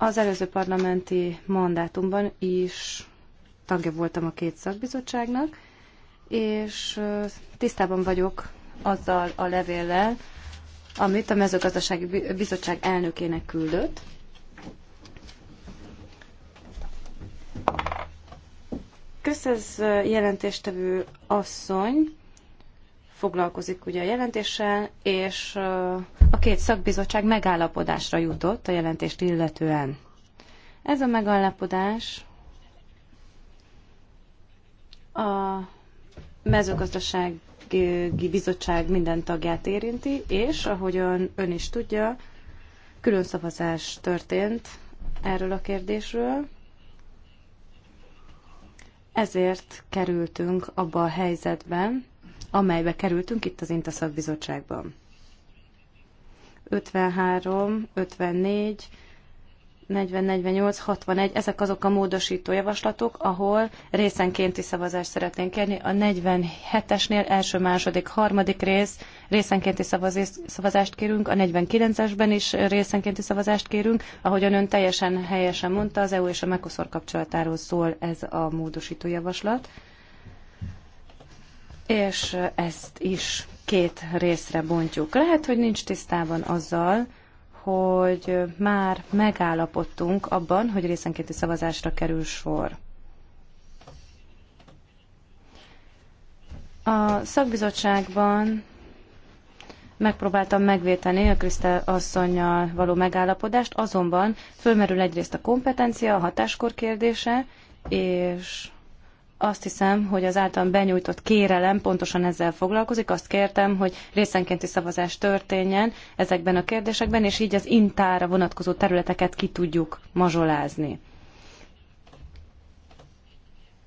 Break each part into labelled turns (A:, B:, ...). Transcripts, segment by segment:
A: Az előző parlamenti mandátumban is tagja voltam a két szakbizottságnak, és tisztában vagyok azzal a levéllel, amit a mezőgazdasági bizottság elnökének küldött. Köszöz jelentéstevő asszony foglalkozik ugye a jelentéssel, és a két szakbizottság megállapodásra jutott a jelentést illetően. Ez a megállapodás a mezőgazdasági bizottság minden tagját érinti, és ahogyan ön is tudja, külön szavazás történt erről a kérdésről. Ezért kerültünk abba a helyzetben, amelybe kerültünk itt az Intaszak bizottságban. 53, 54, 40, 48, 61, ezek azok a módosító javaslatok, ahol részenkénti szavazást szeretnénk kérni. A 47-esnél első, második, harmadik rész részenkénti szavazást kérünk, a 49-esben is részenkénti szavazást kérünk. Ahogyan ön teljesen helyesen mondta, az EU és a Mekoszor kapcsolatáról szól ez a módosító javaslat. És ezt is két részre bontjuk. Lehet, hogy nincs tisztában azzal, hogy már megállapodtunk abban, hogy részenkénti szavazásra kerül sor. A szakbizottságban megpróbáltam megvéteni a Krisztel asszonynal való megállapodást, azonban fölmerül egyrészt a kompetencia, a hatáskor kérdése, és azt hiszem, hogy az általam benyújtott kérelem pontosan ezzel foglalkozik. Azt kértem, hogy részenkénti szavazás történjen ezekben a kérdésekben, és így az intára vonatkozó területeket ki tudjuk mazsolázni.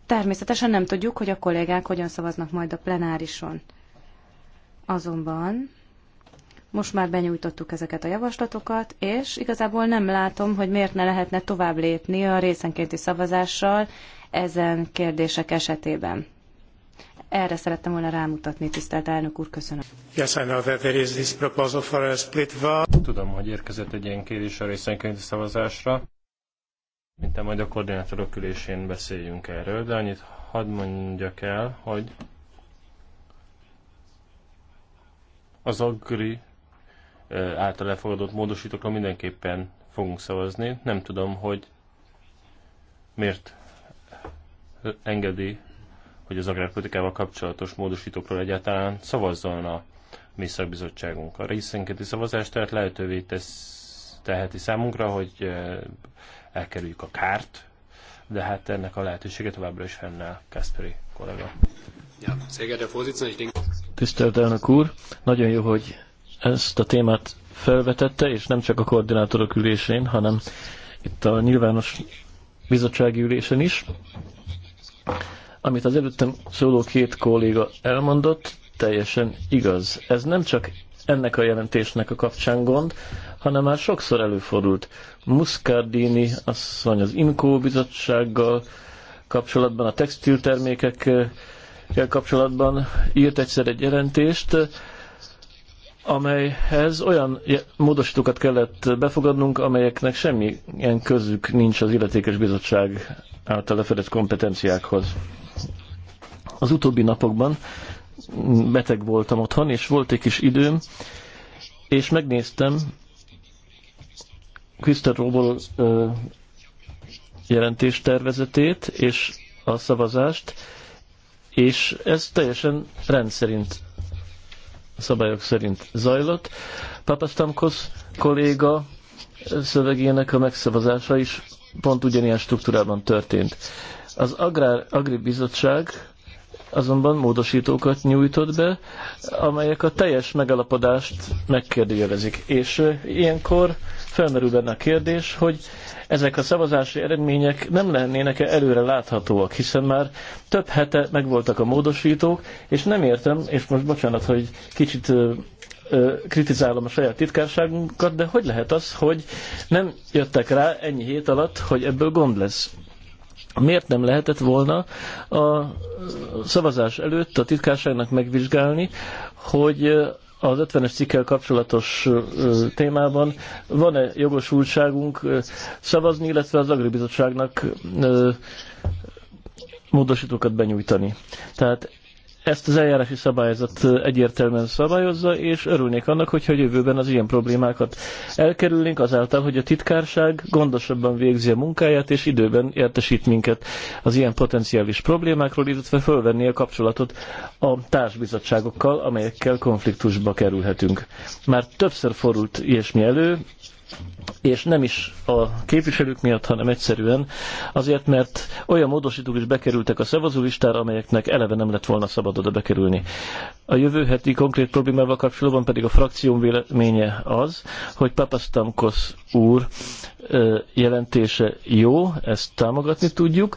A: Természetesen nem tudjuk, hogy a kollégák hogyan szavaznak majd a plenárison. Azonban most már benyújtottuk ezeket a javaslatokat, és igazából nem látom, hogy miért ne lehetne tovább lépni a részenkénti szavazással, ezen kérdések esetében. Erre szerettem volna rámutatni, tisztelt elnök úr, köszönöm.
B: Yes, I know that there is this proposal for a split
C: vote. Tudom, hogy érkezett egy ilyen kérdés a részenkénti szavazásra. Mint majd a koordinátorok ülésén beszéljünk erről, de annyit hadd mondjak el, hogy az agri által elfogadott módosítókra mindenképpen fogunk szavazni. Nem tudom, hogy miért engedi, hogy az agrárpolitikával kapcsolatos módosítókról egyáltalán szavazzon a mi szakbizottságunk. A részenkéti szavazás tehát lehetővé tesz, teheti számunkra, hogy eh, elkerüljük a kárt, de hát ennek a lehetősége továbbra is fennáll, Kasperi kollega.
D: Tisztelt elnök úr, nagyon jó, hogy ezt a témát felvetette, és nem csak a koordinátorok ülésén, hanem itt a nyilvános bizottsági ülésen is. Amit az előttem szóló két kolléga elmondott, teljesen igaz. Ez nem csak ennek a jelentésnek a kapcsán gond, hanem már sokszor előfordult. Muscardini asszony az Inkó bizottsággal kapcsolatban, a textiltermékekkel kapcsolatban írt egyszer egy jelentést, amelyhez olyan módosítókat kellett befogadnunk, amelyeknek semmilyen közük nincs az illetékes bizottság által lefedett kompetenciákhoz. Az utóbbi napokban beteg voltam otthon, és volt egy kis időm, és megnéztem Kriszter Robol jelentés tervezetét és a szavazást, és ez teljesen rendszerint, szabályok szerint zajlott. Papasztamkosz kolléga szövegének a megszavazása is pont ugyanilyen struktúrában történt. Az Agrár Agri Bizottság azonban módosítókat nyújtott be, amelyek a teljes megalapodást megkérdőjelezik. És ilyenkor felmerül benne a kérdés, hogy ezek a szavazási eredmények nem lennének-e előre láthatóak, hiszen már több hete megvoltak a módosítók, és nem értem, és most bocsánat, hogy kicsit kritizálom a saját titkárságunkat, de hogy lehet az, hogy nem jöttek rá ennyi hét alatt, hogy ebből gond lesz? Miért nem lehetett volna a szavazás előtt a titkárságnak megvizsgálni, hogy az 50-es cikkel kapcsolatos témában van-e jogosultságunk szavazni, illetve az Agribizottságnak módosítókat benyújtani. Tehát ezt az eljárási szabályzat egyértelműen szabályozza, és örülnék annak, hogyha jövőben az ilyen problémákat elkerülnénk azáltal, hogy a titkárság gondosabban végzi a munkáját, és időben értesít minket az ilyen potenciális problémákról, illetve fölvenni a kapcsolatot a társbizottságokkal, amelyekkel konfliktusba kerülhetünk. Már többször forult ilyesmi elő, és nem is a képviselők miatt, hanem egyszerűen azért, mert olyan módosítók is bekerültek a szavazólistára, amelyeknek eleve nem lett volna szabad oda bekerülni. A jövő heti konkrét problémával kapcsolatban pedig a frakcióm véleménye az, hogy Papasztamkosz úr jelentése jó, ezt támogatni tudjuk.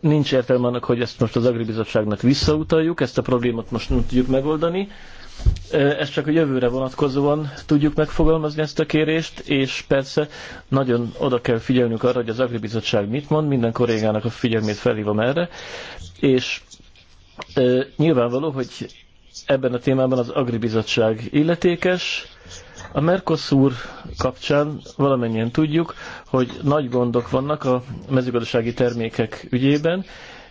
D: Nincs értelme annak, hogy ezt most az Agribizottságnak visszautaljuk, ezt a problémát most nem tudjuk megoldani, ez csak a jövőre vonatkozóan tudjuk megfogalmazni ezt a kérést, és persze nagyon oda kell figyelnünk arra, hogy az Agribizottság mit mond, minden kollégának a figyelmét felhívom erre, és e, nyilvánvaló, hogy ebben a témában az Agribizottság illetékes, a Mercosur kapcsán valamennyien tudjuk, hogy nagy gondok vannak a mezőgazdasági termékek ügyében,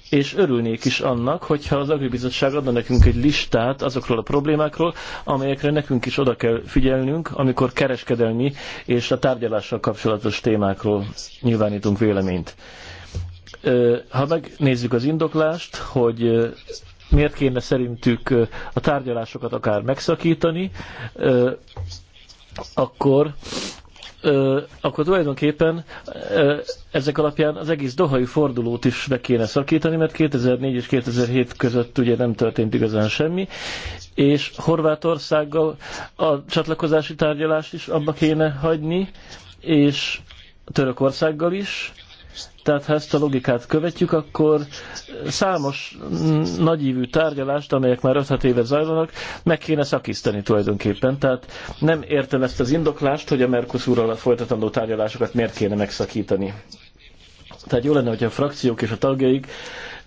D: és örülnék is annak, hogyha az Agribizottság adna nekünk egy listát azokról a problémákról, amelyekre nekünk is oda kell figyelnünk, amikor kereskedelmi és a tárgyalással kapcsolatos témákról nyilvánítunk véleményt. Ha megnézzük az indoklást, hogy miért kéne szerintük a tárgyalásokat akár megszakítani, akkor ö, akkor tulajdonképpen ö, ezek alapján az egész dohai fordulót is be kéne szakítani, mert 2004 és 2007 között ugye nem történt igazán semmi, és Horvátországgal a csatlakozási tárgyalást is abba kéne hagyni, és Törökországgal is, tehát ha ezt a logikát követjük, akkor számos nagyívű tárgyalást, amelyek már 5 éve zajlanak, meg kéne szakítani tulajdonképpen. Tehát nem értem ezt az indoklást, hogy a Mercosurral folytatandó tárgyalásokat miért kéne megszakítani. Tehát jó lenne, hogyha a frakciók és a tagjaik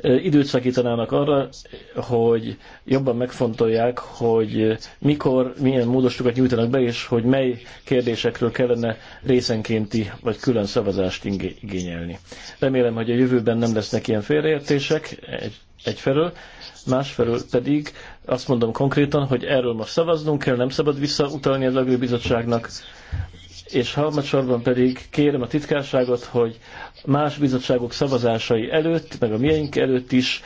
D: időt szakítanának arra, hogy jobban megfontolják, hogy mikor, milyen módosokat nyújtanak be, és hogy mely kérdésekről kellene részenkénti vagy külön szavazást igényelni. Remélem, hogy a jövőben nem lesznek ilyen félreértések egy, egyfelől, másfelől pedig azt mondom konkrétan, hogy erről most szavaznunk kell, nem szabad visszautalni az Agri Bizottságnak, és harmadsorban pedig kérem a titkárságot, hogy más bizottságok szavazásai előtt, meg a miénk előtt is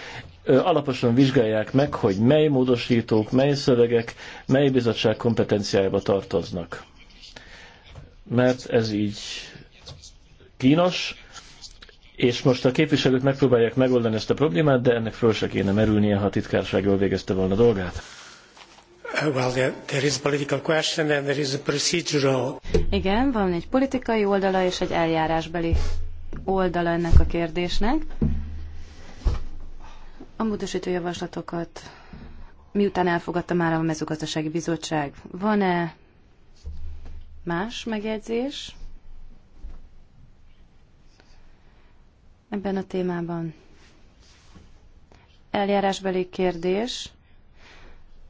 D: alaposan vizsgálják meg, hogy mely módosítók, mely szövegek, mely bizottság kompetenciájába tartoznak. Mert ez így kínos, és most a képviselők megpróbálják megoldani ezt a problémát, de ennek föl se kéne merülnie, ha a titkárság végezte volna a dolgát.
B: Uh, well, there is political question and there is a procedural.
A: Igen, van egy politikai oldala és egy eljárásbeli oldala ennek a kérdésnek. A módosító javaslatokat miután elfogadta már a mezőgazdasági bizottság, van-e más megjegyzés ebben a témában? Eljárásbeli kérdés.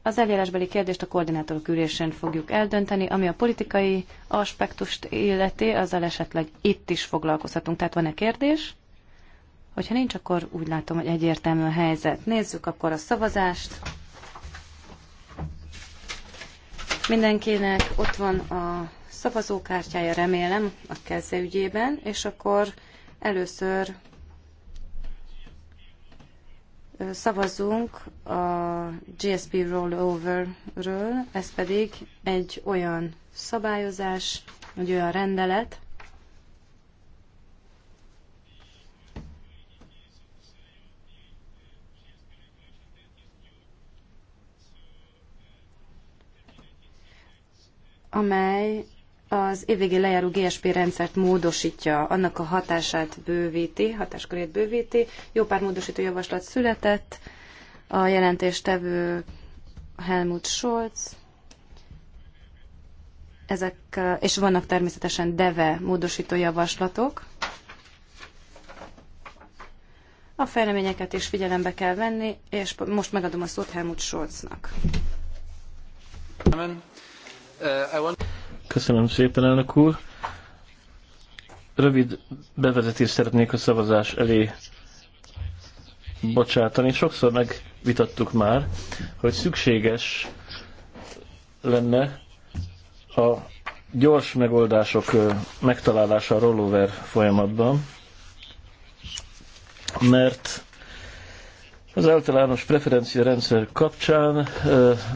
A: Az eljárásbeli kérdést a koordinátorok ülésén fogjuk eldönteni, ami a politikai aspektust illeti, azzal esetleg itt is foglalkozhatunk. Tehát van-e kérdés? Hogyha nincs, akkor úgy látom, hogy egyértelmű a helyzet. Nézzük akkor a szavazást. Mindenkinek ott van a szavazókártyája, remélem, a keze és akkor először Szavazunk a GSP rolloverről, ez pedig egy olyan szabályozás, egy olyan rendelet, amely az évvégi lejáró GSP rendszert módosítja, annak a hatását bővíti, hatáskörét bővíti. Jó pár módosító javaslat született, a jelentéstevő Helmut Scholz, ezek, és vannak természetesen DEVE módosító javaslatok. A fejleményeket is figyelembe kell venni, és most megadom a szót Helmut Scholznak.
B: Uh, I want...
D: Köszönöm szépen, elnök úr. Rövid bevezetést szeretnék a szavazás elé bocsátani. Sokszor megvitattuk már, hogy szükséges lenne a gyors megoldások megtalálása a rollover folyamatban, mert az általános preferencia rendszer kapcsán eh,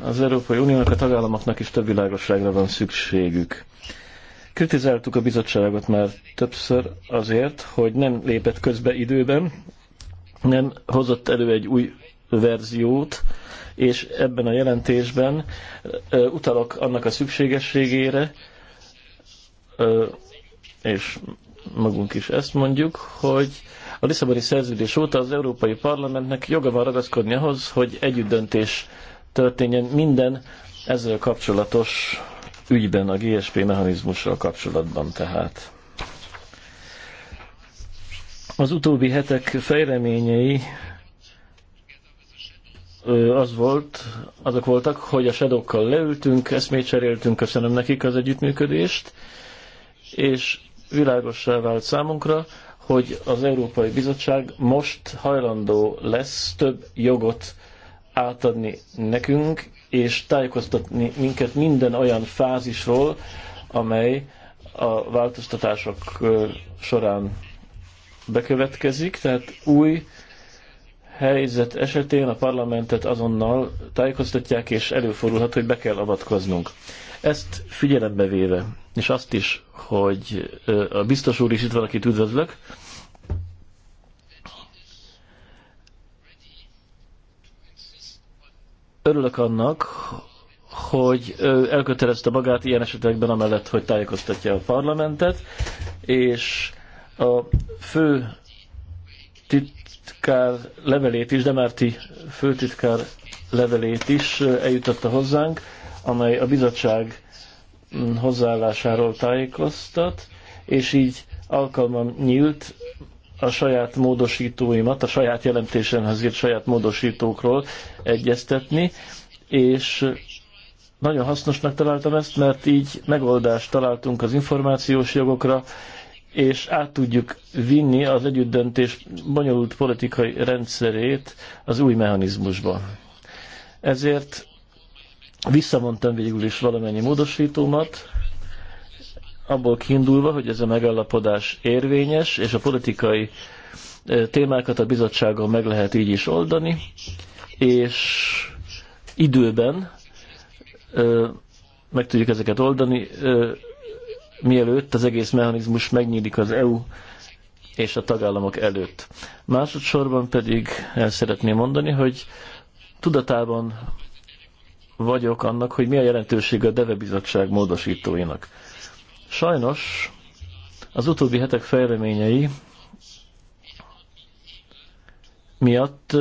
D: az Európai Uniónak, a tagállamoknak is több világosságra van szükségük. Kritizáltuk a bizottságot már többször azért, hogy nem lépett közbe időben, nem hozott elő egy új verziót, és ebben a jelentésben eh, utalok annak a szükségességére, eh, és magunk is ezt mondjuk, hogy a Lisszaboni szerződés óta az Európai Parlamentnek joga van ragaszkodni ahhoz, hogy együttdöntés történjen minden ezzel kapcsolatos ügyben, a GSP mechanizmussal kapcsolatban tehát. Az utóbbi hetek fejleményei az volt, azok voltak, hogy a sedokkal leültünk, eszmét cseréltünk, köszönöm nekik az együttműködést, és világossá vált számunkra, hogy az Európai Bizottság most hajlandó lesz több jogot átadni nekünk, és tájékoztatni minket minden olyan fázisról, amely a változtatások során bekövetkezik, tehát új helyzet esetén a parlamentet azonnal tájékoztatják, és előfordulhat, hogy be kell avatkoznunk. Ezt figyelembe véve, és azt is, hogy a biztos úr is itt van, akit üdvözlök, örülök annak, hogy elkötelezte magát ilyen esetekben amellett, hogy tájékoztatja a parlamentet, és a fő titkár levelét is, Demárti főtitkár levelét is eljutatta hozzánk, amely a bizottság hozzáállásáról tájékoztat, és így alkalmam nyílt a saját módosítóimat, a saját jelentésemhez írt saját módosítókról egyeztetni, és nagyon hasznosnak találtam ezt, mert így megoldást találtunk az információs jogokra, és át tudjuk vinni az együttdöntés bonyolult politikai rendszerét az új mechanizmusba. Ezért Visszavontam végül is valamennyi módosítómat, abból kiindulva, hogy ez a megállapodás érvényes, és a politikai témákat a bizottságon meg lehet így is oldani, és időben meg tudjuk ezeket oldani, mielőtt az egész mechanizmus megnyílik az EU és a tagállamok előtt. Másodszorban pedig el szeretném mondani, hogy tudatában vagyok annak, hogy mi a jelentősége a Deve Bizottság módosítóinak. Sajnos az utóbbi hetek fejleményei miatt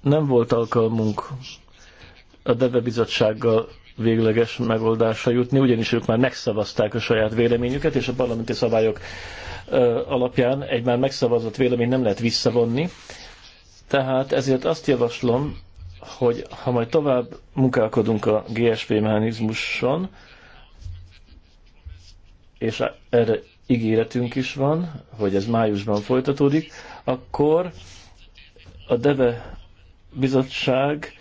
D: nem volt alkalmunk a Deve Bizottsággal végleges megoldásra jutni, ugyanis ők már megszavazták a saját véleményüket, és a parlamenti szabályok alapján egy már megszavazott vélemény nem lehet visszavonni. Tehát ezért azt javaslom, hogy ha majd tovább munkálkodunk a GSP mechanizmuson, és erre ígéretünk is van, hogy ez májusban folytatódik, akkor a DEVE bizottság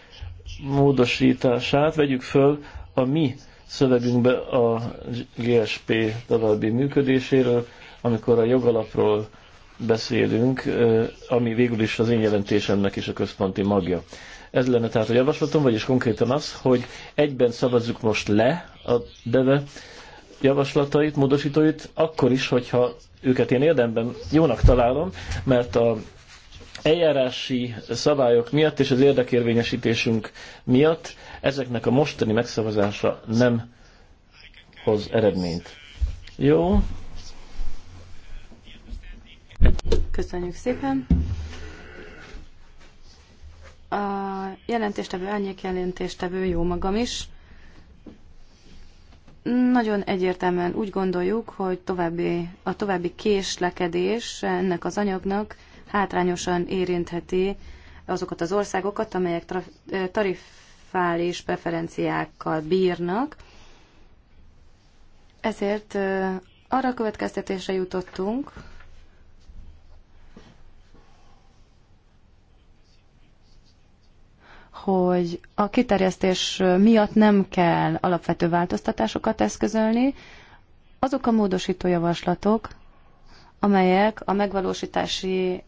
D: módosítását vegyük föl a mi szövegünkbe a GSP további működéséről, amikor a jogalapról beszélünk, ami végül is az én jelentésemnek is a központi magja. Ez lenne tehát a javaslatom, vagyis konkrétan az, hogy egyben szavazzuk most le a deve javaslatait, módosítóit, akkor is, hogyha őket én érdemben jónak találom, mert a eljárási szabályok miatt és az érdekérvényesítésünk miatt ezeknek a mostani megszavazása nem hoz eredményt. Jó?
A: Köszönjük szépen! a jelentéstevő, árnyék jelentéstevő, jó magam is. Nagyon egyértelműen úgy gondoljuk, hogy további, a további késlekedés ennek az anyagnak hátrányosan érintheti azokat az országokat, amelyek tarifális preferenciákkal bírnak. Ezért arra a következtetésre jutottunk, hogy a kiterjesztés miatt nem kell alapvető változtatásokat eszközölni. Azok a módosító javaslatok, amelyek a megvalósítási,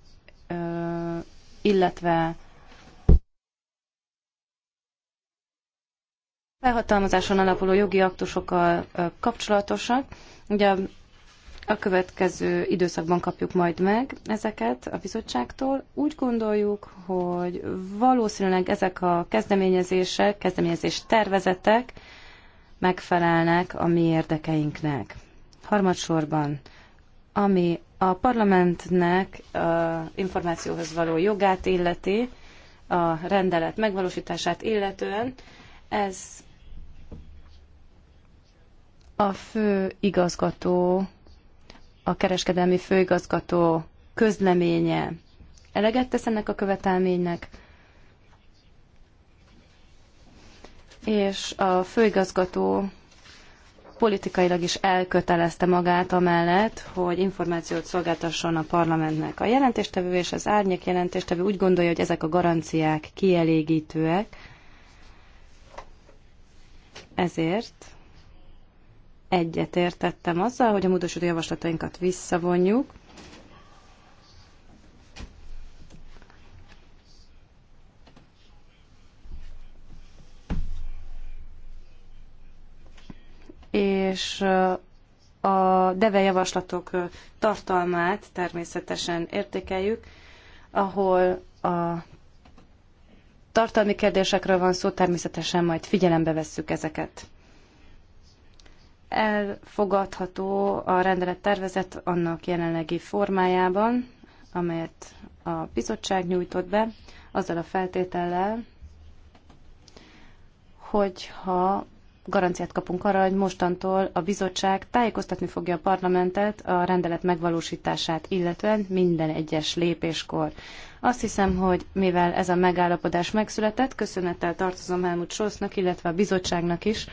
A: illetve felhatalmazáson alapuló jogi aktusokkal kapcsolatosak. Ugye a következő időszakban kapjuk majd meg ezeket a bizottságtól. Úgy gondoljuk, hogy valószínűleg ezek a kezdeményezések, kezdeményezés tervezetek megfelelnek a mi érdekeinknek. Harmadsorban, ami a parlamentnek a információhoz való jogát illeti, a rendelet megvalósítását illetően, ez a fő igazgató a kereskedelmi főigazgató közleménye eleget tesz ennek a követelménynek, és a főigazgató politikailag is elkötelezte magát amellett, hogy információt szolgáltasson a parlamentnek. A jelentéstevő és az árnyék jelentéstevő úgy gondolja, hogy ezek a garanciák kielégítőek, ezért egyet értettem azzal, hogy a módosító javaslatainkat visszavonjuk. És a DEVE javaslatok tartalmát természetesen értékeljük, ahol a tartalmi kérdésekről van szó, természetesen majd figyelembe vesszük ezeket. Elfogadható a rendelet tervezet annak jelenlegi formájában, amelyet a bizottság nyújtott be, azzal a feltétellel, hogyha garanciát kapunk arra, hogy mostantól a bizottság tájékoztatni fogja a parlamentet a rendelet megvalósítását, illetően minden egyes lépéskor. Azt hiszem, hogy mivel ez a megállapodás megszületett, köszönettel tartozom Helmut Scholznak, illetve a bizottságnak is,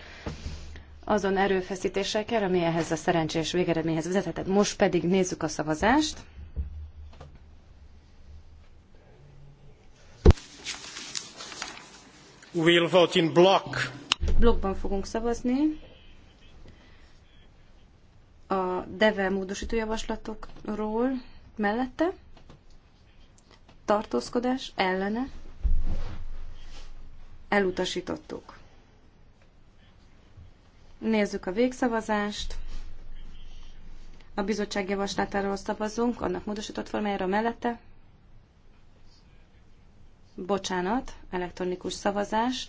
A: azon erőfeszítésekkel, ami ehhez a szerencsés végeredményhez vezethetett. Most pedig nézzük a szavazást. We'll vote in block. Blokkban fogunk szavazni. A DEVE módosító javaslatokról mellette. Tartózkodás ellene. Elutasítottuk. Nézzük a végszavazást. A bizottság javaslatáról szavazunk, annak módosított formájára mellette. Bocsánat, elektronikus szavazás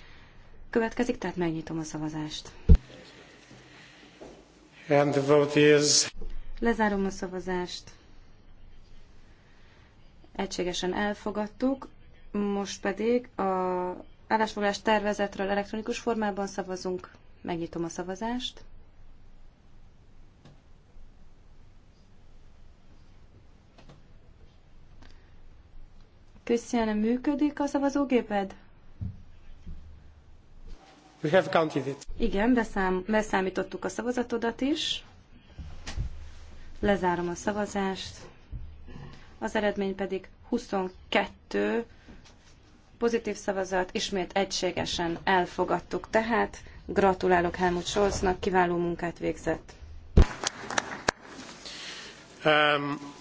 A: következik, tehát megnyitom a szavazást. And the
B: vote is...
A: Lezárom a szavazást. Egységesen elfogadtuk, most pedig a állásfoglalás tervezetről elektronikus formában szavazunk. Megnyitom a szavazást. Krisztián, működik a szavazógéped?
B: We have counted it.
A: Igen, beszám, beszámítottuk a szavazatodat is. Lezárom a szavazást. Az eredmény pedig 22 pozitív szavazat, ismét egységesen elfogadtuk. Tehát Gratulálok Helmut Scholznak, kiváló munkát végzett.
B: Um,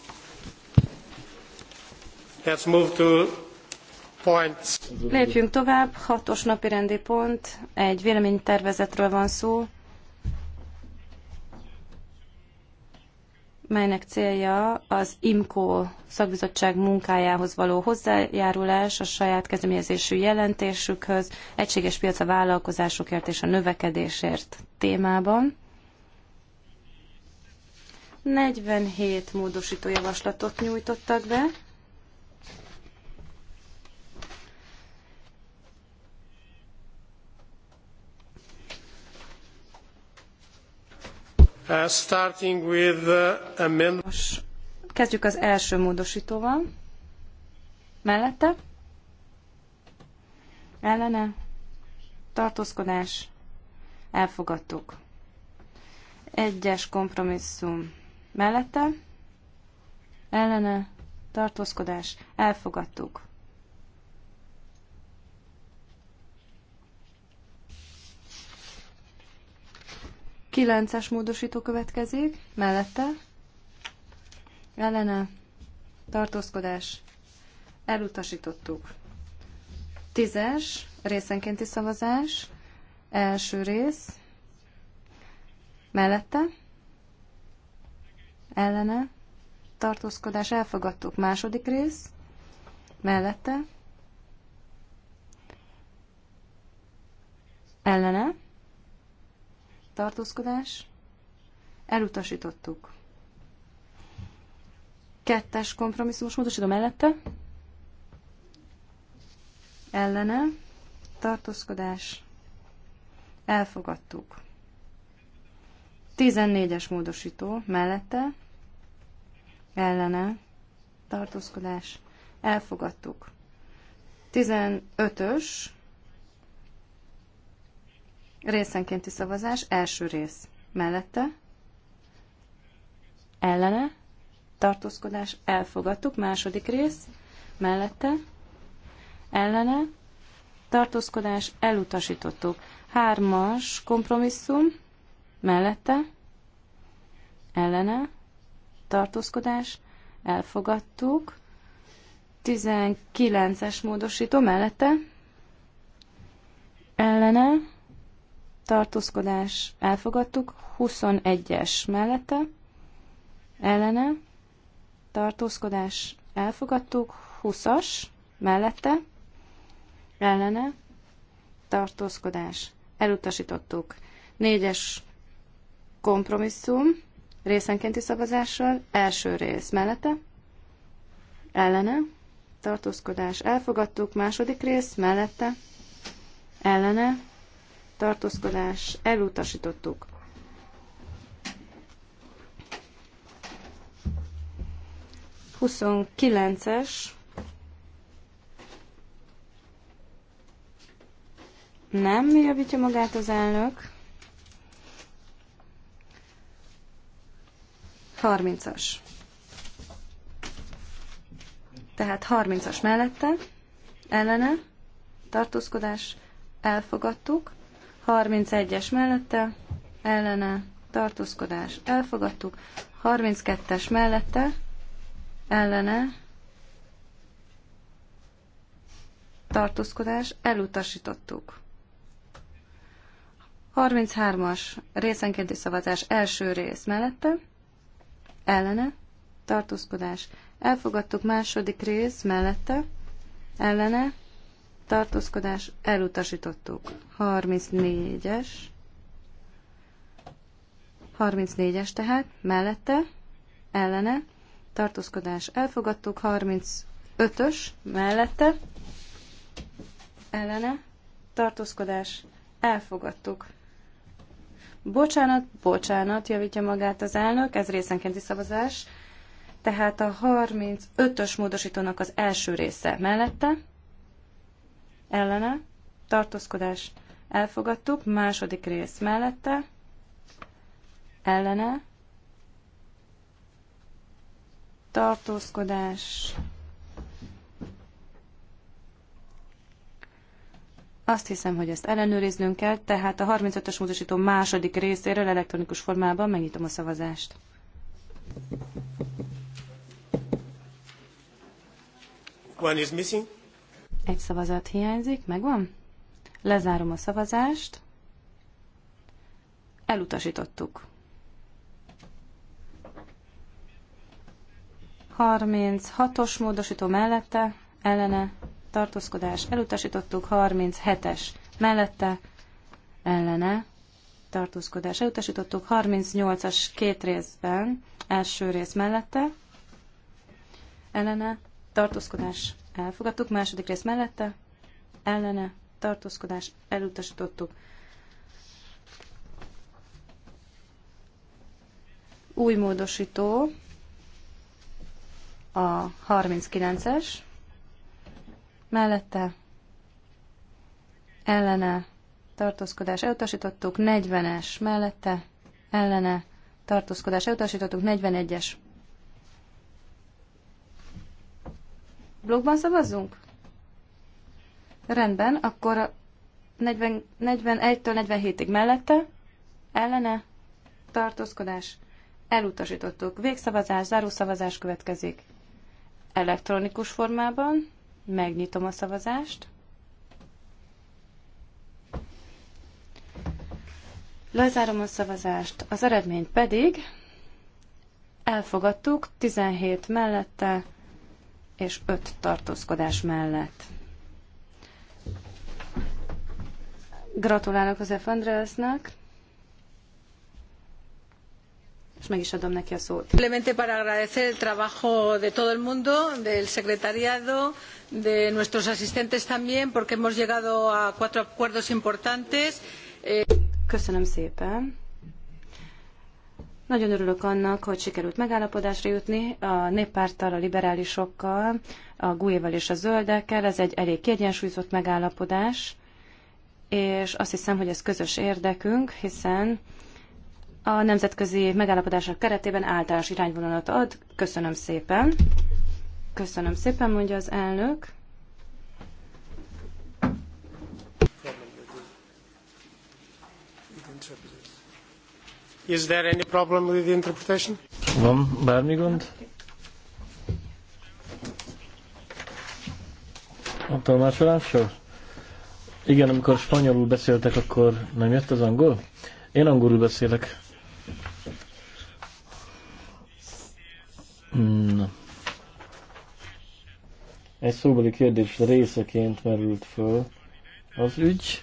B: let's move to points. Lépjünk
A: tovább, hatos napi rendi pont, egy véleménytervezetről van szó, melynek célja az IMCO szakbizottság munkájához való hozzájárulás a saját kezdeményezésű jelentésükhöz, egységes piac a vállalkozásokért és a növekedésért témában. 47 módosító javaslatot nyújtottak be.
B: Uh, uh,
A: kezdjük az első módosítóval. Mellette? Ellene? Tartózkodás? Elfogadtuk. Egyes kompromisszum. Mellette? Ellene? Tartózkodás? Elfogadtuk. Kilences módosító következik, mellette, ellene, tartózkodás, elutasítottuk. Tízes, részenkénti szavazás, első rész, mellette, ellene, tartózkodás, elfogadtuk. Második rész, mellette, ellene, tartózkodás, elutasítottuk. Kettes Most módosító mellette, ellene, tartózkodás, elfogadtuk. 14-es módosító mellette, ellene, tartózkodás, elfogadtuk. 15-ös Részenkénti szavazás, első rész. Mellette? Ellene? Tartózkodás, elfogadtuk. Második rész. Mellette? Ellene? Tartózkodás, elutasítottuk. Hármas kompromisszum. Mellette? Ellene? Tartózkodás, elfogadtuk. 19-es módosító mellette, ellene, tartózkodás elfogadtuk, 21-es mellette, ellene, tartózkodás elfogadtuk, 20-as mellette, ellene, tartózkodás elutasítottuk. 4-es kompromisszum részenkénti szavazással, első rész mellette, ellene, tartózkodás elfogadtuk, második rész mellette, ellene, tartózkodás, elutasítottuk. Huszonkilences, nem javítja magát az elnök. 30-as. Tehát 30-as mellette, ellene, tartózkodás, elfogadtuk. 31-es mellette, ellene, tartózkodás, elfogadtuk. 32-es mellette, ellene, tartózkodás, elutasítottuk. 33-as részenkénti szavazás első rész mellette, ellene, tartózkodás, elfogadtuk második rész mellette, ellene, tartózkodás, elutasítottuk. 34-es, 34-es tehát, mellette, ellene, tartózkodás, elfogadtuk. 35-ös, mellette, ellene, tartózkodás, elfogadtuk. Bocsánat, bocsánat, javítja magát az elnök, ez részenkénti szavazás. Tehát a 35-ös módosítónak az első része mellette, ellene, tartózkodás elfogadtuk, második rész mellette, ellene, tartózkodás Azt hiszem, hogy ezt ellenőriznünk kell, tehát a 35-ös módosító második részéről elektronikus formában megnyitom a szavazást.
D: One is missing.
A: Egy szavazat hiányzik, megvan? Lezárom a szavazást. Elutasítottuk. 36-os módosító mellette, ellene, tartózkodás, elutasítottuk. 37-es mellette, ellene, tartózkodás, elutasítottuk. 38-as két részben, első rész mellette, ellene, tartózkodás, elfogadtuk, második rész mellette, ellene, tartózkodás, elutasítottuk. Új módosító, a 39-es, mellette, ellene, tartózkodás, elutasítottuk, 40-es, mellette, ellene, tartózkodás, elutasítottuk, 41-es, Blogban szavazzunk? Rendben, akkor a 41-től 47-ig mellette, ellene, tartózkodás, elutasítottuk. Végszavazás, zárószavazás következik. Elektronikus formában megnyitom a szavazást. Lezárom a szavazást, az eredmény pedig elfogadtuk 17 mellette, és 5 tartózkodás mellett. Gratulálok az Andreasnak, és meg is adom neki a szót. Simplemente para agradecer el trabajo de todo el mundo, del secretariado, de nuestros asistentes también, porque hemos llegado a cuatro acuerdos importantes. Eh, Köszönöm szépen. Nagyon örülök annak, hogy sikerült megállapodásra jutni a néppárttal, a liberálisokkal, a GUE-val és a zöldekkel. Ez egy elég kiegyensúlyozott megállapodás, és azt hiszem, hogy ez közös érdekünk, hiszen a nemzetközi megállapodások keretében általános irányvonalat ad. Köszönöm szépen. Köszönöm szépen, mondja az elnök.
B: Is there any problem with the interpretation?
D: Van bármi gond? A tolmácsolással? Igen, amikor spanyolul beszéltek, akkor nem jött az angol? Én angolul beszélek. Hmm. Egy szóbeli kérdés részeként merült föl az ügy.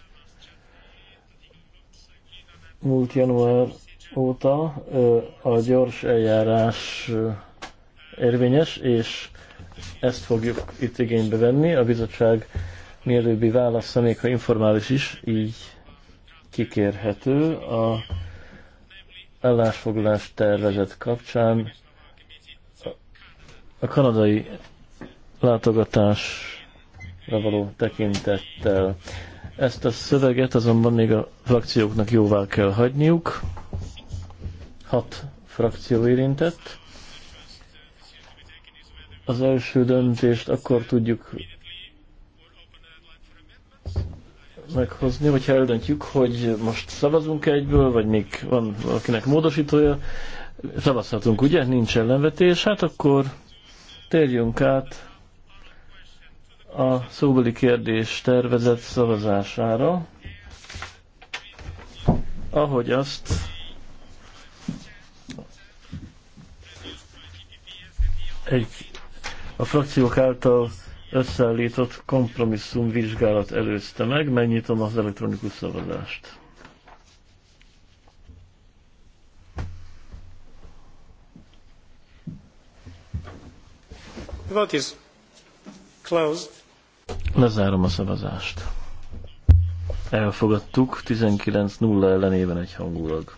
D: Múlt január óta a gyors eljárás érvényes, és ezt fogjuk itt igénybe venni. A bizottság mielőbbi válasza, még ha informális is, így kikérhető a állásfoglalás tervezet kapcsán a kanadai látogatásra való tekintettel. Ezt a szöveget azonban még a frakcióknak jóvá kell hagyniuk hat frakció érintett. Az első döntést akkor tudjuk meghozni, hogyha eldöntjük, hogy most szavazunk egyből, vagy még van valakinek módosítója, szavazhatunk, ugye? Nincs ellenvetés, hát akkor térjünk át a szóbeli kérdés tervezett szavazására, ahogy azt egy a frakciók által összeállított kompromisszum vizsgálat előzte meg. Megnyitom az elektronikus
B: szavazást. What is closed?
D: Lezárom a szavazást. Elfogadtuk 19-0 ellenében egy hangulag.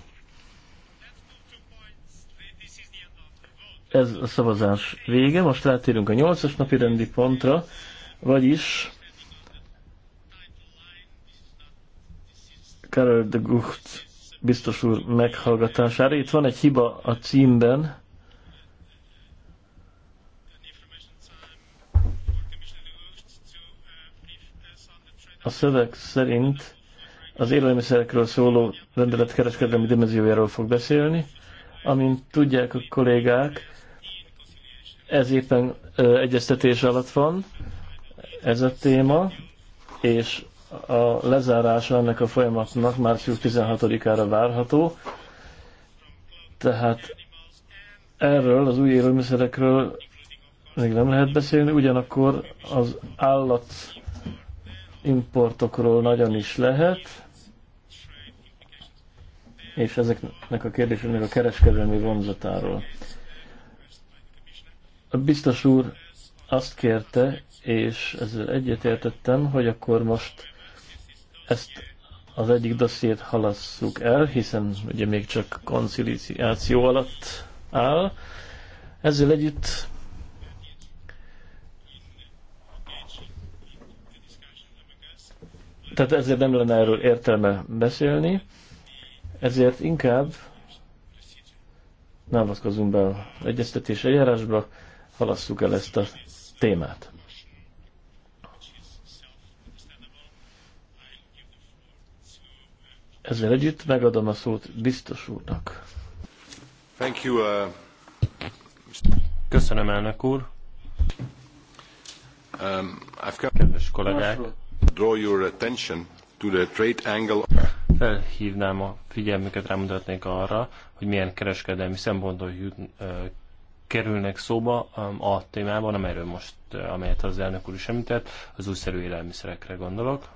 D: Ez a szavazás vége, most rátérünk a 8-as napi rendi pontra, vagyis Karel de Gucht biztos úr meghallgatására. Itt van egy hiba a címben. A szöveg szerint az élelmiszerekről szóló rendelet kereskedelmi dimenziójáról fog beszélni. Amint tudják a kollégák, ez éppen ö, egyeztetés alatt van ez a téma, és a lezárása ennek a folyamatnak március 16-ára várható. Tehát erről, az új élőműszerekről még nem lehet beszélni, ugyanakkor az állat importokról nagyon is lehet, és ezeknek a kérdéseknek a kereskedelmi vonzatáról. A biztos úr azt kérte, és ezzel egyetértettem, hogy akkor most ezt az egyik dossziét halasszuk el, hiszen ugye még csak konciliáció alatt áll. Ezzel együtt tehát ezért nem lenne erről értelme beszélni, ezért inkább nem avatkozunk be az egyeztetés eljárásba, halasszuk el ezt a témát. Ezzel együtt megadom a szót biztos úrnak.
B: Thank you, uh... Köszönöm, elnök úr. Um, I've come... Kedves kollégák, draw your attention to the trade
C: angle. Felhívnám a figyelmüket, rámutatnék arra, hogy milyen kereskedelmi szempontból jut, uh, kerülnek szóba um, a témában, amelyről most, uh, amelyet az elnök úr is említett, az újszerű élelmiszerekre gondolok.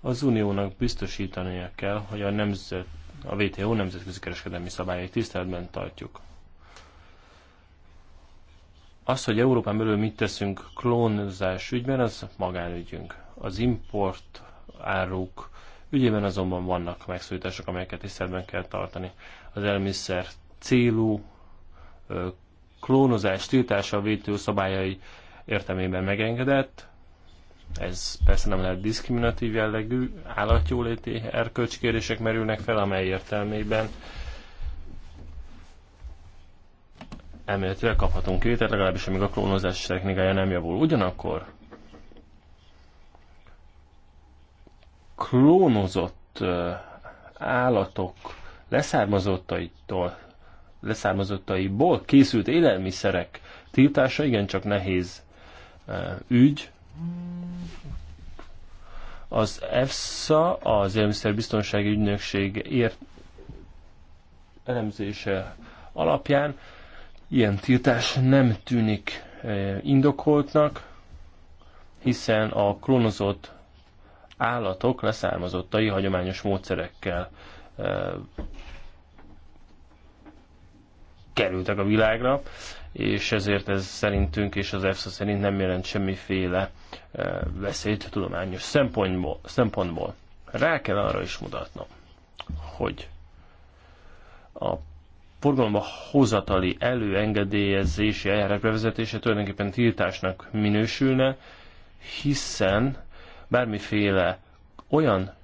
C: Az uniónak biztosítania kell, hogy a, nemzet, a WTO nemzetközi kereskedelmi szabályai tiszteletben tartjuk. Az, hogy Európán belül mit teszünk klónzás ügyben, az magánügyünk. Az import áruk ügyében azonban vannak megszólítások, amelyeket tiszteletben kell tartani. Az elmiszer célú klónozás tiltása a WTO szabályai értelmében megengedett. Ez persze nem lehet diszkriminatív jellegű, állatjóléti erkölcskérések merülnek fel, amely értelmében elméletileg kaphatunk kivételt, legalábbis amíg a klónozás technikája nem javul. Ugyanakkor klónozott állatok leszármazottaitól leszármazottaiból készült élelmiszerek tiltása igencsak nehéz eh, ügy. Az EFSA, az Élelmiszerbiztonsági Ügynökség ért elemzése alapján ilyen tiltás nem tűnik eh, indokoltnak, hiszen a klónozott állatok leszármazottai hagyományos módszerekkel eh, kerültek a világra, és ezért ez szerintünk és az EFSA szerint nem jelent semmiféle eh, veszélyt tudományos szempontból. szempontból. Rá kell arra is mutatnom, hogy a forgalomba hozatali előengedélyezési eljárás bevezetése tulajdonképpen tiltásnak minősülne, hiszen bármiféle olyan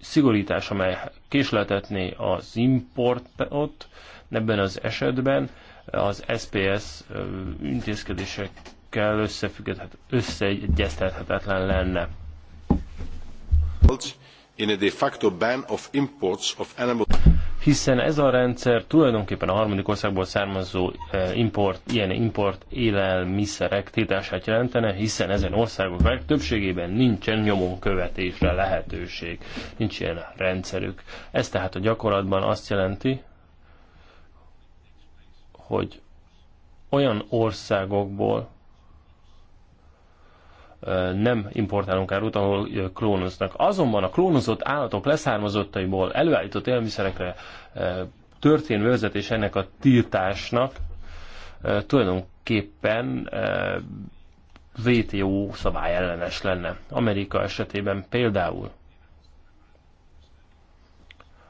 C: szigorítás, amely késleltetné az importot, Ebben az esetben az SPS intézkedésekkel összeegyeztethetetlen lenne. In
B: a de facto ban of imports of animal
C: hiszen ez a rendszer tulajdonképpen a harmadik országból származó import, ilyen import élelmiszerek tiltását jelentene, hiszen ezen országok többségében nincsen nyomon követésre lehetőség, nincs ilyen rendszerük. Ez tehát a gyakorlatban azt jelenti, hogy olyan országokból nem importálunk árut, ahol klónoznak. Azonban a klónozott állatok leszármazottaiból előállított élmiszerekre történő vezetés ennek a tiltásnak tulajdonképpen VTO szabály ellenes lenne. Amerika esetében például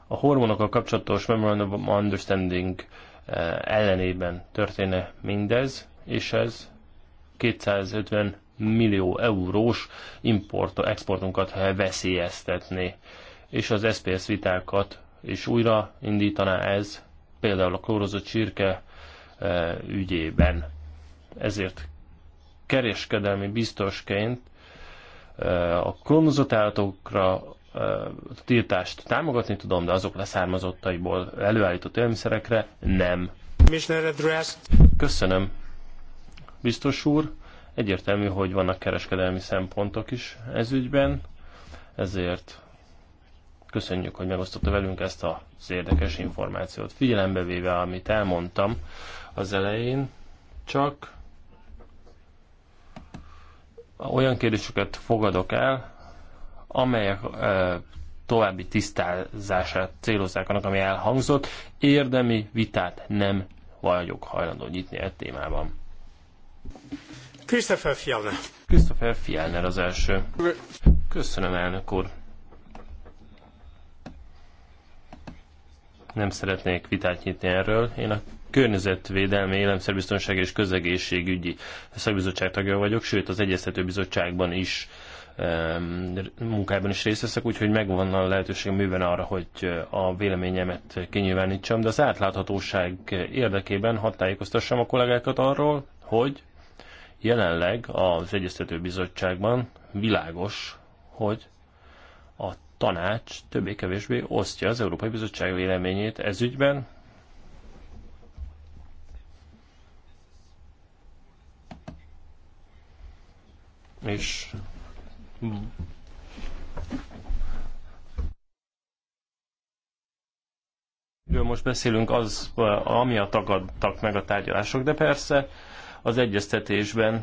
C: a hormonokkal kapcsolatos Memorandum of Understanding Eh, ellenében történne mindez, és ez 250 millió eurós import, exportunkat veszélyeztetné, és az SPS vitákat is újra indítaná ez, például a klórozott csirke eh, ügyében. Ezért kereskedelmi biztosként eh, a klónozott állatokra a tiltást támogatni tudom, de azok leszármazottaiból előállított élmiszerekre nem. Köszönöm, biztos úr. Egyértelmű, hogy vannak kereskedelmi szempontok is ez ügyben, ezért köszönjük, hogy megosztotta velünk ezt az érdekes információt. Figyelembe véve, amit elmondtam az elején, csak olyan kérdéseket fogadok el, amelyek további tisztázását célozzák annak, ami elhangzott. Érdemi vitát nem vagyok hajlandó nyitni e témában.
B: Christopher Fjellner.
C: Christopher Fjellner az első. Köszönöm, elnök úr. Nem szeretnék vitát nyitni erről. Én a környezetvédelmi, élelmiszerbiztonság és közegészségügyi szakbizottság tagja vagyok, sőt az Egyeztető Bizottságban is munkában is részt veszek, úgyhogy megvan a lehetőség műben arra, hogy a véleményemet kinyilvánítsam, de az átláthatóság érdekében hadd tájékoztassam a kollégákat arról, hogy jelenleg az Egyeztető Bizottságban világos, hogy a tanács többé-kevésbé osztja az Európai Bizottság véleményét ez ügyben, és most beszélünk, az ami a tagadtak meg a tárgyalások, de persze az egyeztetésben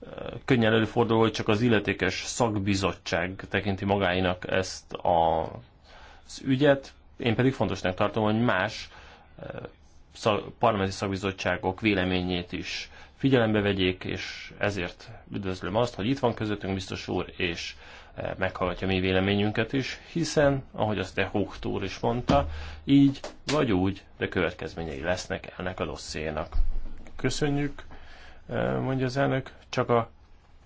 C: eh, könnyen előfordul, hogy csak az illetékes szakbizottság tekinti magáinak ezt a, az ügyet. Én pedig fontosnak tartom, hogy más eh, szak, parlamenti szakbizottságok véleményét is figyelembe vegyék, és ezért üdvözlöm azt, hogy itt van közöttünk biztos úr, és eh, meghallgatja mi véleményünket is, hiszen, ahogy azt de Hochtúr is mondta, így vagy úgy, de következményei lesznek ennek a dossziénak. Köszönjük, eh, mondja az elnök, csak a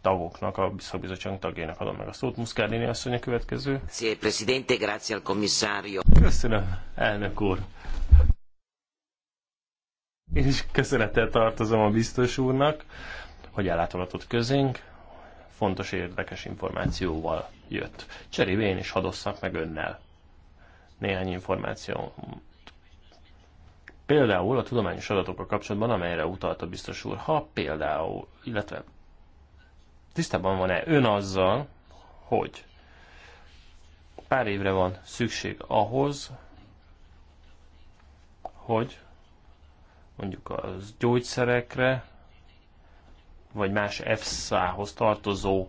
C: tagoknak, a bizottság tagjának adom meg a szót. Muszkárdini asszony a következő. Szia, presidente, grazie al commissario. Köszönöm, elnök úr. Én is köszönettel tartozom a biztos úrnak, hogy ellátogatott közénk, fontos, érdekes információval jött. Cserébe én is hadosszak meg önnel néhány információ. Például a tudományos adatokkal kapcsolatban, amelyre utalt a biztos úr, ha például, illetve tisztában van-e ön azzal, hogy pár évre van szükség ahhoz, hogy mondjuk az gyógyszerekre, vagy más EFSA-hoz tartozó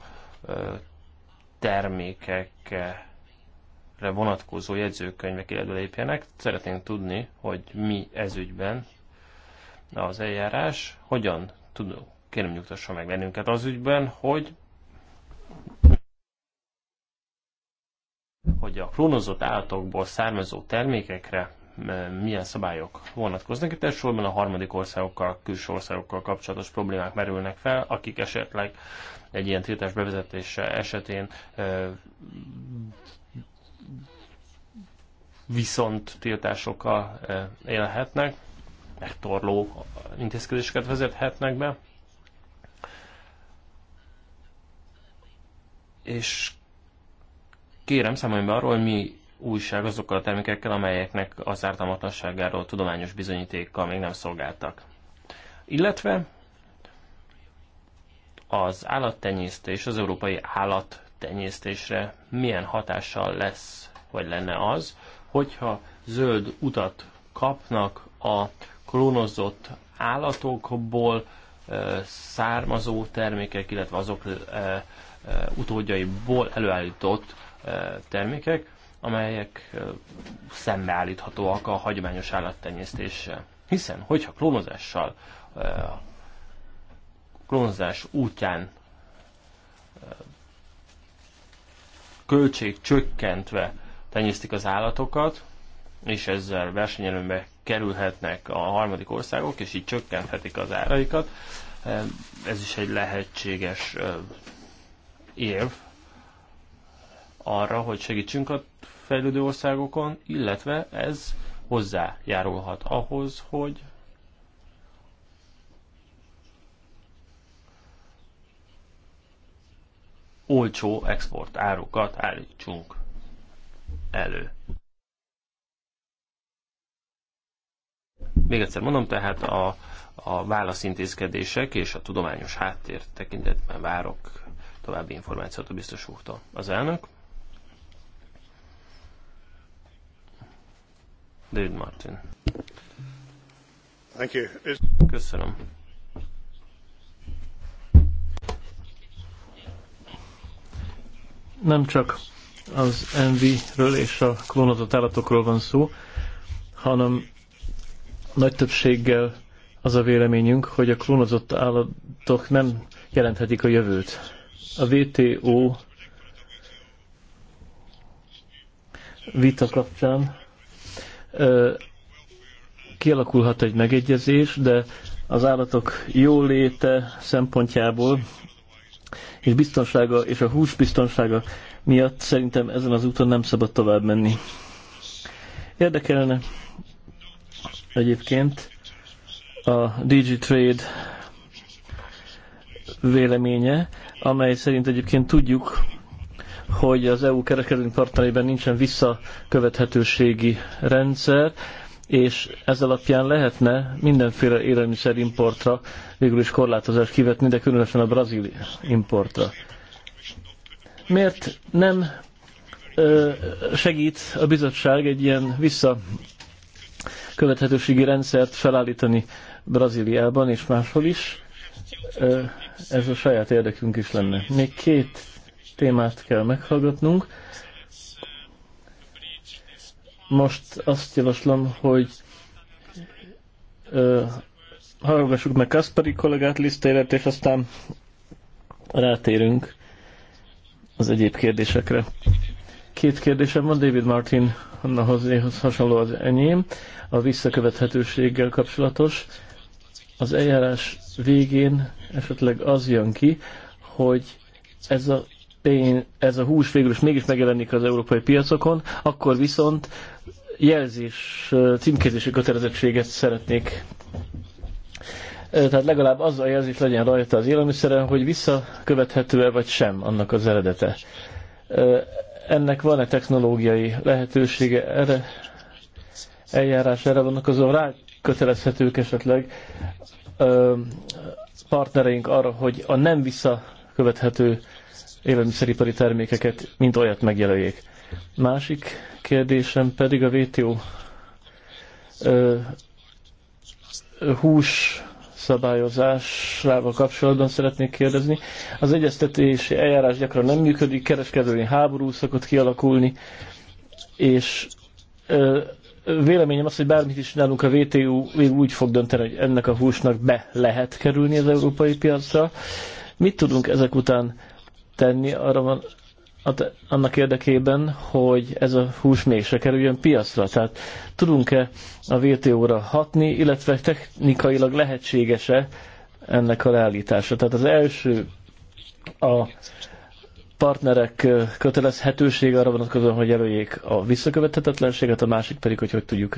C: termékekre vonatkozó jegyzőkönyvek életbe lépjenek. Szeretnénk tudni, hogy mi ezügyben az eljárás, hogyan tudunk, kérem nyugtassa meg bennünket az ügyben, hogy hogy a klónozott állatokból származó termékekre milyen szabályok vonatkoznak. Itt elsősorban a harmadik országokkal, külső országokkal kapcsolatos problémák merülnek fel, akik esetleg egy ilyen tiltás bevezetése esetén viszont tiltásokkal élhetnek, megtorló intézkedéseket vezethetnek be. És kérem, számoljon be arról, hogy mi újság azokkal a termékekkel, amelyeknek az ártalmatlanságáról tudományos bizonyítékkal még nem szolgáltak. Illetve az állattenyésztés, az európai állattenyésztésre milyen hatással lesz, vagy lenne az, hogyha zöld utat kapnak a klónozott állatokból származó termékek, illetve azok utódjaiból előállított termékek, amelyek szembeállíthatóak a hagyományos állattenyésztéssel. Hiszen, hogyha klónozással, klónozás útján költség csökkentve tenyésztik az állatokat, és ezzel versenyelőmbe kerülhetnek a harmadik országok, és így csökkenthetik az áraikat. Ez is egy lehetséges érv arra, hogy segítsünk a fejlődő országokon, illetve ez hozzájárulhat ahhoz, hogy olcsó export árukat állítsunk elő. Még egyszer mondom, tehát a, a válaszintézkedések és a tudományos háttér tekintetben várok további információt a biztos úrtól. Az elnök. David Martin. Thank you. Köszönöm.
D: Nem csak az envi ről és a klónozott állatokról van szó, hanem nagy többséggel az a véleményünk, hogy a klónozott állatok nem jelenthetik a jövőt. A VTO vita kapcsán kialakulhat egy megegyezés, de az állatok jóléte szempontjából és biztonsága és a hús biztonsága miatt szerintem ezen az úton nem szabad tovább menni. Érdekelne egyébként a DigiTrade véleménye, amely szerint egyébként tudjuk, hogy az EU kereskedelmi partnereiben nincsen visszakövethetőségi rendszer, és ez alapján lehetne mindenféle importra, végül is korlátozást kivetni, de különösen a brazil importra. Miért nem ö, segít a bizottság egy ilyen visszakövethetőségi rendszert felállítani Brazíliában és máshol is? Ö, ez a saját érdekünk is lenne. Még két témát kell meghallgatnunk. Most azt javaslom, hogy uh, hallgassuk meg Kaspari kollégát lisztélet, és aztán rátérünk az egyéb kérdésekre. Két kérdésem van David Martin Anna Hozéhoz hasonló az enyém, a visszakövethetőséggel kapcsolatos. Az eljárás végén esetleg az jön ki, hogy ez a pénz, ez a hús végül is mégis megjelenik az európai piacokon, akkor viszont jelzés, címkézési kötelezettséget szeretnék. Tehát legalább az a jelzés legyen rajta az élelmiszeren, hogy visszakövethető-e vagy sem annak az eredete. Ennek van-e technológiai lehetősége erre? Eljárás erre vannak, azon rá kötelezhetők esetleg partnereink arra, hogy a nem visszakövethető élelmiszeripari termékeket, mint olyat megjelöljék. Másik kérdésem pedig a WTO hús szabályozásával kapcsolatban szeretnék kérdezni. Az egyeztetési eljárás gyakran nem működik, kereskedői háború szokott kialakulni, és ö, véleményem az, hogy bármit is csinálunk, a WTO úgy fog dönteni, hogy ennek a húsnak be lehet kerülni az európai piacra. Mit tudunk ezek után tenni arra van, annak érdekében, hogy ez a hús mégse kerüljön piacra. Tehát tudunk-e a vto ra hatni, illetve technikailag lehetséges-e ennek a leállítása. Tehát az első a partnerek kötelezhetősége arra vonatkozóan, hogy előjék a visszakövethetetlenséget, a másik pedig, hogy hogy tudjuk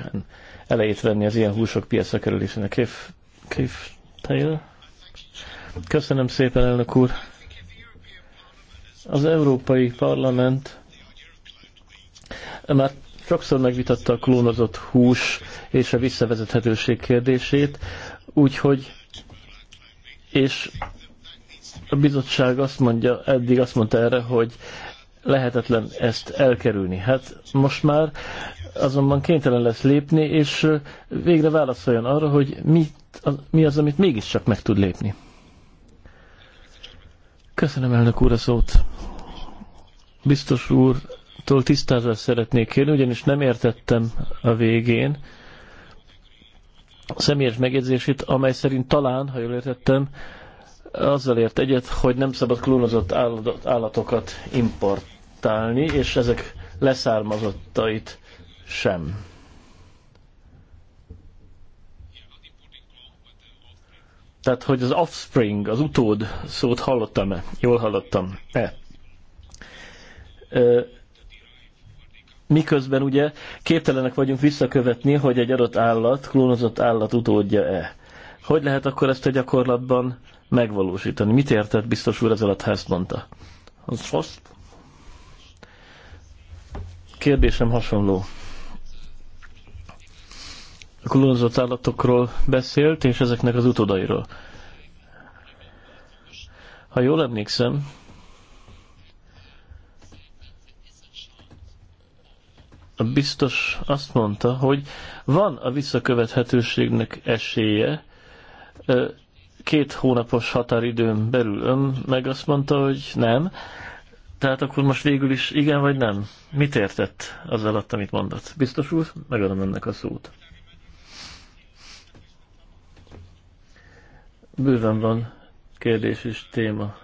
D: elejét venni az ilyen húsok piacra kerülésének. Kéf, kéf, Köszönöm szépen, elnök úr! Az Európai Parlament már sokszor megvitatta a klónozott hús és a visszavezethetőség kérdését, úgyhogy és a bizottság azt mondja, eddig azt mondta erre, hogy lehetetlen ezt elkerülni. Hát most már azonban kénytelen lesz lépni, és végre válaszoljon arra, hogy mit, az, mi az, amit mégiscsak meg tud lépni. Köszönöm elnök úr a szót biztos úrtól tisztázást szeretnék kérni, ugyanis nem értettem a végén a személyes megjegyzését, amely szerint talán, ha jól értettem, azzal ért egyet, hogy nem szabad klónozott állatokat importálni, és ezek leszármazottait sem. Tehát, hogy az offspring, az utód szót hallottam-e? Jól hallottam-e? miközben ugye képtelenek vagyunk visszakövetni, hogy egy adott állat, klónozott állat utódja-e. Hogy lehet akkor ezt a gyakorlatban megvalósítani? Mit értett biztos úr ez alatt, ha ezt mondta? Az Kérdésem hasonló. A klónozott állatokról beszélt, és ezeknek az utódairól. Ha jól emlékszem, a biztos azt mondta, hogy van a visszakövethetőségnek esélye két hónapos határidőn belül. Ön meg azt mondta, hogy nem. Tehát akkor most végül is igen vagy nem? Mit értett az alatt, amit mondott? Biztos úr, megadom ennek a szót. Bőven van kérdés és téma.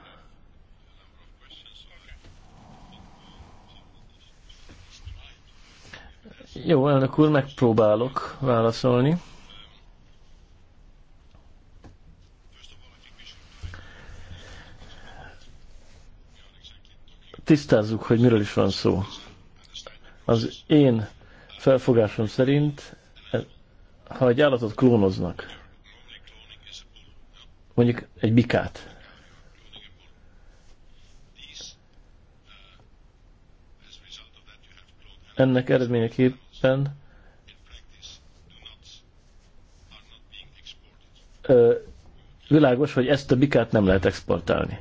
D: Jó, elnök úr, megpróbálok válaszolni. Tisztázzuk, hogy miről is van szó. Az én felfogásom szerint, ha egy állatot klónoznak, mondjuk egy bikát, ennek eredményeképp Ö, világos, hogy ezt a bikát nem lehet exportálni.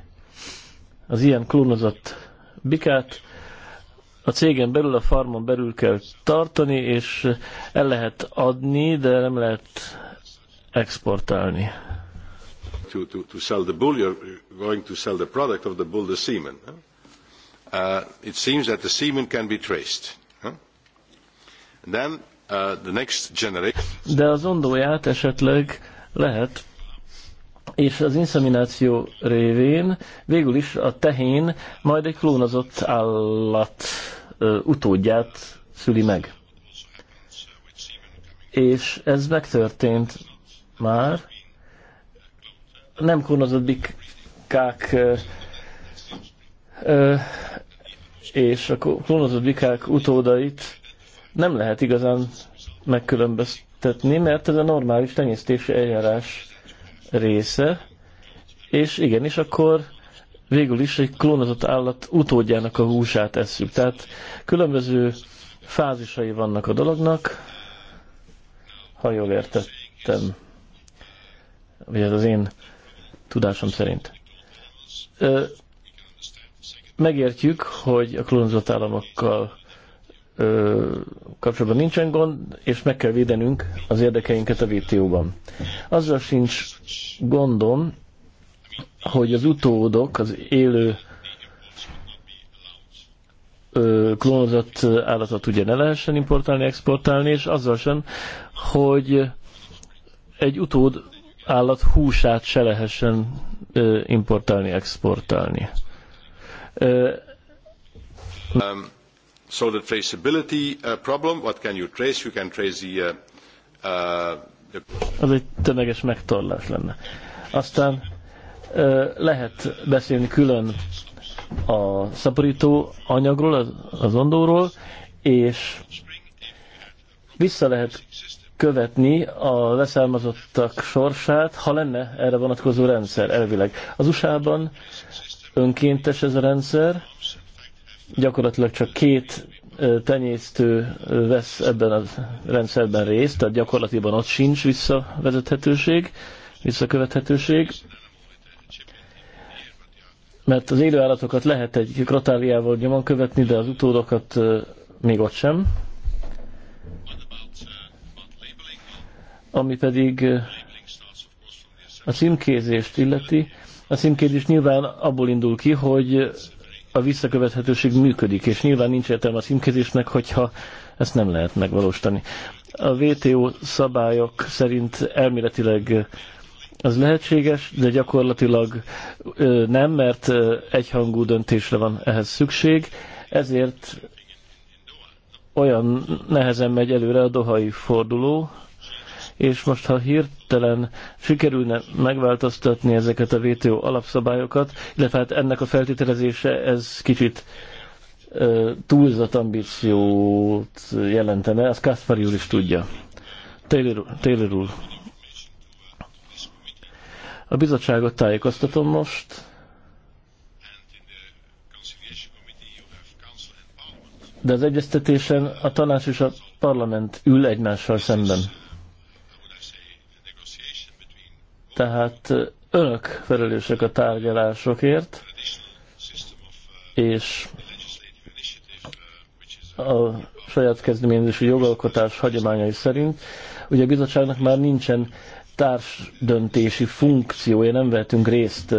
D: Az ilyen klónozott bikát a cégen belül, a farmon belül kell tartani, és el lehet adni, de nem lehet exportálni.
B: To, to, to sell the bull, you're going to sell the product of the bull, the semen. Uh, it seems that the semen can be traced Then, uh, the next generation...
D: De az ondóját esetleg lehet és az inszemináció révén végül is a tehén majd egy klónozott állat utódját szüli meg. És ez megtörtént már. Nem klónozott bikák ö, ö, és a klónozott bikák utódait nem lehet igazán megkülönböztetni, mert ez a normális tenyésztési eljárás része, és igenis akkor végül is egy klónozott állat utódjának a húsát esszük. Tehát különböző fázisai vannak a dolognak, ha jól értettem, vagy ez az én tudásom szerint. Megértjük, hogy a klónozott államokkal kapcsolatban nincsen gond, és meg kell védenünk az érdekeinket a WTO-ban. Azzal sincs gondom, hogy az utódok, az élő ö, klónozott állatot ugye ne lehessen importálni, exportálni, és azzal sem, hogy egy utód állat húsát se lehessen ö, importálni, exportálni. Ö,
B: um. So the traceability uh, problem, what can you trace? You can trace the... Uh, uh the...
D: Az egy tömeges megtorlás lenne. Aztán lehet beszélni külön a szaporító anyagról, az ondóról, és vissza lehet követni a leszármazottak sorsát, ha lenne erre vonatkozó rendszer, elvileg. Az USA-ban önkéntes ez a rendszer, gyakorlatilag csak két tenyésztő vesz ebben a rendszerben részt, tehát gyakorlatilag ott sincs visszavezethetőség, visszakövethetőség, mert az élőállatokat lehet egy krotáliával nyomon követni, de az utódokat még ott sem. Ami pedig a címkézést illeti, a címkézés nyilván abból indul ki, hogy a visszakövethetőség működik, és nyilván nincs értelme a címkézésnek, hogyha ezt nem lehet megvalósítani. A WTO szabályok szerint elméletileg az lehetséges, de gyakorlatilag nem, mert egyhangú döntésre van ehhez szükség, ezért olyan nehezen megy előre a dohai forduló, és most ha hirtelen sikerülne megváltoztatni ezeket a VTO alapszabályokat, illetve hát ennek a feltételezése ez kicsit ö, túlzott ambíciót jelentene, ezt Kaspari úr is tudja. Taylor, Taylor úr. A bizottságot tájékoztatom most. De az egyeztetésen a tanács és a parlament ül egymással szemben. Tehát önök felelősek a tárgyalásokért, és a saját kezdeményezési jogalkotás hagyományai szerint, ugye a bizottságnak már nincsen társdöntési funkciója, nem vehetünk részt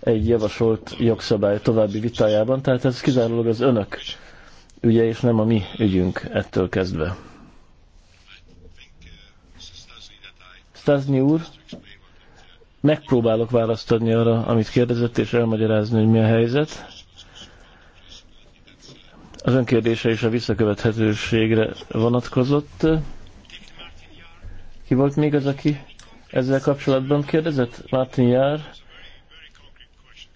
D: egy javasolt jogszabály további vitájában, tehát ez kizárólag az önök ügye, és nem a mi ügyünk ettől kezdve. Stazni úr, Megpróbálok választ adni arra, amit kérdezett, és elmagyarázni, hogy mi a helyzet. Az önkérdése is a visszakövethetőségre vonatkozott. Ki volt még az, aki ezzel kapcsolatban kérdezett? Martin Jár.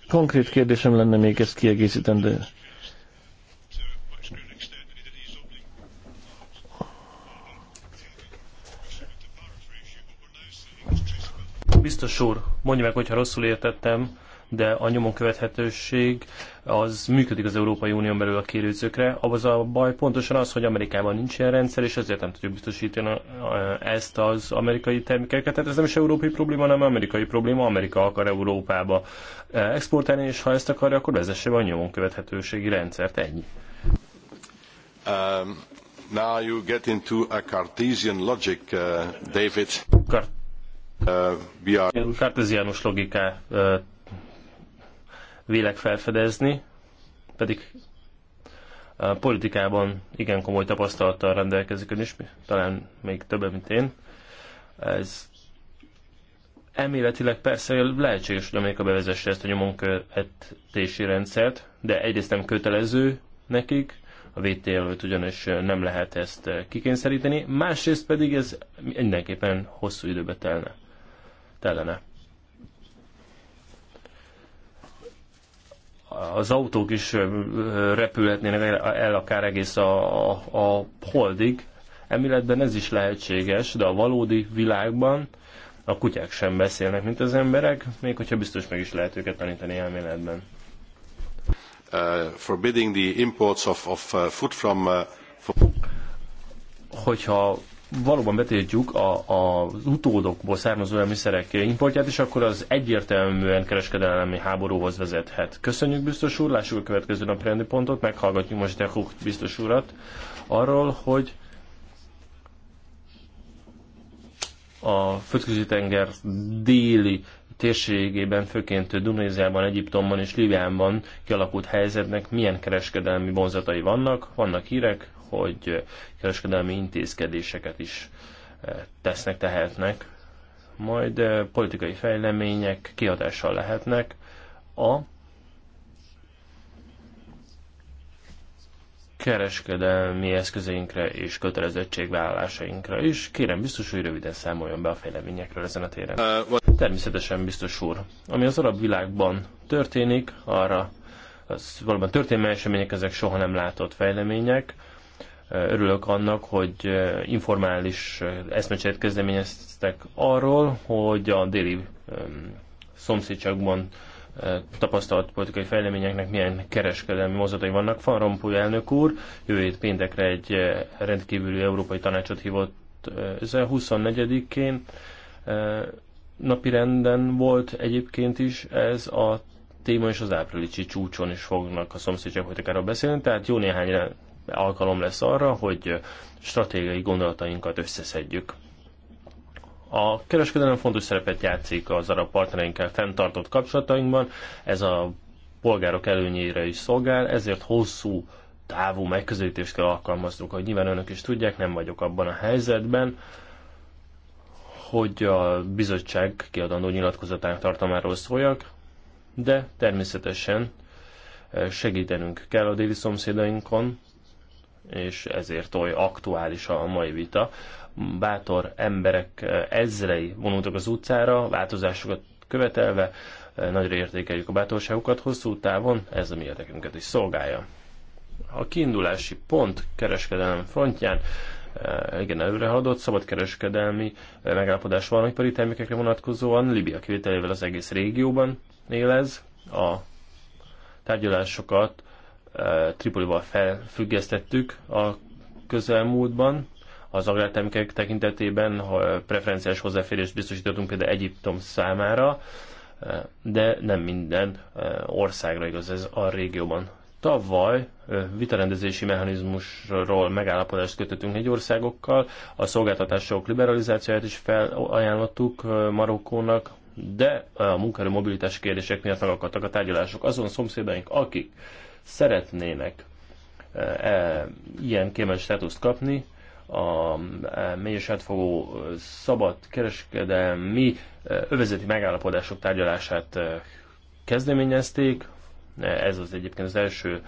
D: Konkrét kérdésem lenne még ezt kiegészítendő.
C: Biztos úr, mondja meg, hogyha rosszul értettem, de a nyomon követhetőség az működik az Európai Unión belül a kérőzőkre. Az a baj pontosan az, hogy Amerikában nincs ilyen rendszer, és ezért nem tudjuk biztosítani ezt az amerikai termékeket. Tehát ez nem is európai probléma, hanem amerikai probléma. Amerika akar Európába exportálni, és ha ezt akarja, akkor vezesse be a nyomon követhetőségi rendszert. Ennyi.
B: Um, now you get into a Cartesian logic, uh, David. Kart Uh, logiká uh,
C: vélek felfedezni, pedig a politikában igen komoly tapasztalattal rendelkezik ön is, talán még több, mint én. Ez elméletileg persze lehetséges, hogy Amerika bevezesse ezt a nyomonkövetési rendszert, de egyrészt nem kötelező nekik, a VTL előtt ugyanis nem lehet ezt kikényszeríteni, másrészt pedig ez mindenképpen hosszú időbe telne. Telene. Az autók is repülhetnének el akár egész a, a, a holdig. Emiletben ez is lehetséges, de a valódi világban a kutyák sem beszélnek, mint az emberek, még hogyha biztos meg is lehet őket tanítani elméletben.
B: Uh, forbidding
C: the imports of, uh, food from... Uh, Hogyha valóban betiltjuk a, a, az utódokból származó elmiszerek importját, és akkor az egyértelműen kereskedelmi háborúhoz vezethet. Köszönjük biztos úr, lássuk a következő napi pontot, meghallgatjuk most a Hucht biztos urat arról, hogy a földközi tenger déli térségében, főként Dunéziában, Egyiptomban és Libyában kialakult helyzetnek milyen kereskedelmi vonzatai vannak. Vannak hírek, hogy kereskedelmi intézkedéseket is eh, tesznek, tehetnek, majd eh, politikai fejlemények kihatással lehetnek a kereskedelmi eszközeinkre és kötelezettségvállalásainkra is. Kérem biztos, hogy röviden számoljon be a fejleményekről ezen a téren. Természetesen biztos úr. Ami az arab világban történik, arra az valóban történelmi események, ezek soha nem látott fejlemények. Örülök annak, hogy eh, informális eh, eszmecserét kezdeményeztek arról, hogy a déli szomszédságban eh, tapasztalt politikai fejleményeknek milyen kereskedelmi mozatai vannak. Van Rompuy elnök úr jövő hét péntekre egy rendkívüli európai tanácsot hívott össze 24-én. Napi renden volt egyébként is ez a téma, és az áprilisi csúcson is fognak a szomszédságpolitikáról beszélni, tehát jó néhány alkalom lesz arra, hogy stratégiai gondolatainkat összeszedjük. A kereskedelem fontos szerepet játszik az arab partnereinkkel fenntartott kapcsolatainkban, ez a polgárok előnyére is szolgál, ezért hosszú távú megközelítést kell alkalmaznunk, hogy nyilván önök is tudják, nem vagyok abban a helyzetben, hogy a bizottság kiadandó nyilatkozatának tartalmáról szóljak, de természetesen eh, segítenünk kell a déli szomszédainkon, és ezért oly aktuális a mai vita. Bátor emberek eh, ezrei vonultak az utcára, változásokat követelve, eh, nagyra értékeljük a bátorságukat hosszú távon, ez a mi érdekünket is szolgálja. A kiindulási pont kereskedelem frontján eh, igen, előre haladott szabadkereskedelmi megállapodás van ipari termékekre vonatkozóan, Libia kivételével az egész régióban élez. A tárgyalásokat Tripolival felfüggesztettük a közelmúltban. Az agrártermékek tekintetében ha preferenciás hozzáférést biztosítottunk például Egyiptom számára, de nem minden eh, országra igaz ez a régióban. Tavaly eh, vitarendezési mechanizmusról megállapodást kötöttünk egy országokkal, a szolgáltatások liberalizációját is felajánlottuk eh, Marokkónak, de a munkaerő mobilitás kérdések miatt megakadtak a tárgyalások. Azon szomszédaink, akik szeretnének e, e ilyen kiemelt státuszt kapni, a e, mélyes átfogó e, szabad kereskedelmi övezeti megállapodások tárgyalását kezdeményezték. Ez az egyébként az első,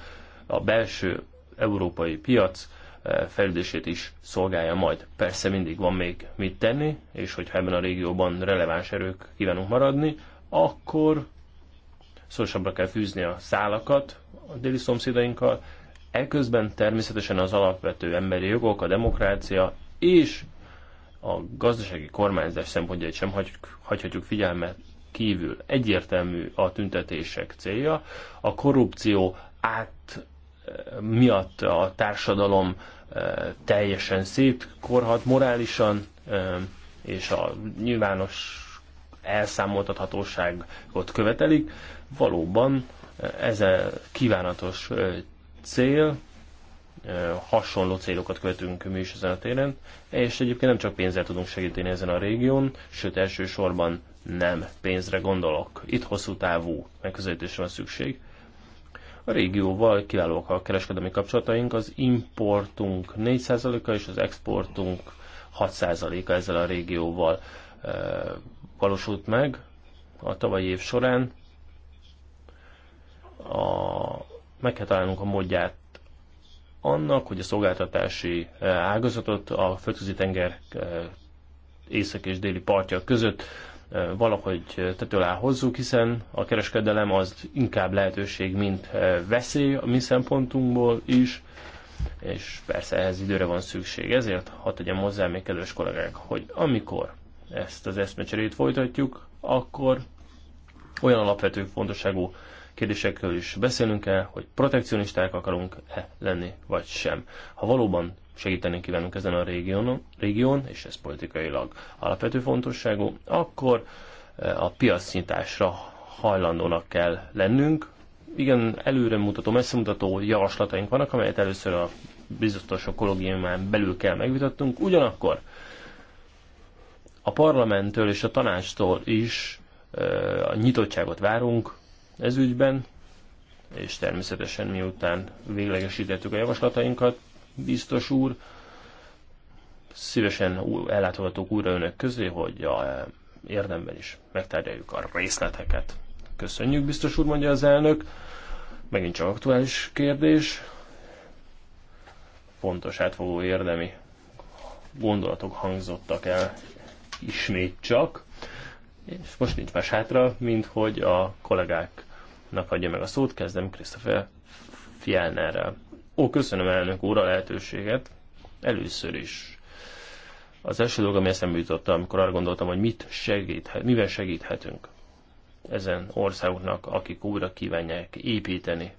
C: a belső európai piac fejlődését is szolgálja majd. Persze mindig van még mit tenni, és hogyha ebben a régióban releváns erők kívánunk maradni, akkor szorosabbra kell fűzni a szálakat, a déli szomszédainkkal, eközben természetesen az alapvető emberi jogok, a demokrácia és a gazdasági kormányzás szempontjait sem hagy, hagyhatjuk figyelmet kívül. Egyértelmű a tüntetések célja, a korrupció át eh, miatt a társadalom eh, teljesen szétkorhat morálisan, eh, és a nyilvános elszámoltathatóságot követelik, valóban ez a kívánatos cél, hasonló célokat követünk mi is ezen a téren, és egyébként nem csak pénzzel tudunk segíteni ezen a régión, sőt elsősorban nem pénzre gondolok. Itt hosszú távú megközelítésre van szükség. A régióval kiválóak a kereskedelmi kapcsolataink, az importunk 4%-a és az exportunk 6%-a ezzel a régióval e, valósult meg a tavalyi év során a, meg kell találnunk a módját annak, hogy a szolgáltatási eh, ágazatot a földközi tenger eh, észak és déli partja között eh, valahogy tető alá hozzuk, hiszen a kereskedelem az inkább lehetőség, mint veszély a mi szempontunkból is, és persze ehhez időre van szükség. Ezért hadd tegyem hozzá, még kedves kollégák, hogy amikor ezt az eszmecserét folytatjuk, akkor olyan alapvető fontosságú kérdésekről is beszélünk el, hogy protekcionisták akarunk-e lenni, vagy sem. Ha valóban segíteni kívánunk ezen a régión, régión és ez politikailag alapvető fontosságú, akkor eh, a piacnyitásra hajlandónak kell lennünk. Igen, előremutató, messzemutató javaslataink vannak, amelyet először a biztos kollégiumán belül kell megvitatnunk. Ugyanakkor a parlamenttől és a tanácstól is eh, a nyitottságot várunk ez ügyben, és természetesen miután véglegesítettük a javaslatainkat, biztos úr, szívesen ellátogatok újra önök közé, hogy a érdemben is megtárgyaljuk a részleteket. Köszönjük, biztos úr, mondja az elnök. Megint csak aktuális kérdés. Fontos átfogó érdemi gondolatok hangzottak el ismét csak. És most nincs más hátra, mint hogy a kollégák nap adja meg a szót, kezdem Christopher Fjellnerrel. Ó, köszönöm elnök úr a lehetőséget. Először is. Az első dolog, ami eszembe jutott, amikor arra gondoltam, hogy mit segíthet, mivel segíthetünk ezen országoknak, akik újra kívánják építeni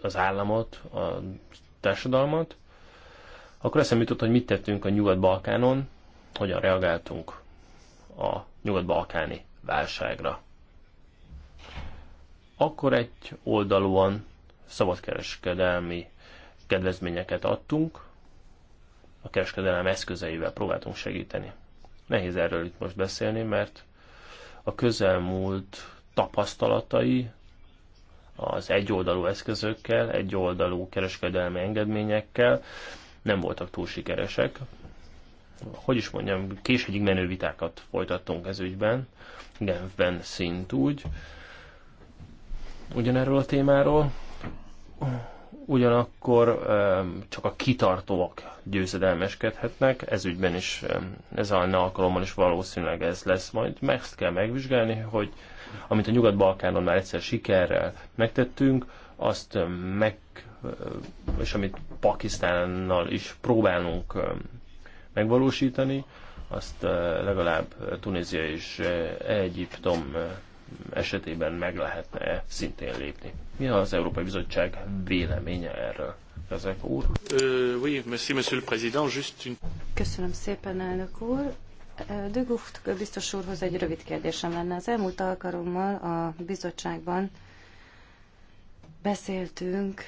C: az államot, a társadalmat, akkor eszembe jutott, hogy mit tettünk a Nyugat-Balkánon, hogyan reagáltunk a nyugat-balkáni válságra. Akkor egy oldalúan szabadkereskedelmi kedvezményeket adtunk, a kereskedelem eszközeivel próbáltunk segíteni. Nehéz erről itt most beszélni, mert a közelmúlt tapasztalatai az egyoldalú eszközökkel, egyoldalú kereskedelmi engedményekkel nem voltak túl sikeresek, hogy is mondjam, későgyig menő vitákat folytattunk ez ügyben, Genfben úgy, ugyanerről a témáról. Ugyanakkor csak a kitartóak győzedelmeskedhetnek, ez ügyben is, ez a alkalommal is valószínűleg ez lesz majd. Meg ezt kell megvizsgálni, hogy amit a Nyugat-Balkánon már egyszer sikerrel megtettünk, azt meg, és amit Pakisztánnal is próbálunk megvalósítani, azt eh, legalább eh, Tunézia és eh, Egyiptom esetében meg lehetne -e szintén lépni. Mi az Európai Bizottság véleménye erről? Ezek úr? Euh, oui, merci, monsieur le président. Just une...
A: Köszönöm szépen, elnök úr. De biztos úrhoz egy rövid kérdésem lenne. Az elmúlt alkalommal a bizottságban beszéltünk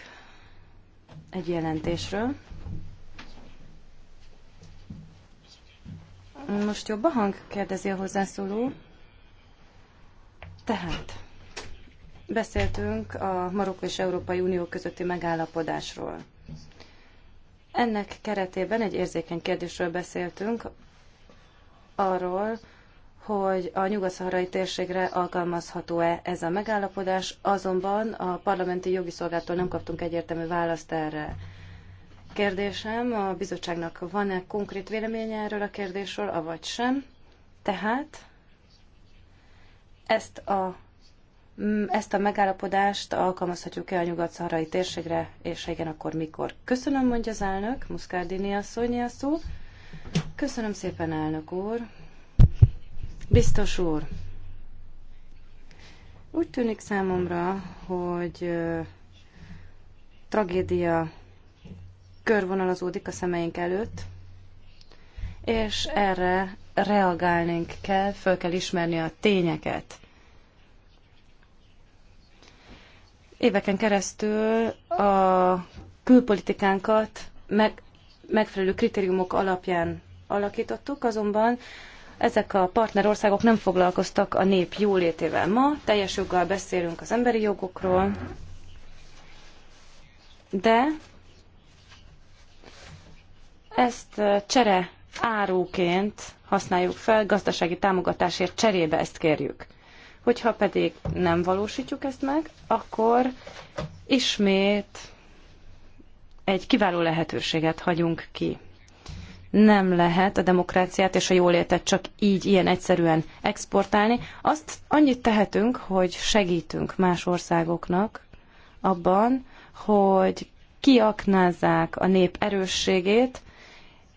A: egy jelentésről, Most jobb a hang? kérdezi a hozzászóló. Tehát, beszéltünk a Marokko és Európai Unió közötti megállapodásról. Ennek keretében egy érzékeny kérdésről beszéltünk, arról, hogy a nyugat-szaharai térségre alkalmazható-e ez a megállapodás, azonban a parlamenti jogi szolgáltól nem kaptunk egyértelmű választ erre. Kérdésem, a bizottságnak van-e konkrét véleménye erről a kérdésről, avagy sem? Tehát ezt a, ezt a megállapodást alkalmazhatjuk-e a nyugat-szaharai térségre, és igen, akkor mikor? Köszönöm, mondja az elnök, Muscardini asszony a szó. Köszönöm szépen, elnök úr. Biztos úr. Úgy tűnik számomra, hogy tragédia körvonalazódik a szemeink előtt, és erre reagálnunk kell, föl kell ismerni a tényeket. Éveken keresztül a külpolitikánkat meg, megfelelő kritériumok alapján alakítottuk, azonban ezek a partnerországok nem foglalkoztak a nép jólétével. Ma teljes joggal beszélünk az emberi jogokról, de ezt csere áruként használjuk fel, gazdasági támogatásért cserébe ezt kérjük. Hogyha pedig nem valósítjuk ezt meg, akkor ismét egy kiváló lehetőséget hagyunk ki. Nem lehet a demokráciát és a jólétet csak így ilyen egyszerűen exportálni. Azt annyit tehetünk, hogy segítünk más országoknak abban, hogy kiaknázzák a nép erősségét,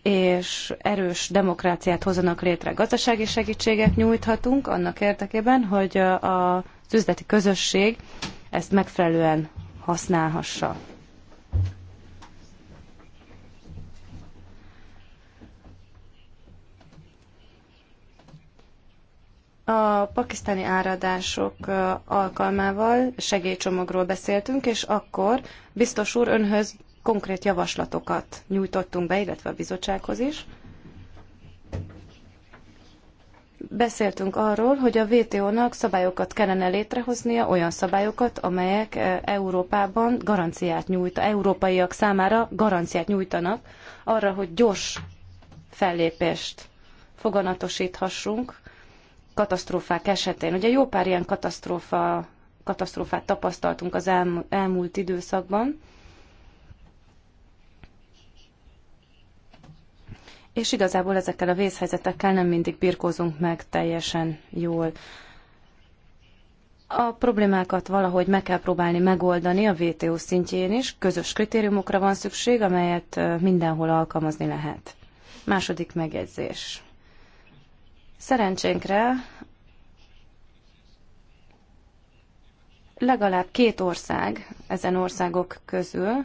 A: és erős demokráciát hozanak létre. Gazdasági segítséget nyújthatunk annak érdekében, hogy a üzleti közösség ezt megfelelően használhassa. A pakisztáni áradások alkalmával segélycsomagról beszéltünk, és akkor biztos úr önhöz konkrét javaslatokat nyújtottunk be, illetve a bizottsághoz is. Beszéltünk arról, hogy a WTO-nak szabályokat kellene létrehoznia, olyan szabályokat, amelyek eh, Európában garanciát nyújt, európaiak számára garanciát nyújtanak arra, hogy gyors fellépést foganatosíthassunk katasztrófák esetén. Ugye jó pár ilyen katasztrófa, katasztrófát tapasztaltunk az elmúlt időszakban, és igazából ezekkel a vészhelyzetekkel nem mindig birkózunk meg teljesen jól. A problémákat valahogy meg kell próbálni megoldani a WTO szintjén is, közös kritériumokra van szükség, amelyet mindenhol alkalmazni lehet. Második megjegyzés. Szerencsénkre legalább két ország ezen országok közül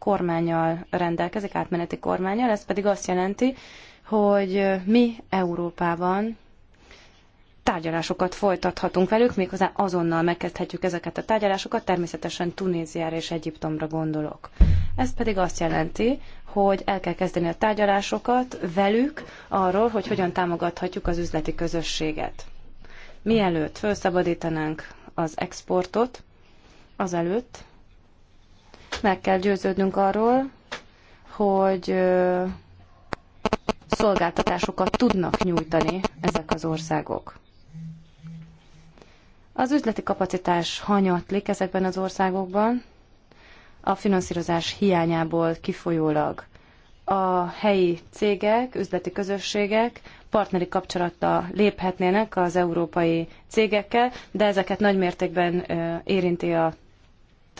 A: kormányal rendelkezik, átmeneti kormányal, ez pedig azt jelenti, hogy mi Európában tárgyalásokat folytathatunk velük, méghozzá azonnal megkezdhetjük ezeket a tárgyalásokat, természetesen Tunéziára és Egyiptomra gondolok. Ez pedig azt jelenti, hogy el kell kezdeni a tárgyalásokat velük arról, hogy hogyan támogathatjuk az üzleti közösséget. Mielőtt felszabadítanánk az exportot, azelőtt meg kell győződnünk arról, hogy szolgáltatásokat tudnak nyújtani ezek az országok. Az üzleti kapacitás hanyatlik ezekben az országokban, a finanszírozás hiányából kifolyólag. A helyi cégek, üzleti közösségek partneri kapcsolattal léphetnének az európai cégekkel, de ezeket nagymértékben érinti a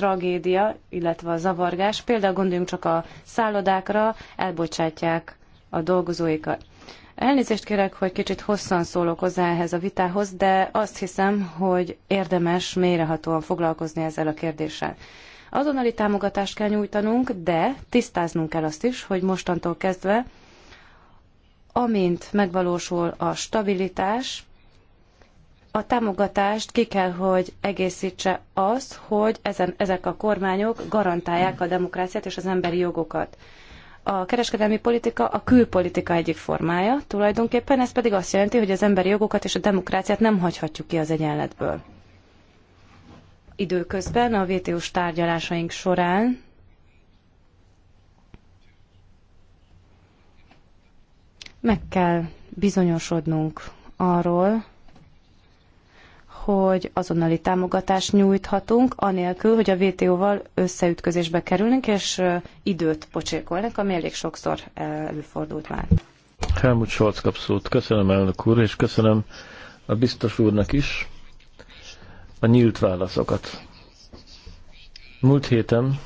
A: tragédia, illetve a zavargás. Például gondoljunk csak a szállodákra, elbocsátják a dolgozóikat. Elnézést kérek, hogy kicsit hosszan szólok hozzá ehhez a vitához, de azt hiszem, hogy érdemes mélyrehatóan foglalkozni ezzel a kérdéssel. Azonnali támogatást kell nyújtanunk, de tisztáznunk kell azt is, hogy mostantól kezdve, amint megvalósul a stabilitás, a támogatást ki kell, hogy egészítse az, hogy ezen, ezek a kormányok garantálják a demokráciát és az emberi jogokat. A kereskedelmi politika a külpolitika egyik formája tulajdonképpen, ez pedig azt jelenti, hogy az emberi jogokat és a demokráciát nem hagyhatjuk ki az egyenletből. Időközben a WTO-s tárgyalásaink során meg kell bizonyosodnunk arról, hogy azonnali támogatást nyújthatunk, anélkül, hogy a VTO-val összeütközésbe kerülünk, és időt pocsékolnak, ami elég sokszor előfordult már.
D: Helmut Scholz kap szót. Köszönöm elnök úr, és köszönöm a biztos úrnak is a nyílt válaszokat. Múlt héten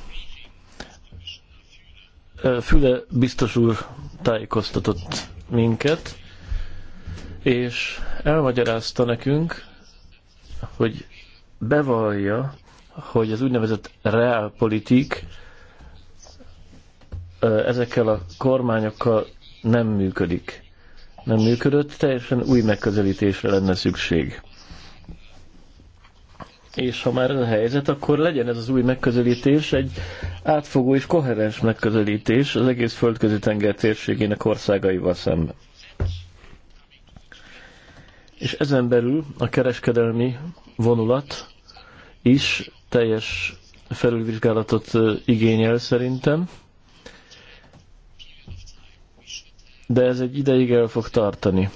D: Füle biztos úr tájékoztatott minket, és elmagyarázta nekünk, hogy bevallja, hogy az úgynevezett realpolitik ezekkel a kormányokkal nem működik. Nem működött, teljesen új megközelítésre lenne szükség. És ha már ez a helyzet, akkor legyen ez az új megközelítés egy átfogó és koherens megközelítés az egész földközi tenger térségének országaival szemben és ezen belül a kereskedelmi vonulat is teljes felülvizsgálatot igényel szerintem, de ez egy ideig el fog tartani.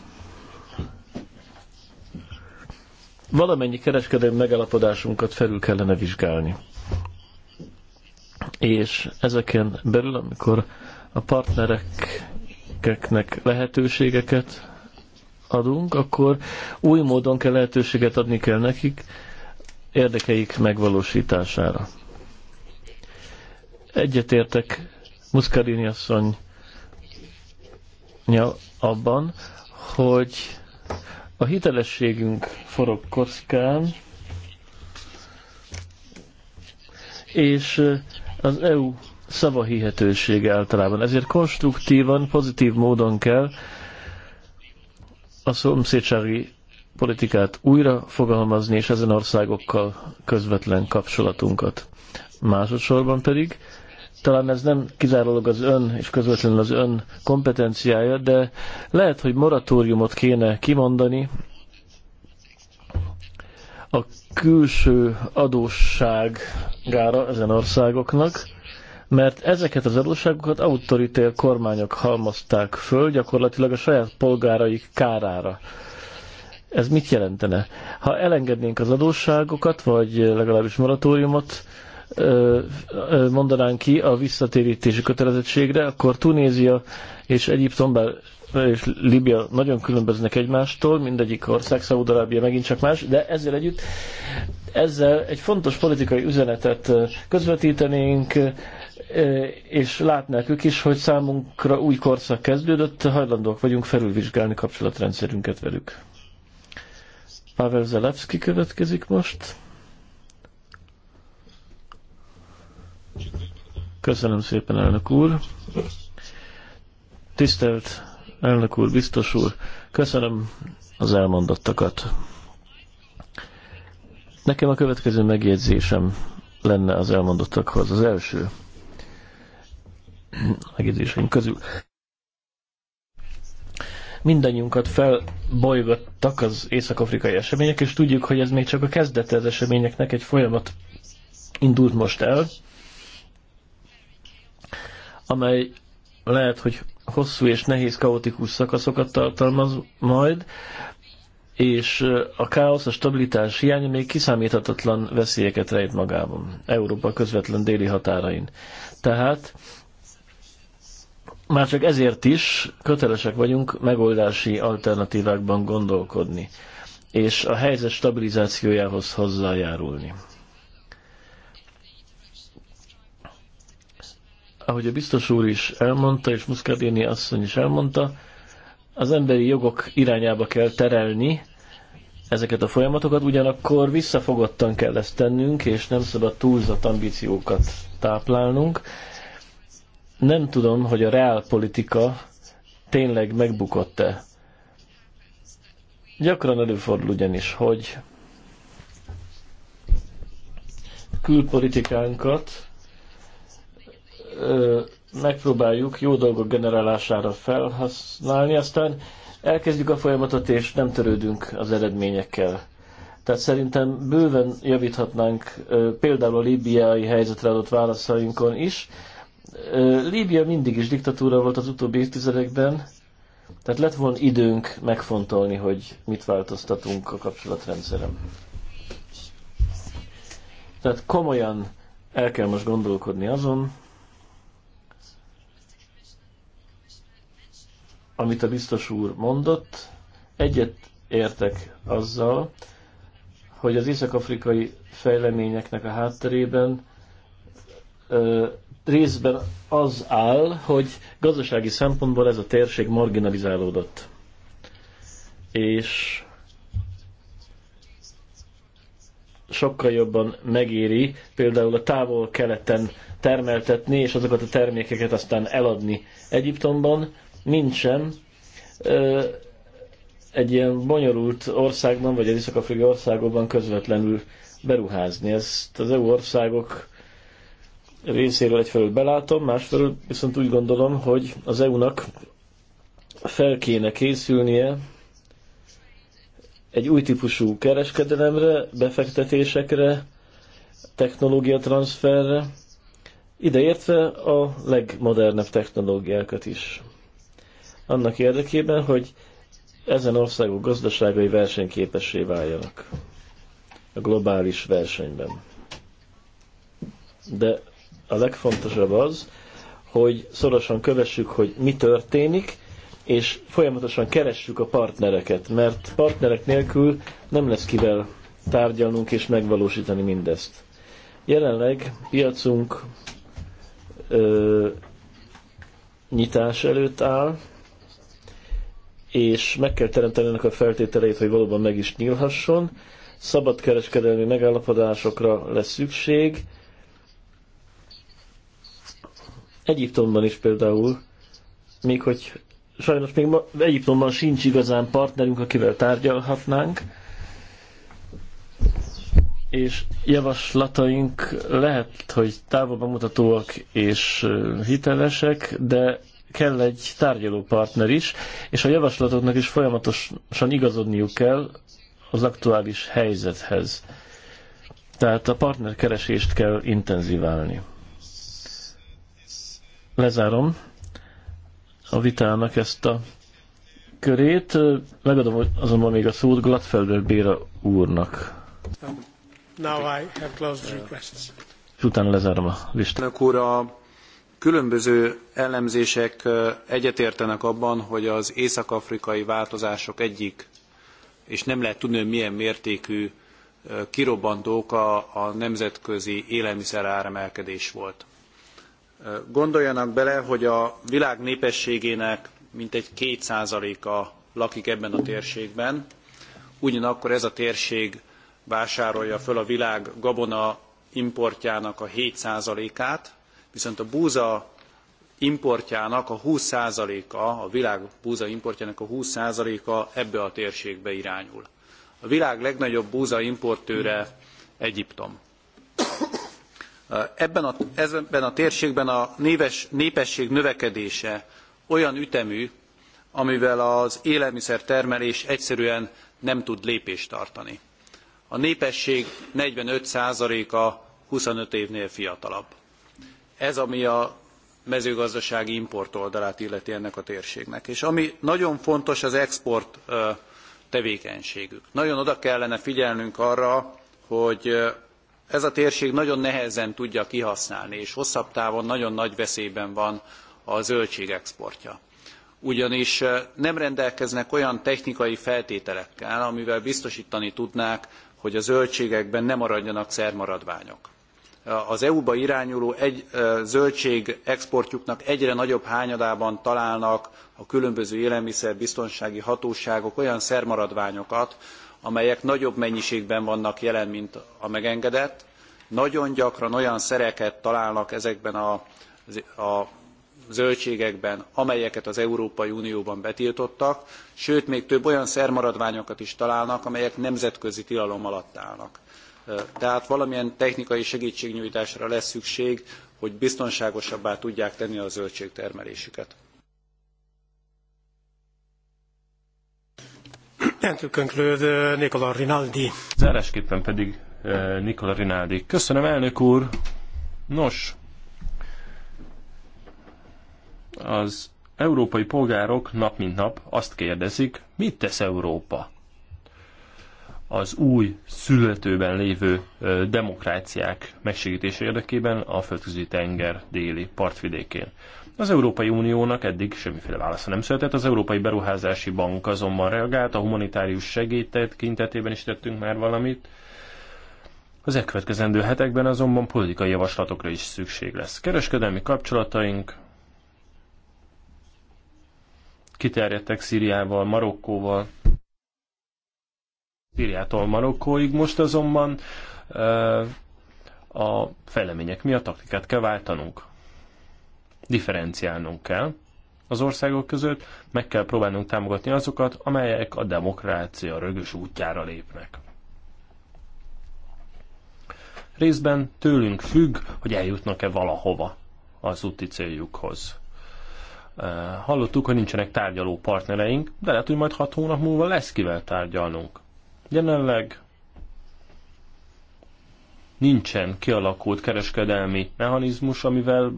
D: Valamennyi kereskedelmi megállapodásunkat felül kellene vizsgálni. És ezeken belül, amikor a partnereknek lehetőségeket adunk, akkor új módon kell lehetőséget adni kell nekik érdekeik megvalósítására. Egyetértek Muszkarini asszony abban, hogy a hitelességünk forog kockán, és az EU szavahihetősége általában. Ezért konstruktívan, pozitív módon kell a szomszédsági politikát újra fogalmazni, és ezen országokkal közvetlen kapcsolatunkat. Másodszorban pedig, talán ez nem kizárólag az ön és közvetlenül az ön kompetenciája, de lehet, hogy moratóriumot kéne kimondani a külső adósságára ezen országoknak, mert ezeket az adósságokat autoritér kormányok halmozták föl gyakorlatilag a saját polgáraik kárára. Ez mit jelentene? Ha elengednénk az adósságokat, vagy legalábbis moratóriumot mondanánk ki a visszatérítési kötelezettségre, akkor Tunézia és Egyiptom, bár és Libia nagyon különböznek egymástól, mindegyik ország, Szaúd-Arábia megint csak más, de ezzel együtt ezzel egy fontos politikai üzenetet közvetítenénk, és látnák ők is, hogy számunkra új korszak kezdődött, hajlandók vagyunk felülvizsgálni kapcsolatrendszerünket velük. Pavel Zelevski következik most. Köszönöm szépen, elnök úr. Tisztelt elnök úr, biztos úr, köszönöm az elmondottakat. Nekem a következő megjegyzésem lenne az elmondottakhoz. Az első megjegyzéseink közül. Mindannyiunkat felbolygattak az észak-afrikai események, és tudjuk, hogy ez még csak a kezdete az eseményeknek, egy folyamat indult most el, amely lehet, hogy hosszú és nehéz, kaotikus szakaszokat tartalmaz majd, és a káosz, a stabilitás hiánya még kiszámíthatatlan veszélyeket rejt magában, Európa közvetlen déli határain. Tehát már csak ezért is kötelesek vagyunk megoldási alternatívákban gondolkodni, és a helyzet stabilizációjához hozzájárulni. Ahogy a biztos úr is elmondta, és Muszkadéni asszony is elmondta, az emberi jogok irányába kell terelni ezeket a folyamatokat, ugyanakkor visszafogottan kell ezt tennünk, és nem szabad túlzott ambíciókat táplálnunk nem tudom, hogy a politika tényleg megbukott-e. Gyakran előfordul ugyanis, hogy külpolitikánkat ö, megpróbáljuk jó dolgok generálására felhasználni, aztán elkezdjük a folyamatot, és nem törődünk az eredményekkel. Tehát szerintem bőven javíthatnánk ö, például a libiai helyzetre adott válaszainkon is, Líbia mindig is diktatúra volt az utóbbi évtizedekben, tehát lett volna időnk megfontolni, hogy mit változtatunk a kapcsolatrendszerem. Tehát komolyan el kell most gondolkodni azon, amit a biztos úr mondott, egyet értek azzal, hogy az észak-afrikai fejleményeknek a hátterében ö, részben az áll, hogy gazdasági szempontból ez a térség marginalizálódott. És sokkal jobban megéri például a távol keleten termeltetni, és azokat a termékeket aztán eladni Egyiptomban. Nincsen egy ilyen bonyolult országban, vagy az észak-afrikai országokban közvetlenül beruházni. Ezt az EU országok részéről egyfelől belátom, másfelől viszont úgy gondolom, hogy az EU-nak fel kéne készülnie egy új típusú kereskedelemre, befektetésekre, technológia transferre, ideértve a legmodernebb technológiákat is. Annak érdekében, hogy ezen országok gazdaságai versenyképessé váljanak a globális versenyben. De a legfontosabb az, hogy szorosan kövessük, hogy mi történik, és folyamatosan keressük a partnereket, mert partnerek nélkül nem lesz kivel tárgyalnunk és megvalósítani mindezt. Jelenleg piacunk ö, nyitás előtt áll, és meg kell teremteni ennek a feltételeit, hogy valóban meg is nyílhasson. Szabadkereskedelmi megállapodásokra lesz szükség, Egyiptomban is például, még hogy sajnos még ma, Egyiptomban sincs igazán partnerünk, akivel tárgyalhatnánk, és javaslataink lehet, hogy távolban mutatóak és hitelesek, de kell egy tárgyaló partner is, és a javaslatoknak is folyamatosan igazodniuk kell az aktuális helyzethez. Tehát a partnerkeresést kell intenzíválni. Lezárom a vitának ezt a körét. Megadom azonban még a szót Gladfelder Béra úrnak.
B: Now I have closed requests.
D: És utána lezárom a
B: listát. úr, a különböző elemzések egyetértenek abban, hogy az észak-afrikai változások egyik, és nem lehet tudni, hogy milyen mértékű kirobbantók a, a nemzetközi élelmiszer áremelkedés volt. Gondoljanak bele, hogy a világ népességének mintegy 2%-a lakik ebben a térségben, ugyanakkor ez a térség vásárolja föl a világ gabona importjának a 7%-át, viszont a búza importjának a 20%-a, a világ búza importjának a 20%-a ebbe a térségbe irányul. A világ legnagyobb búza importőre Egyiptom. Ebben a, ebben a térségben a néves, népesség növekedése olyan ütemű, amivel az élelmiszertermelés egyszerűen nem tud lépést tartani. A népesség 45%-a 25 évnél fiatalabb. Ez, ami a mezőgazdasági import oldalát illeti ennek a térségnek. És ami nagyon fontos, az export tevékenységük. Nagyon oda kellene figyelnünk arra, hogy ez a térség nagyon nehezen tudja kihasználni, és hosszabb távon nagyon nagy veszélyben van a zöldség exportja. Ugyanis eh, nem rendelkeznek olyan technikai feltételekkel, amivel biztosítani tudnák, hogy a zöldségekben ne maradjanak szermaradványok. Eh, az EU-ba irányuló egy, eh, zöldség exportjuknak egyre nagyobb hányadában találnak a különböző élelmiszerbiztonsági hatóságok olyan szermaradványokat, amelyek nagyobb mennyiségben vannak jelen, mint a megengedett. Nagyon gyakran olyan szereket találnak ezekben a, a zöldségekben, amelyeket az Európai Unióban betiltottak, sőt, még több olyan szermaradványokat is találnak, amelyek nemzetközi tilalom alatt állnak. Tehát valamilyen technikai segítségnyújtásra lesz szükség, hogy biztonságosabbá tudják tenni a zöldségtermelésüket. And to Rinaldi.
C: Zárásképpen pedig uh, Nicola Rinaldi. Köszönöm, elnök úr! Nos, az európai polgárok nap mint nap azt kérdezik, mit tesz Európa? az új születőben lévő demokráciák megsegítése érdekében a földközi tenger déli partvidékén. Az Európai Uniónak eddig semmiféle válasza nem született, az Európai Beruházási Bank azonban reagált, a humanitárius segített kintetében is tettünk már valamit. Az elkövetkezendő hetekben azonban politikai javaslatokra is szükség lesz. Kereskedelmi kapcsolataink kiterjedtek Szíriával, Marokkóval, Szíriától Marokkóig. Most azonban a fejlemények miatt taktikát kell váltanunk differenciálnunk kell az országok között, meg kell próbálnunk támogatni azokat, amelyek a demokrácia rögös útjára lépnek. Részben tőlünk függ, hogy eljutnak-e valahova az úti céljukhoz. Hallottuk, hogy nincsenek tárgyaló partnereink, de lehet, hogy majd hat hónap múlva lesz kivel tárgyalnunk. Jelenleg nincsen kialakult kereskedelmi mechanizmus, amivel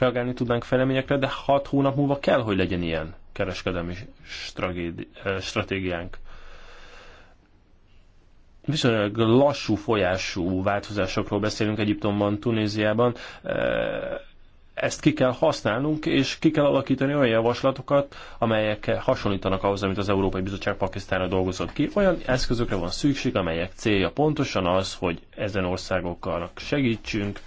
C: reagálni tudnánk fejleményekre, de hat hónap múlva kell, hogy legyen ilyen kereskedelmi eh, stratégiánk. Viszonylag lassú folyású változásokról beszélünk Egyiptomban, Tunéziában. Eh, ezt ki kell használnunk, és ki kell alakítani olyan javaslatokat, amelyek hasonlítanak ahhoz, amit az Európai Bizottság Pakisztánra dolgozott ki. Olyan eszközökre van szükség, amelyek célja pontosan az, hogy ezen országokkal segítsünk,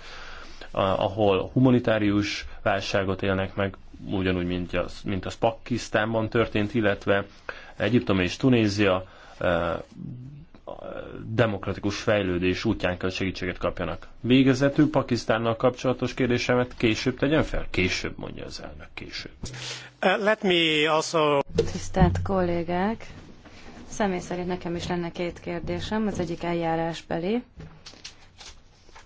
C: ahol humanitárius válságot élnek meg, ugyanúgy, mint az, mint az Pakisztánban történt, illetve Egyiptom és Tunézia e, demokratikus fejlődés útján kell segítséget kapjanak. Végezetül Pakisztánnal kapcsolatos kérdésemet később tegyen fel? Később, mondja az elnök, később.
B: Uh, let me also...
A: Tisztelt kollégák! Személy szerint nekem is lenne két kérdésem, az egyik eljárásbeli.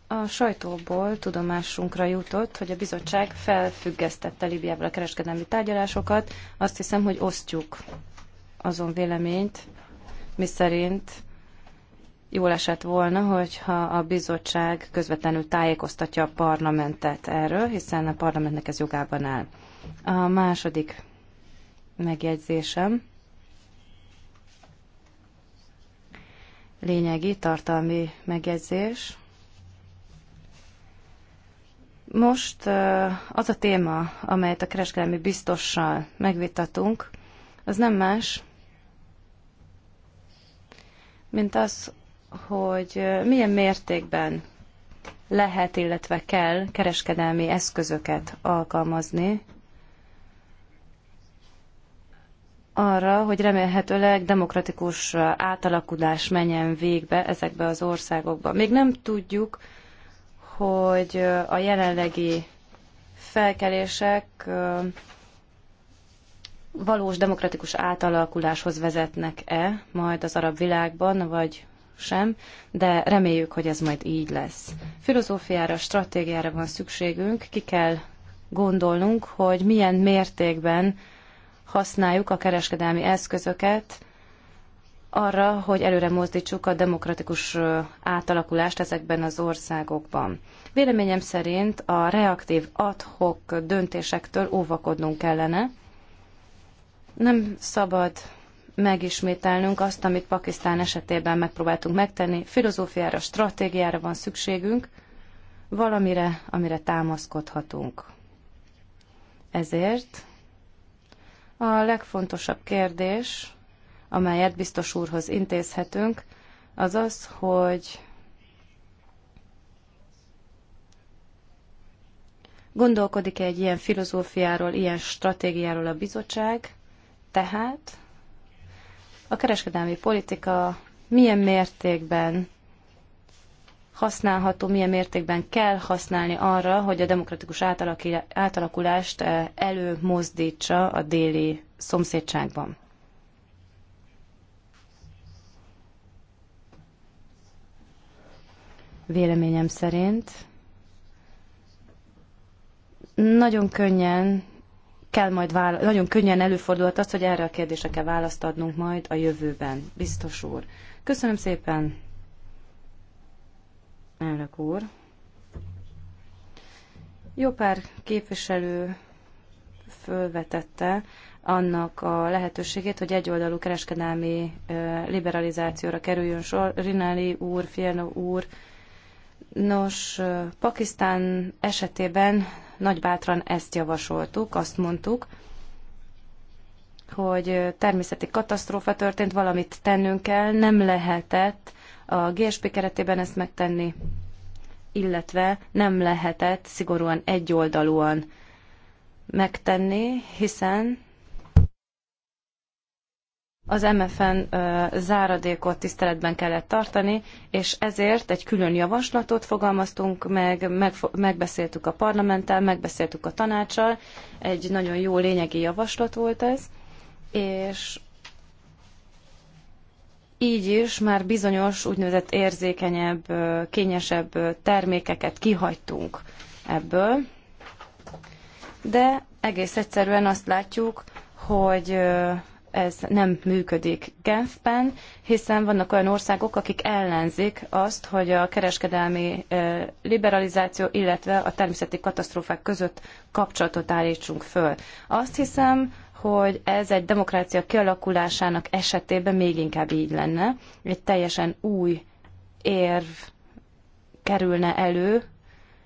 A: A sajtóból tudomásunkra jutott, hogy a bizottság felfüggesztette Libiával a kereskedelmi tárgyalásokat. Azt hiszem, hogy osztjuk azon véleményt, miszerint jó esett volna, hogyha a bizottság közvetlenül tájékoztatja a parlamentet erről, hiszen a parlamentnek ez jogában áll. A második megjegyzésem lényegi, tartalmi megjegyzés. Most az a téma, amelyet a kereskedelmi biztossal megvitatunk, az nem más, mint az, hogy milyen mértékben lehet, illetve kell kereskedelmi eszközöket alkalmazni arra, hogy remélhetőleg demokratikus átalakulás menjen végbe ezekbe az országokba. Még nem tudjuk, hogy a jelenlegi felkelések valós demokratikus átalakuláshoz vezetnek-e majd az arab világban, vagy sem, de reméljük, hogy ez majd így lesz. Filozófiára, stratégiára van szükségünk, ki kell gondolnunk, hogy milyen mértékben használjuk a kereskedelmi eszközöket arra, hogy előre mozdítsuk a demokratikus átalakulást ezekben az országokban. Véleményem szerint a reaktív adhok döntésektől óvakodnunk kellene. Nem szabad megismételnünk azt, amit Pakisztán esetében megpróbáltunk megtenni. Filozófiára, stratégiára van szükségünk, valamire, amire támaszkodhatunk. Ezért a legfontosabb kérdés, amelyet biztos úrhoz intézhetünk, az az, hogy gondolkodik -e egy ilyen filozófiáról, ilyen stratégiáról a bizottság, tehát a kereskedelmi politika milyen mértékben használható, milyen mértékben kell használni arra, hogy a demokratikus átalakulást eh, előmozdítsa a déli szomszédságban. véleményem szerint. Nagyon könnyen kell majd vála- nagyon könnyen előfordulhat az, hogy erre a kérdésre kell választ adnunk majd a jövőben. Biztos úr. Köszönöm szépen, elnök úr. Jó pár képviselő fölvetette annak a lehetőségét, hogy egyoldalú kereskedelmi liberalizációra kerüljön sor. Rinelli úr, Fierno úr, Nos, Pakisztán esetében nagybátran ezt javasoltuk, azt mondtuk, hogy természeti katasztrófa történt, valamit tennünk kell, nem lehetett a GSP keretében ezt megtenni, illetve nem lehetett szigorúan egyoldalúan megtenni, hiszen az MFN záradékot tiszteletben kellett tartani, és ezért egy külön javaslatot fogalmaztunk meg, meg, megbeszéltük a parlamenttel, megbeszéltük a tanácssal, egy nagyon jó lényegi javaslat volt ez, és így is már bizonyos úgynevezett érzékenyebb, kényesebb termékeket kihagytunk ebből, de egész egyszerűen azt látjuk, hogy ez nem működik Genfben, hiszen vannak olyan országok, akik ellenzik azt, hogy a kereskedelmi liberalizáció, illetve a természeti katasztrófák között kapcsolatot állítsunk föl. Azt hiszem, hogy ez egy demokrácia kialakulásának esetében még inkább így lenne. Egy teljesen új érv kerülne elő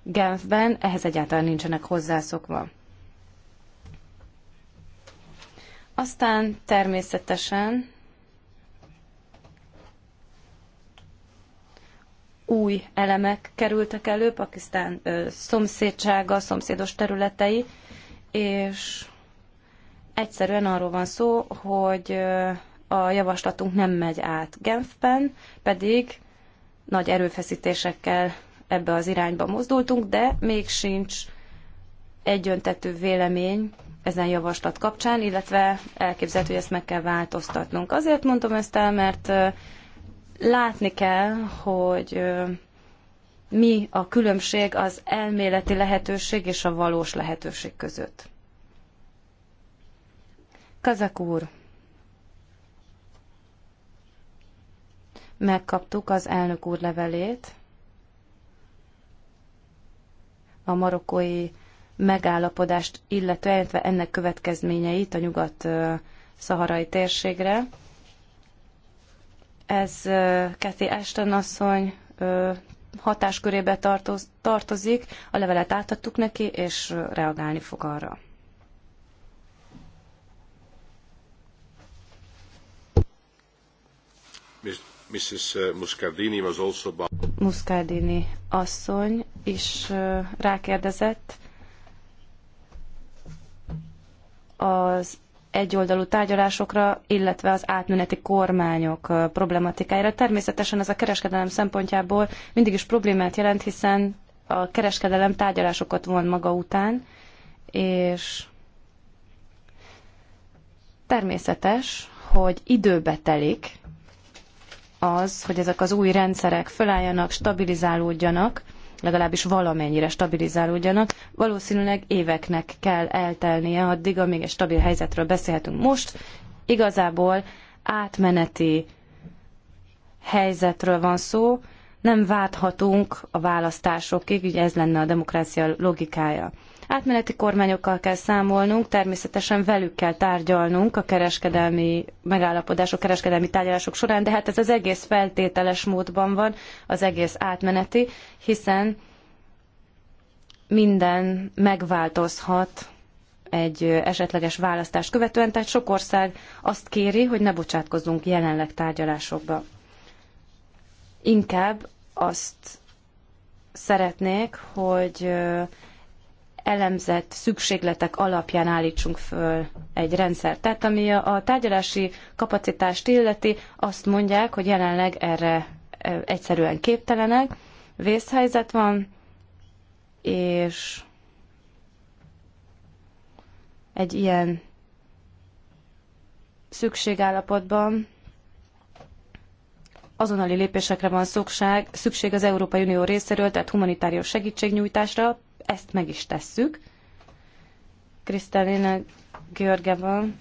A: Genfben, ehhez egyáltalán nincsenek hozzászokva. Aztán természetesen új elemek kerültek elő, Pakisztán ö, szomszédsága, szomszédos területei, és egyszerűen arról van szó, hogy a javaslatunk nem megy át Genfben, pedig nagy erőfeszítésekkel ebbe az irányba mozdultunk, de még sincs egyöntetű vélemény ezen javaslat kapcsán, illetve elképzelhető, hogy ezt meg kell változtatnunk. Azért mondom ezt el, mert látni kell, hogy mi a különbség az elméleti lehetőség és a valós lehetőség között. Kazak úr, megkaptuk az elnök úr levelét a marokkói megállapodást, illetve ennek következményeit a nyugat-szaharai térségre. Ez Kathy Ashton asszony hatáskörébe tartozik, a levelet átadtuk neki, és reagálni fog arra.
B: Mrs. Muscardini was also...
A: Muscardini asszony is rákérdezett az egyoldalú tárgyalásokra, illetve az átmeneti kormányok problematikájára. Természetesen ez a kereskedelem szempontjából mindig is problémát jelent, hiszen a kereskedelem tárgyalásokat von maga után, és természetes, hogy időbe telik az, hogy ezek az új rendszerek fölálljanak, stabilizálódjanak, legalábbis valamennyire stabilizálódjanak. Valószínűleg éveknek kell eltelnie addig, amíg egy stabil helyzetről beszélhetünk. Most igazából átmeneti helyzetről van szó, nem várhatunk a választásokig, ugye ez lenne a demokrácia logikája. Átmeneti kormányokkal kell számolnunk, természetesen velük kell tárgyalnunk a kereskedelmi megállapodások, kereskedelmi tárgyalások során, de hát ez az egész feltételes módban van, az egész átmeneti, hiszen minden megváltozhat egy esetleges választást követően, tehát sok ország azt kéri, hogy ne bocsátkozzunk jelenleg tárgyalásokba. Inkább azt szeretnék, hogy elemzett szükségletek alapján állítsunk föl egy rendszert. Tehát ami a tárgyalási kapacitást illeti, azt mondják, hogy jelenleg erre e, egyszerűen képtelenek, vészhelyzet van, és egy ilyen szükségállapotban azonnali lépésekre van szükség, szükség az Európai Unió részéről, tehát humanitárius segítségnyújtásra, ezt meg is tesszük. Görge van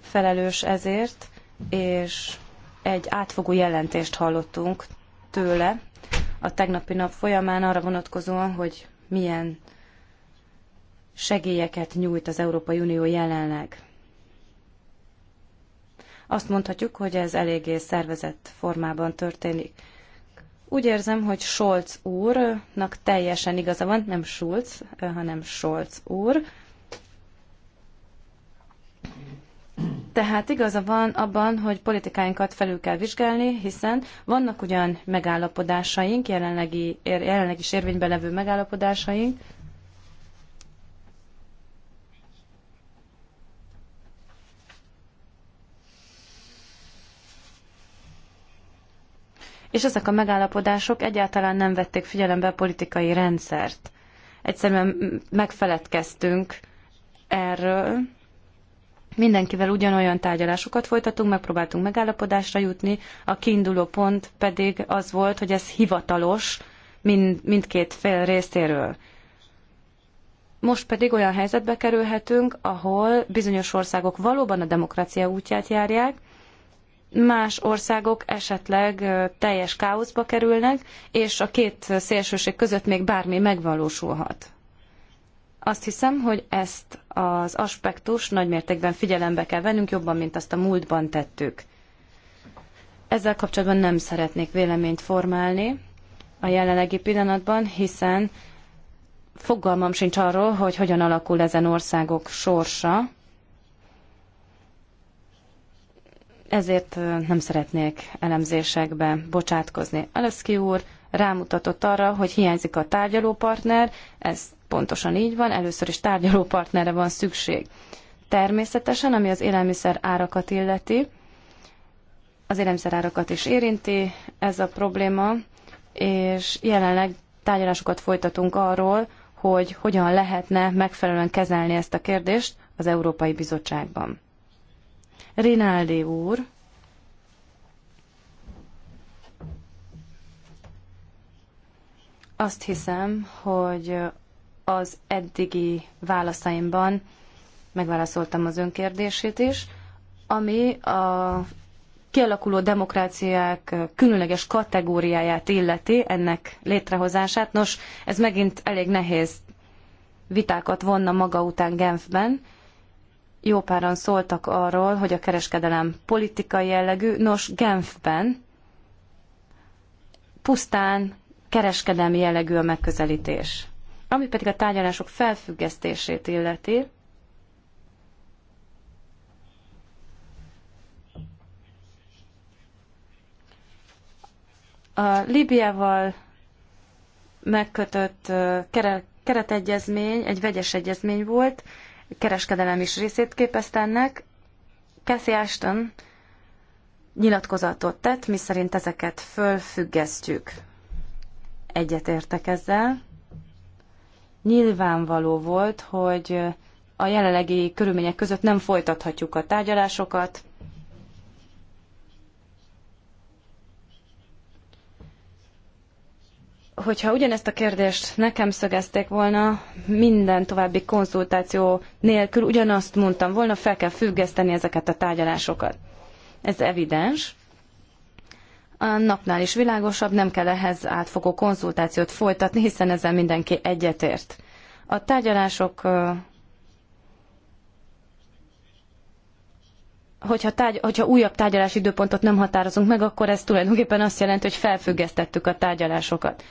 A: felelős ezért, és egy átfogó jelentést hallottunk tőle a tegnapi nap folyamán arra vonatkozóan, hogy milyen segélyeket nyújt az Európai Unió jelenleg. Azt mondhatjuk, hogy ez eléggé szervezett formában történik. Úgy érzem, hogy Scholz úrnak teljesen igaza van, nem Schulz, hanem Scholz úr. Tehát igaza van abban, hogy politikáinkat felül kell vizsgálni, hiszen vannak ugyan megállapodásaink, jelenlegi, er, jelenleg is érvényben levő megállapodásaink, és ezek a megállapodások egyáltalán nem vették figyelembe a politikai rendszert. Egyszerűen megfeledkeztünk erről. Mindenkivel ugyanolyan tárgyalásokat folytatunk, megpróbáltunk megállapodásra jutni, a kiinduló pont pedig az volt, hogy ez hivatalos mind, mindkét fél részéről. Most pedig olyan helyzetbe kerülhetünk, ahol bizonyos országok valóban a demokrácia útját járják, más országok esetleg teljes káoszba kerülnek, és a két szélsőség között még bármi megvalósulhat. Azt hiszem, hogy ezt az aspektus nagymértékben figyelembe kell vennünk jobban, mint azt a múltban tettük. Ezzel kapcsolatban nem szeretnék véleményt formálni a jelenlegi pillanatban, hiszen fogalmam sincs arról, hogy hogyan alakul ezen országok sorsa, ezért nem szeretnék elemzésekbe bocsátkozni. Aleszki úr rámutatott arra, hogy hiányzik a tárgyalópartner, ez pontosan így van, először is tárgyalópartnerre van szükség. Természetesen, ami az élelmiszer árakat illeti, az élelmiszer árakat is érinti ez a probléma, és jelenleg tárgyalásokat folytatunk arról, hogy hogyan lehetne megfelelően kezelni ezt a kérdést az Európai Bizottságban. Rinaldi úr. Azt hiszem, hogy az eddigi válaszaimban megválaszoltam az önkérdését is, ami a kialakuló demokráciák különleges kategóriáját illeti, ennek létrehozását. Nos, ez megint elég nehéz vitákat vonna maga után Genfben, jó páran szóltak arról, hogy a kereskedelem politikai jellegű, nos Genfben pusztán kereskedelmi jellegű a megközelítés. Ami pedig a tárgyalások felfüggesztését illeti, a Líbiával megkötött keretegyezmény egy vegyes egyezmény volt, kereskedelem is részét képezte ennek. Cathy Ashton nyilatkozatot tett, miszerint ezeket fölfüggesztjük. értek ezzel. Nyilvánvaló volt, hogy a jelenlegi körülmények között nem folytathatjuk a tárgyalásokat, hogyha ugyanezt a kérdést nekem szögezték volna, minden további konzultáció nélkül ugyanazt mondtam volna, fel kell függeszteni ezeket a tárgyalásokat. Ez evidens. A napnál is világosabb, nem kell ehhez átfogó konzultációt folytatni, hiszen ezzel mindenki egyetért. A tárgyalások hogyha, tárgy, hogyha újabb tárgyalási időpontot nem határozunk meg, akkor ez tulajdonképpen azt jelenti, hogy felfüggesztettük a tárgyalásokat.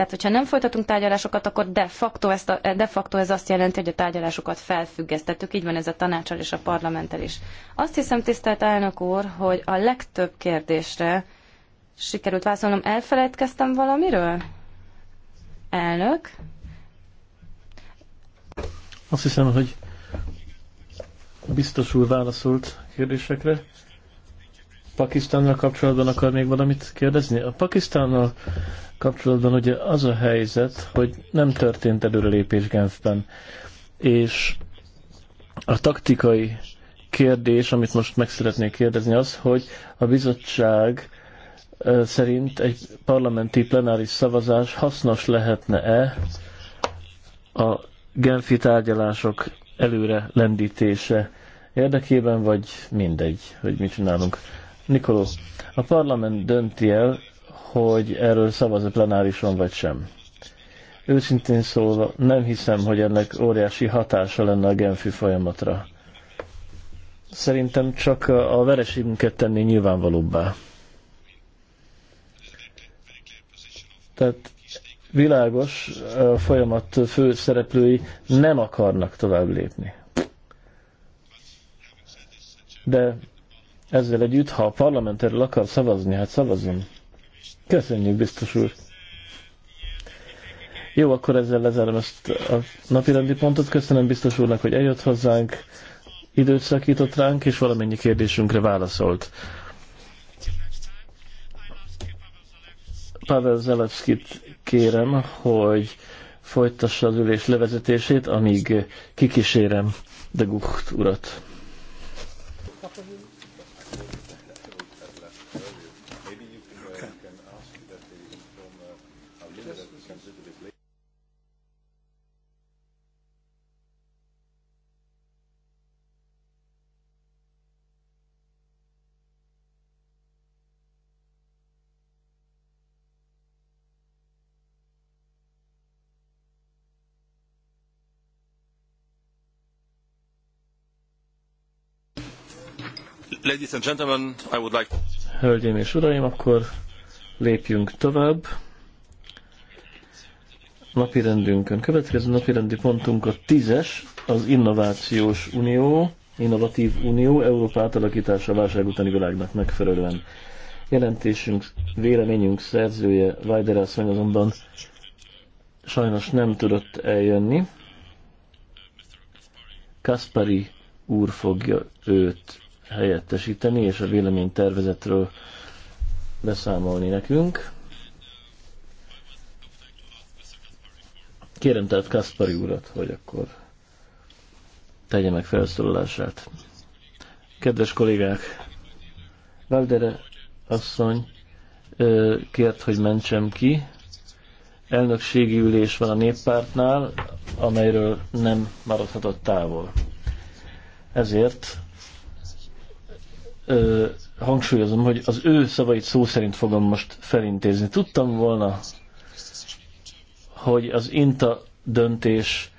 A: Tehát, hogyha nem folytatunk tárgyalásokat, akkor de facto, ezt a, de facto ez azt jelenti, hogy a tárgyalásokat felfüggesztettük. Így van ez a tanácsal és a parlamenttel is. Azt hiszem, tisztelt elnök úr, hogy a legtöbb kérdésre sikerült válaszolnom. Elfeledkeztem valamiről? Elnök?
D: Azt hiszem, hogy biztos úr válaszolt kérdésekre. Pakisztánnal kapcsolatban akar még valamit kérdezni? A Pakisztánnal kapcsolatban ugye az a helyzet, hogy nem történt előrelépés Genfben, és a taktikai kérdés, amit most meg szeretnék kérdezni, az, hogy a bizottság szerint egy parlamenti plenáris szavazás hasznos lehetne-e a genfi tárgyalások előre lendítése érdekében, vagy mindegy, hogy mit csinálunk. Nikolos, a parlament dönti el, hogy erről szavaz a plenárison vagy sem. Őszintén szólva nem hiszem, hogy ennek óriási hatása lenne a Genfi folyamatra. Szerintem csak a vereségünket tenni nyilvánvalóbbá. Tehát világos a folyamat fő szereplői nem akarnak tovább lépni. De ezzel együtt, ha a parlament erről akar szavazni, hát szavazzon. Köszönjük, biztos úr. Jó, akkor ezzel lezárom ezt a napirendi pontot. Köszönöm biztos úrnak, hogy eljött hozzánk, időt szakított ránk, és valamennyi kérdésünkre válaszolt. Pavel Zelevskit kérem, hogy folytassa az ülés levezetését, amíg kikísérem de Gucht urat.
B: Ladies and
C: gentlemen, I would like...
D: Hölgyeim és uraim, akkor lépjünk tovább. Napirendünkön. Következő napirendi pontunk a tízes, az Innovációs Unió, Innovatív Unió, Európa átalakítása a válság utáni világnak megfelelően. Jelentésünk, véleményünk szerzője, Weider asszony azonban sajnos nem tudott eljönni. Kaspari úr fogja őt helyettesíteni, és a véleménytervezetről beszámolni nekünk. Kérem tehát Kaspari urat, hogy akkor tegye meg felszólalását. Kedves kollégák, Valdere asszony kért, hogy mentsem ki. Elnökségi ülés van a néppártnál, amelyről nem maradhatott távol. Ezért ö, hangsúlyozom, hogy az ő szavait szó szerint fogom most felintézni. Tudtam volna, hogy az INTA döntés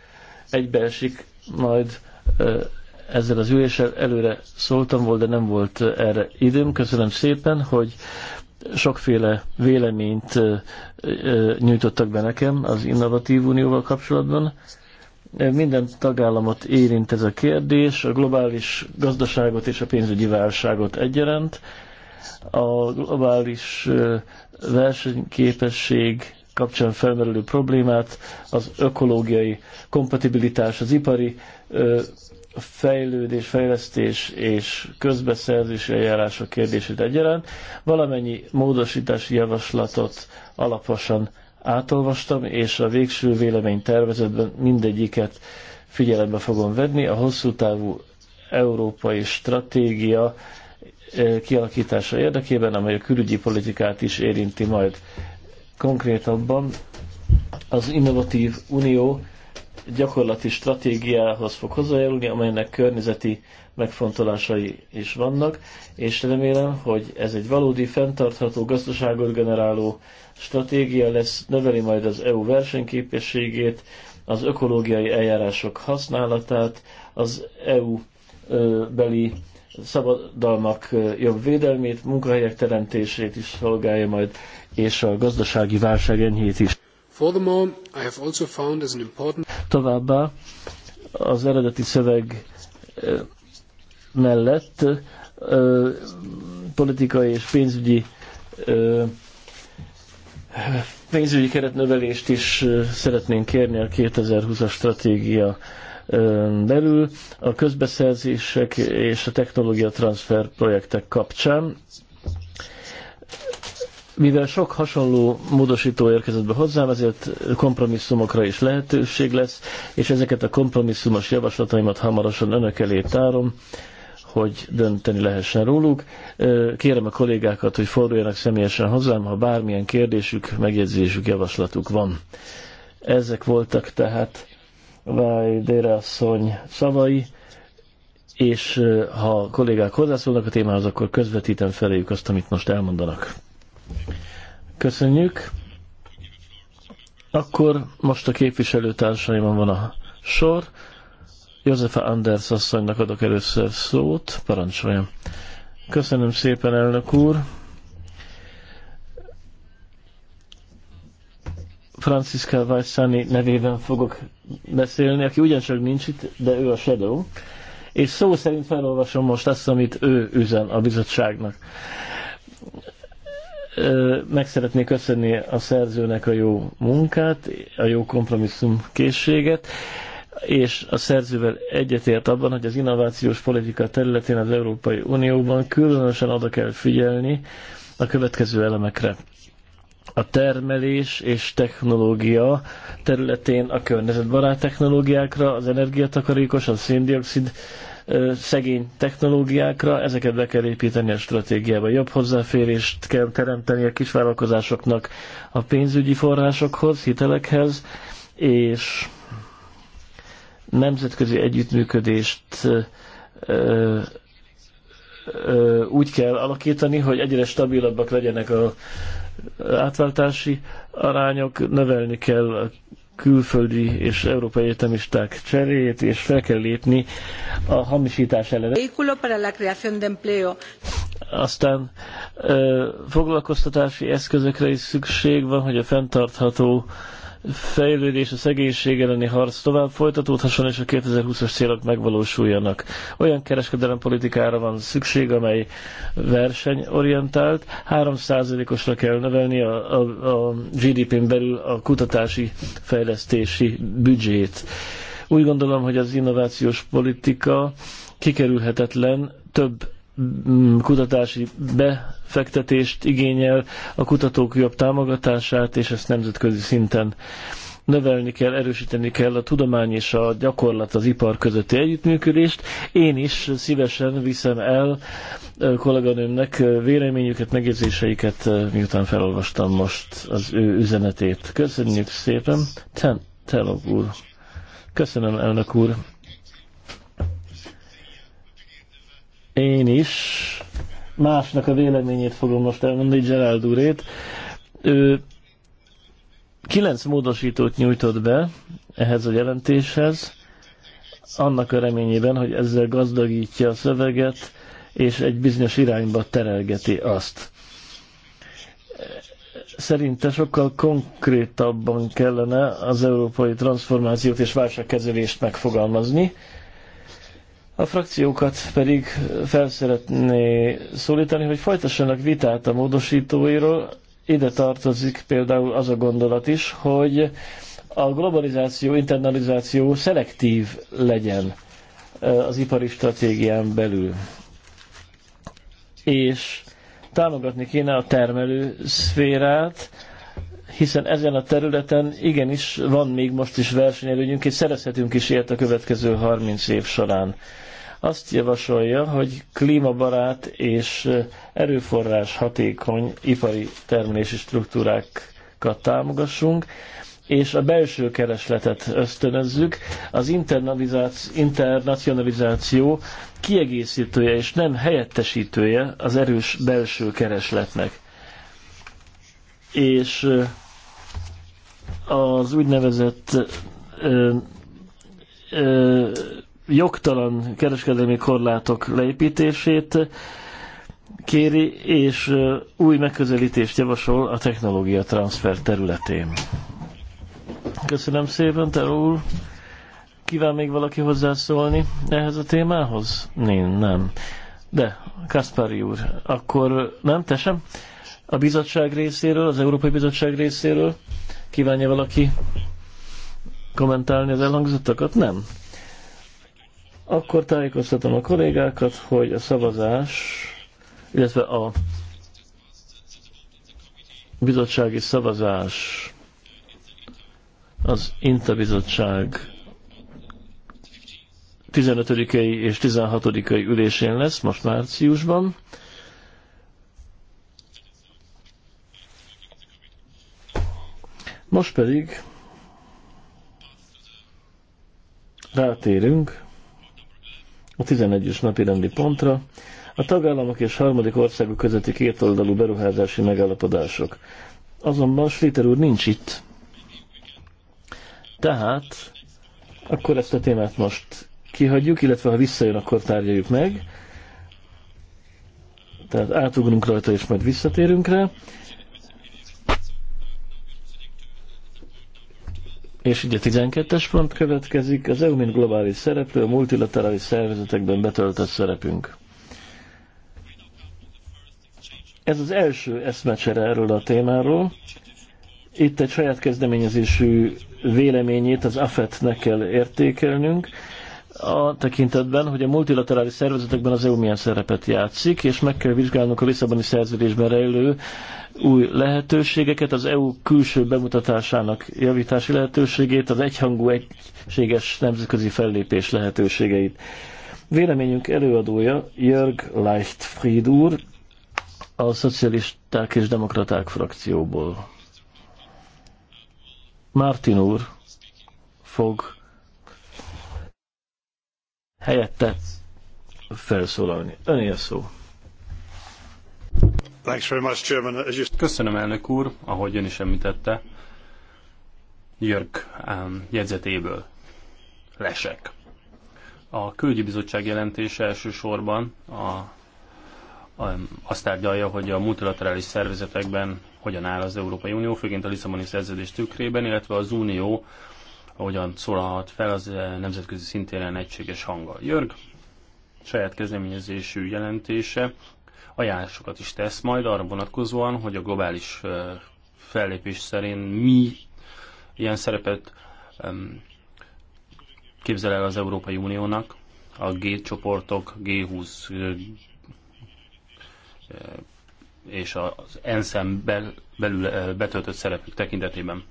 D: egybeesik majd ö, ezzel az üléssel. Előre szóltam volna, de nem volt erre időm. Köszönöm szépen, hogy sokféle véleményt ö, ö, nyújtottak be nekem az Innovatív Unióval kapcsolatban. Minden tagállamot érint ez a kérdés, a globális gazdaságot és a pénzügyi válságot egyaránt. A globális versenyképesség kapcsán felmerülő problémát, az ökológiai kompatibilitás, az ipari fejlődés, fejlesztés és közbeszerzési eljárások kérdését egyaránt, valamennyi módosítási javaslatot alaposan átolvastam, és a végső vélemény tervezetben mindegyiket figyelembe fogom venni. A hosszú távú európai stratégia eh, kialakítása érdekében, amely a külügyi politikát is érinti majd konkrétabban. Az innovatív unió gyakorlati stratégiához fog hozzájárulni, amelynek környezeti megfontolásai is vannak, és remélem, hogy ez egy valódi, fenntartható, gazdaságot generáló stratégia lesz, növeli majd az EU versenyképességét, az ökológiai eljárások használatát, az EU beli szabadalmak jobb védelmét, munkahelyek teremtését is szolgálja majd, és a gazdasági válság enyhét is.
B: Furthermore, I have also found as an
D: important... Továbbá az eredeti szöveg mellett politikai és pénzügyi pénzügyi keretnövelést is szeretnénk kérni a 2020-as stratégia belül a közbeszerzések és a technológia transfer projektek kapcsán. Mivel sok hasonló módosító érkezett be hozzám, ezért kompromisszumokra is lehetőség lesz, és ezeket a kompromisszumos javaslataimat hamarosan önök elé tárom, hogy dönteni lehessen róluk. Kérem a kollégákat, hogy forduljanak személyesen hozzám, ha bármilyen kérdésük, megjegyzésük, javaslatuk van. Ezek voltak tehát Váj asszony szavai, és ha a kollégák hozzászólnak a témához, akkor közvetítem feléjük azt, amit most elmondanak. Köszönjük. Akkor most a képviselőtársaimon van a sor. Józefa Anders asszonynak adok először szót. Parancsoljam. Köszönöm szépen, elnök úr. Franciska Vajszani nevében fogok beszélni, aki ugyancsak nincs itt, de ő a Shadow. És szó szerint felolvasom most azt, amit ő üzen a bizottságnak meg szeretnék köszönni a szerzőnek a jó munkát, a jó kompromisszum készséget, és a szerzővel egyetért abban, hogy az innovációs politika területén az Európai Unióban különösen oda kell figyelni a következő elemekre. A termelés és technológia területén a környezetbarát technológiákra, az energiatakarékos, a széndiokszid szegény technológiákra, ezeket be kell építeni a stratégiába. Jobb hozzáférést kell teremteni a kisvállalkozásoknak a pénzügyi forrásokhoz, hitelekhez, és nemzetközi együttműködést ö, ö, úgy kell alakítani, hogy egyre stabilabbak legyenek a átváltási arányok, növelni kell a külföldi és európai egyetemisták cseréjét, és fel kell lépni a hamisítás ellen. Aztán foglalkoztatási eszközökre is szükség van, hogy a fenntartható fejlődés, a szegénység elleni harc tovább folytatódhasson, és a 2020-as célok megvalósuljanak. Olyan kereskedelem politikára van szükség, amely versenyorientált, 3%-osra kell növelni a, a, a GDP-n belül a kutatási fejlesztési büdzsét. Úgy gondolom, hogy az innovációs politika kikerülhetetlen több Mm, kutatási befektetést igényel, a kutatók jobb támogatását, és ezt nemzetközi szinten növelni kell, erősíteni kell a tudomány és a gyakorlat az ipar közötti együttműködést. Én is szívesen viszem el kolléganőmnek véleményüket, megjegyzéseiket, miután felolvastam most az ő üzenetét. Köszönjük szépen. Ten, Telog úr. Köszönöm, elnök úr. én is másnak a véleményét fogom most elmondani, Gerald úrét. Ő kilenc módosítót nyújtott be ehhez a jelentéshez, annak a reményében, hogy ezzel gazdagítja a szöveget, és egy bizonyos irányba terelgeti azt. Szerinte sokkal konkrétabban kellene az európai transformációt és válságkezelést megfogalmazni, a frakciókat pedig felszeretné szólítani, hogy folytassanak vitát a módosítóiról. Ide tartozik például az a gondolat is, hogy a globalizáció, internalizáció szelektív legyen az ipari stratégián belül. És támogatni kéne a termelő szférát, hiszen ezen a területen igenis van még most is versenyelőnyünk, és szerezhetünk is ilyet a következő 30 év során. Azt javasolja, hogy klímabarát és erőforrás hatékony ipari termelési struktúrákat támogassunk, és a belső keresletet ösztönözzük. Az internacionalizáció kiegészítője és nem helyettesítője az erős belső keresletnek és az úgynevezett ö, ö, jogtalan kereskedelmi korlátok leépítését kéri, és új megközelítést javasol a technológia transfer területén. Köszönöm szépen, Teró úr! Kíván még valaki hozzászólni ehhez a témához? Nem, nem. De, Kaspari úr, akkor nem, te sem? A bizottság részéről, az Európai Bizottság részéről? Kívánja valaki kommentálni az elhangzottakat? Nem. Akkor tájékoztatom a kollégákat, hogy a szavazás, illetve a bizottsági szavazás az INTA bizottság 15-i és 16-i ülésén lesz, most márciusban. Most pedig rátérünk a 11-es napi rendi pontra, a tagállamok és harmadik országok közötti kétoldalú beruházási megállapodások. Azonban Sliter úr nincs itt. Tehát akkor ezt a témát most kihagyjuk, illetve ha visszajön, akkor tárgyaljuk meg. Tehát átugrunk rajta, és majd visszatérünk rá. És így a 12-es pont következik, az EU mint globális szereplő, a multilaterális szervezetekben betöltött szerepünk. Ez az első eszmecsere erről a témáról. Itt egy saját kezdeményezésű véleményét az AFET-nek kell értékelnünk a tekintetben, hogy a multilaterális szervezetekben az EU milyen szerepet játszik, és meg kell vizsgálnunk a Lisszaboni szerződésben rejlő új lehetőségeket, az EU külső bemutatásának javítási lehetőségét, az egyhangú, egységes nemzetközi fellépés lehetőségeit. Véleményünk előadója Jörg Leichtfried úr, a Szocialisták és Demokraták frakcióból. Martin úr fog helyette felszólalni. Öné a szó.
C: Köszönöm, elnök úr, ahogy ön is említette. Jörg um, jegyzetéből lesek. A külügyi bizottság jelentése elsősorban a, a, azt tárgyalja, hogy a multilaterális szervezetekben hogyan áll az Európai Unió, főként a Lisszaboni szerződés tükrében, illetve az Unió ahogyan szólalhat fel az eh, nemzetközi szintéren egységes hanggal. Jörg saját kezdeményezésű jelentése ajánlásokat is tesz majd arra vonatkozóan, hogy a globális eh, fellépés szerint mi ilyen szerepet képzel el az Európai Uniónak, a G csoportok, G20 eh, és az ENSZ-en belül betöltött szerepük tekintetében.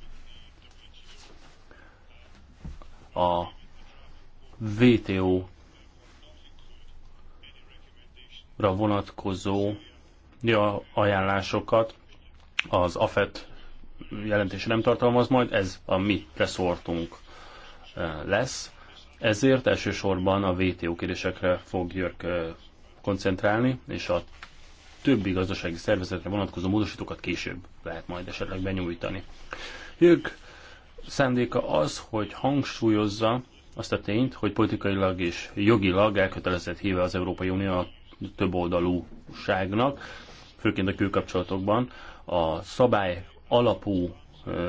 C: a VTO-ra vonatkozó ajánlásokat az AFET jelentése nem tartalmaz majd, ez a mi reszortunk eh, lesz. Ezért elsősorban a VTO kérdésekre fogjuk eh, koncentrálni, és a többi gazdasági szervezetre vonatkozó módosítókat később lehet majd esetleg benyújtani. Jörg szándéka az, hogy hangsúlyozza azt a tényt, hogy politikailag és jogilag elkötelezett híve az Európai Unió a több oldalúságnak, főként a külkapcsolatokban. A szabály alapú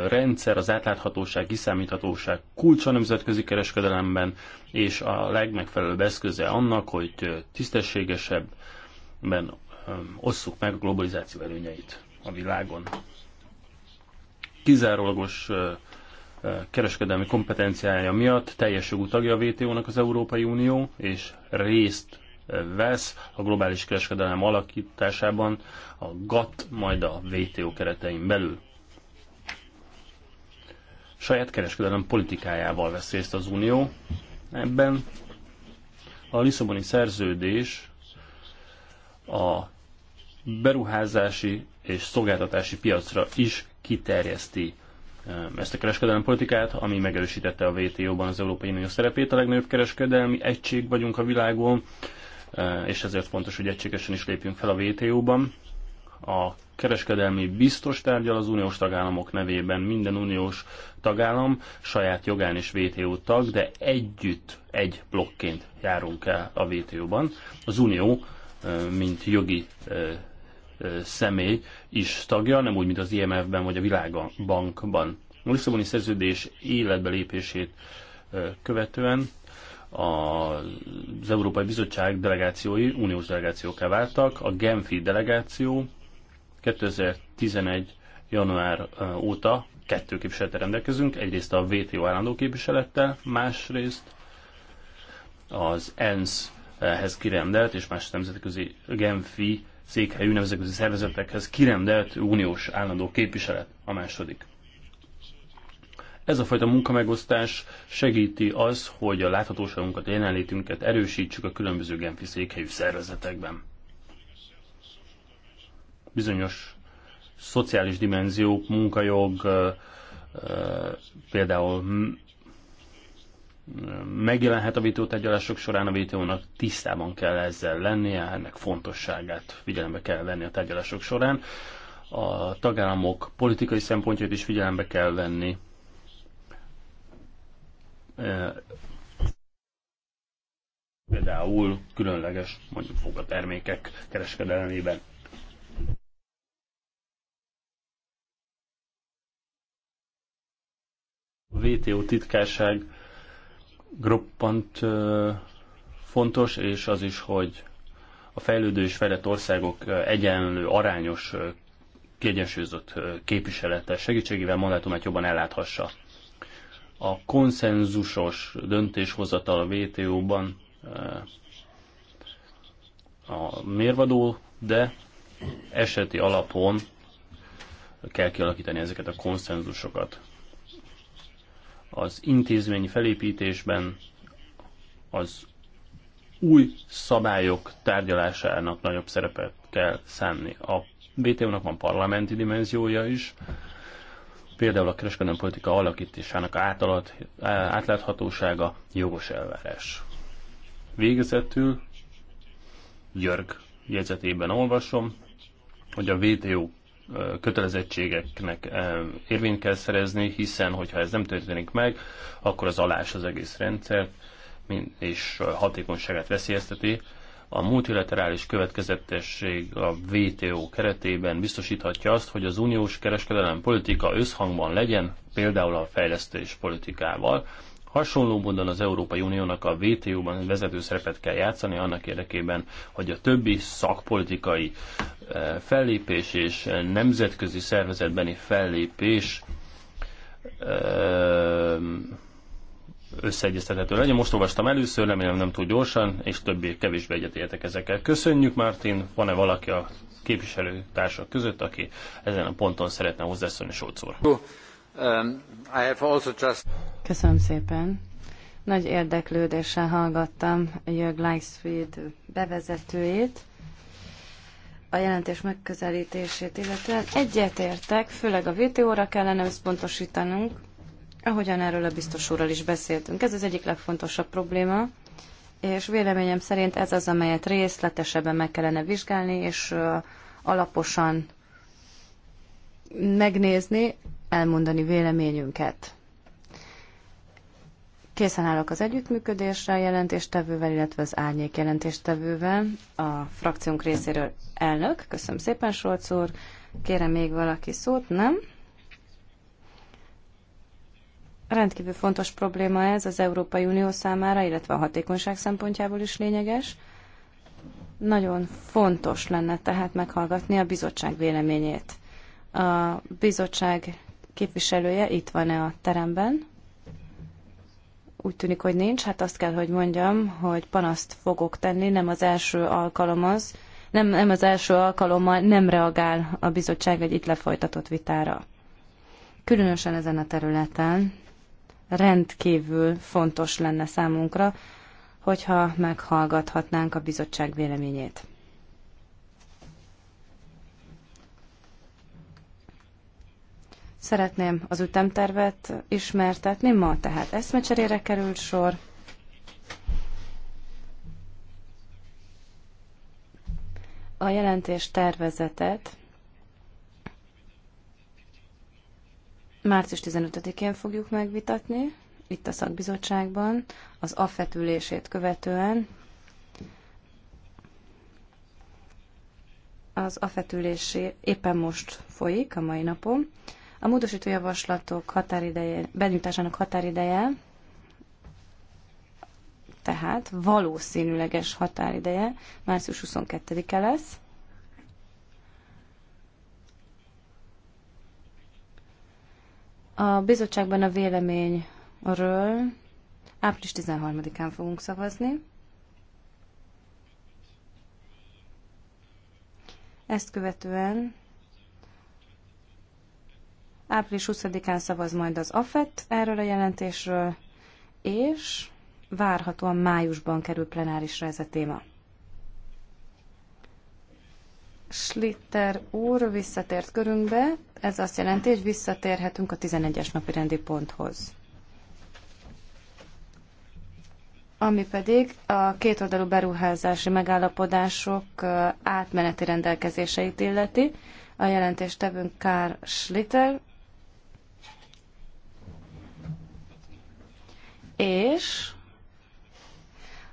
C: rendszer, az átláthatóság, kiszámíthatóság kulcsa a nemzetközi kereskedelemben, és a legmegfelelőbb eszköze annak, hogy tisztességesebben osszuk meg a globalizáció előnyeit a világon. Kizárólagos kereskedelmi kompetenciája miatt teljes jogú tagja a WTO-nak az Európai Unió, és részt vesz a globális kereskedelem alakításában a GATT, majd a WTO keretein belül. Saját kereskedelem politikájával vesz részt az Unió. Ebben a Lisszaboni szerződés a beruházási és szolgáltatási piacra is kiterjeszti ezt a kereskedelmi politikát, ami megerősítette a WTO-ban az Európai Unió szerepét. A legnagyobb kereskedelmi egység vagyunk a világon, és ezért fontos, hogy egységesen is lépjünk fel a WTO-ban. A kereskedelmi biztos tárgyal az uniós tagállamok nevében minden uniós tagállam saját jogán is WTO tag, de együtt egy blokként járunk el a WTO-ban. Az unió, mint jogi személy is tagja, nem úgy, mint az IMF-ben vagy a Világbankban. A Lisszaboni szerződés életbe lépését követően az Európai Bizottság delegációi uniós delegációká váltak. A Genfi delegáció 2011. január óta kettő képviselettel rendelkezünk, egyrészt a WTO állandó képviselettel, másrészt az ENSZ-hez kirendelt és más nemzetközi Genfi székhelyű nemzetközi szervezetekhez kirendelt uniós állandó képviselet a második. Ez a fajta munkamegosztás segíti az, hogy a láthatóságunkat, a jelenlétünket erősítsük a különböző genfi székhelyű szervezetekben. Bizonyos szociális dimenziók, munkajog, például megjelenhet a vitótárgyalások során a VTO-nak tisztában kell ezzel lennie, ennek fontosságát figyelembe kell venni a tárgyalások során. A tagállamok politikai szempontjait is figyelembe kell venni. E, például különleges, mondjuk fogatermékek kereskedelmében. A VTO titkárság groppant fontos, és az is, hogy a fejlődő és fejlett országok egyenlő, arányos, kiegyensúlyozott képviselete segítségével mandátumát jobban elláthassa. A konszenzusos döntéshozatal a WTO-ban a mérvadó, de eseti alapon kell kialakítani ezeket a konszenzusokat az intézményi felépítésben az új szabályok tárgyalásának nagyobb szerepet kell szánni. A BTU-nak van parlamenti dimenziója is, például a kereskedelmi politika alakításának átalat, átláthatósága jogos elvárás. Végezetül Györg jegyzetében olvasom, hogy a VTO kötelezettségeknek eh, érvényt kell szerezni, hiszen hogyha ez nem történik meg, akkor az alás az egész rendszer, és hatékonyságát veszélyezteti. A multilaterális következetesség a WTO keretében biztosíthatja azt, hogy az uniós kereskedelem politika összhangban legyen, például a fejlesztés politikával, Hasonló módon az Európai Uniónak a WTO-ban vezető szerepet kell játszani annak érdekében, hogy a többi szakpolitikai eh, fellépés és nemzetközi szervezetbeni fellépés eh, összeegyeztethető legyen. Most olvastam először, remélem nem túl gyorsan, és többé kevésbé egyetértek ezekkel. Köszönjük, Martin. Van-e valaki a képviselőtársak között, aki ezen a ponton szeretne hozzászólni, sócor? úr? Um,
A: Köszönöm szépen. Nagy érdeklődéssel hallgattam Jörg Leichsfried bevezetőjét, a jelentés megközelítését, illetően egyetértek, főleg a VTO-ra kellene összpontosítanunk, ahogyan erről a biztos úrral is beszéltünk. Ez az egyik legfontosabb probléma, és véleményem szerint ez az, amelyet részletesebben meg kellene vizsgálni, és alaposan megnézni, elmondani véleményünket. Készen állok az együttműködésre a jelentéstevővel, illetve az árnyék jelentéstevővel. A frakciónk részéről elnök, köszönöm szépen, Solc úr. Kérem még valaki szót, nem? Rendkívül fontos probléma ez az Európai Unió számára, illetve a hatékonyság szempontjából is lényeges. Nagyon fontos lenne tehát meghallgatni a bizottság véleményét. A bizottság képviselője itt van-e a teremben? Úgy tűnik, hogy nincs. Hát azt kell, hogy mondjam, hogy panaszt fogok tenni, nem az első alkalom az, nem, nem az első alkalommal nem reagál a bizottság egy itt lefolytatott vitára. Különösen ezen a területen rendkívül fontos lenne számunkra, hogyha meghallgathatnánk a bizottság véleményét. Szeretném az ütemtervet ismertetni. Ma tehát eszmecserére került sor. A jelentés tervezetet március 15-én fogjuk megvitatni, itt a szakbizottságban, az afetülését követően. Az afetülési éppen most folyik a mai napon. A módosító javaslatok határideje, benyújtásának határideje, tehát valószínűleges határideje március 22-e lesz. A bizottságban a véleményről április 13-án fogunk szavazni. Ezt követően Április 20-án szavaz majd az AFET erről a jelentésről, és várhatóan májusban kerül plenárisra ez a téma. Schlitter úr visszatért körünkbe, ez azt jelenti, hogy visszatérhetünk a 11-es napi rendi ponthoz. Ami pedig a kétoldalú beruházási megállapodások átmeneti rendelkezéseit illeti. A jelentéstevőnk Kár Schlitter és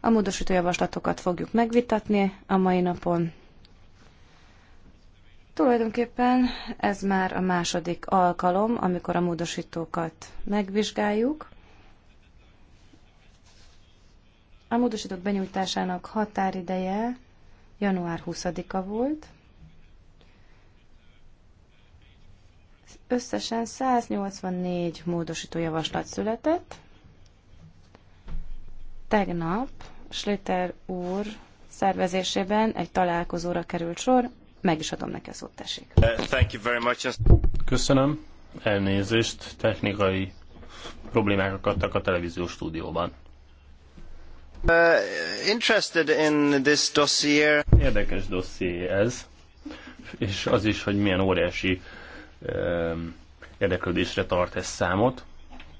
A: a módosító javaslatokat fogjuk megvitatni a mai napon. Tulajdonképpen ez már a második alkalom, amikor a módosítókat megvizsgáljuk. A módosítók benyújtásának határideje január 20-a volt. Összesen 184 módosító javaslat született. Tegnap Schlitter úr szervezésében egy találkozóra került sor, meg is adom neki a szót, tessék.
C: Uh, Köszönöm. Elnézést, technikai problémák akadtak a televízió stúdióban. Uh, interested in this dossier. Érdekes dosszié ez, és az is, hogy milyen óriási um, érdeklődésre tart ez számot.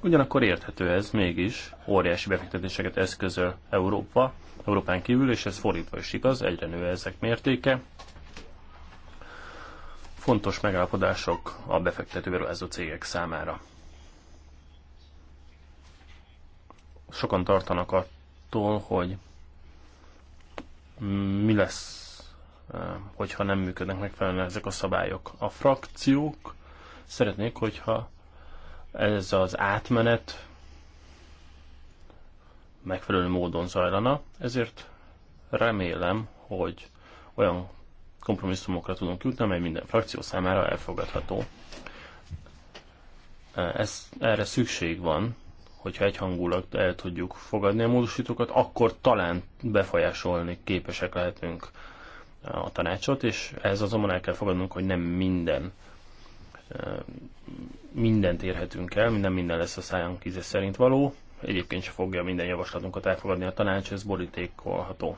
C: Ugyanakkor érthető ez mégis, óriási befektetéseket eszközöl Európa, Európán kívül, és ez fordítva is igaz, egyre nő ezek mértéke. Fontos megállapodások a a cégek számára. Sokan tartanak attól, hogy mi lesz, eh, hogyha nem működnek megfelelően ezek a szabályok. A frakciók szeretnék, hogyha ez az átmenet megfelelő módon zajlana, ezért remélem, hogy olyan kompromisszumokra tudunk jutni, amely minden frakció számára elfogadható. Ez, erre szükség van, hogyha egyhangulag el tudjuk fogadni a módosítókat, akkor talán befolyásolni képesek lehetünk a tanácsot, és ez azonban el kell fogadnunk, hogy nem minden mindent érhetünk el, minden minden lesz a száján kize szerint való. Egyébként se fogja minden javaslatunkat elfogadni a tanács, ez borítékolható.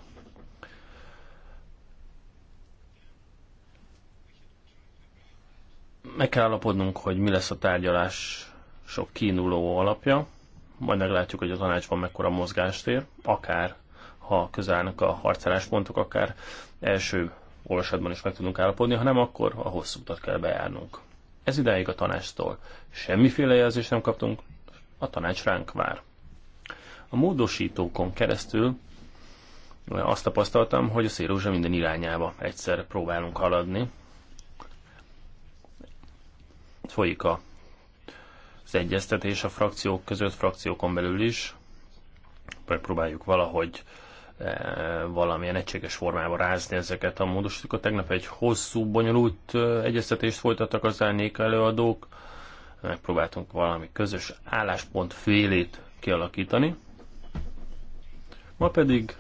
C: Meg kell állapodnunk, hogy mi lesz a tárgyalás sok kínuló alapja, majd meglátjuk, hogy a tanácsban mekkora mozgástér, akár ha közelnek a harcáláspontok, akár első olvasatban is meg tudunk állapodni, nem akkor a hosszú utat kell bejárnunk. Ez idáig a tanácstól. Semmiféle jelzést nem kaptunk, a tanács ránk vár. A módosítókon keresztül azt tapasztaltam, hogy a szélrózsa minden irányába egyszer próbálunk haladni. Folyik a az egyeztetés a frakciók között, frakciókon belül is. Megpróbáljuk valahogy valamilyen egységes formába rázni ezeket a módosítókat. Tegnap egy hosszú, bonyolult egyeztetést folytattak az elnék előadók, megpróbáltunk valami közös álláspont félét kialakítani. Ma pedig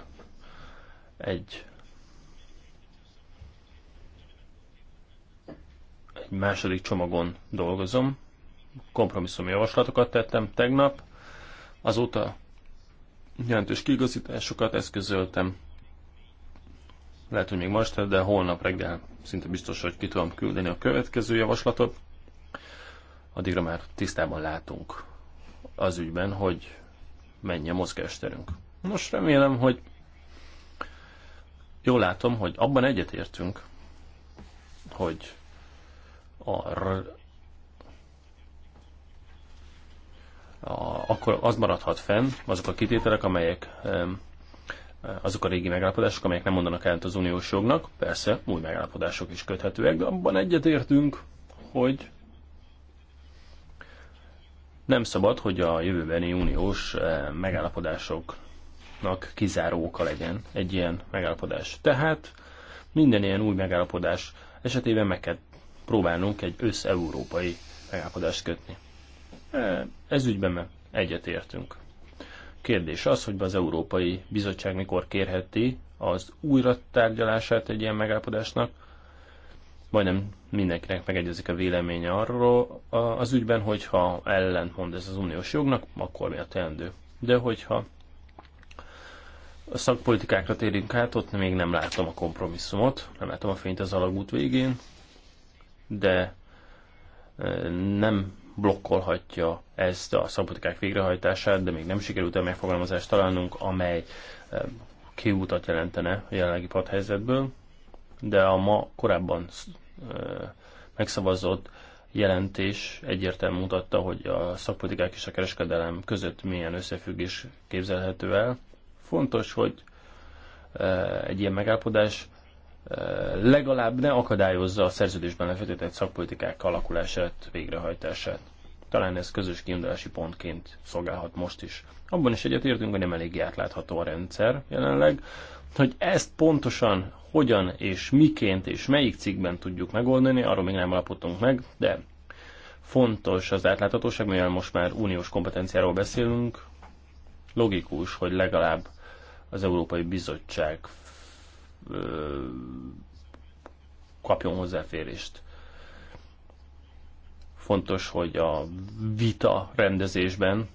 C: egy, egy második csomagon dolgozom. Kompromisszumi javaslatokat tettem tegnap, azóta jelentős kiigazításokat eszközöltem. Lehet, hogy még most, de holnap reggel szinte biztos, hogy ki tudom küldeni a következő javaslatot. Addigra már tisztában látunk az ügyben, hogy mennyi a mozgásterünk. Nos, remélem, hogy jól látom, hogy abban egyetértünk, hogy a akkor az maradhat fenn, azok a kitételek, amelyek azok a régi megállapodások, amelyek nem mondanak ellent az uniós jognak, persze új megállapodások is köthetőek, de abban egyetértünk, hogy nem szabad, hogy a jövőbeni uniós megállapodásoknak kizáró oka legyen egy ilyen megállapodás. Tehát minden ilyen új megállapodás esetében meg kell próbálnunk egy összeurópai megállapodást kötni. E, ez ügyben egyetértünk. Kérdés az, hogy az Európai Bizottság mikor kérheti az újra tárgyalását egy ilyen megállapodásnak, majdnem mindenkinek megegyezik a véleménye arról az ügyben, hogyha ellentmond ez az uniós jognak, akkor mi a teendő. De hogyha a szakpolitikákra térünk át, ott még nem látom a kompromisszumot, nem látom a fényt az alagút végén, de e, nem blokkolhatja ezt a szabotikák végrehajtását, de még nem sikerült a megfogalmazást találnunk, amely eh, kiútat jelentene a jelenlegi padhelyzetből, de a ma korábban eh, megszavazott jelentés egyértelmű mutatta, hogy a szakpolitikák és a kereskedelem között milyen összefüggés képzelhető el. Fontos, hogy eh, egy ilyen megállapodás legalább ne akadályozza a szerződésben lefektetett szakpolitikák alakulását, végrehajtását. Talán ez közös kiindulási pontként szolgálhat most is. Abban is egyetértünk, hogy nem elég átlátható a rendszer jelenleg, hogy ezt pontosan hogyan és miként és melyik cikkben tudjuk megoldani, arról még nem alapodtunk meg, de fontos az átláthatóság, mivel most már uniós kompetenciáról beszélünk, logikus, hogy legalább az Európai Bizottság kapjon hozzáférést. Fontos, hogy a vita rendezésben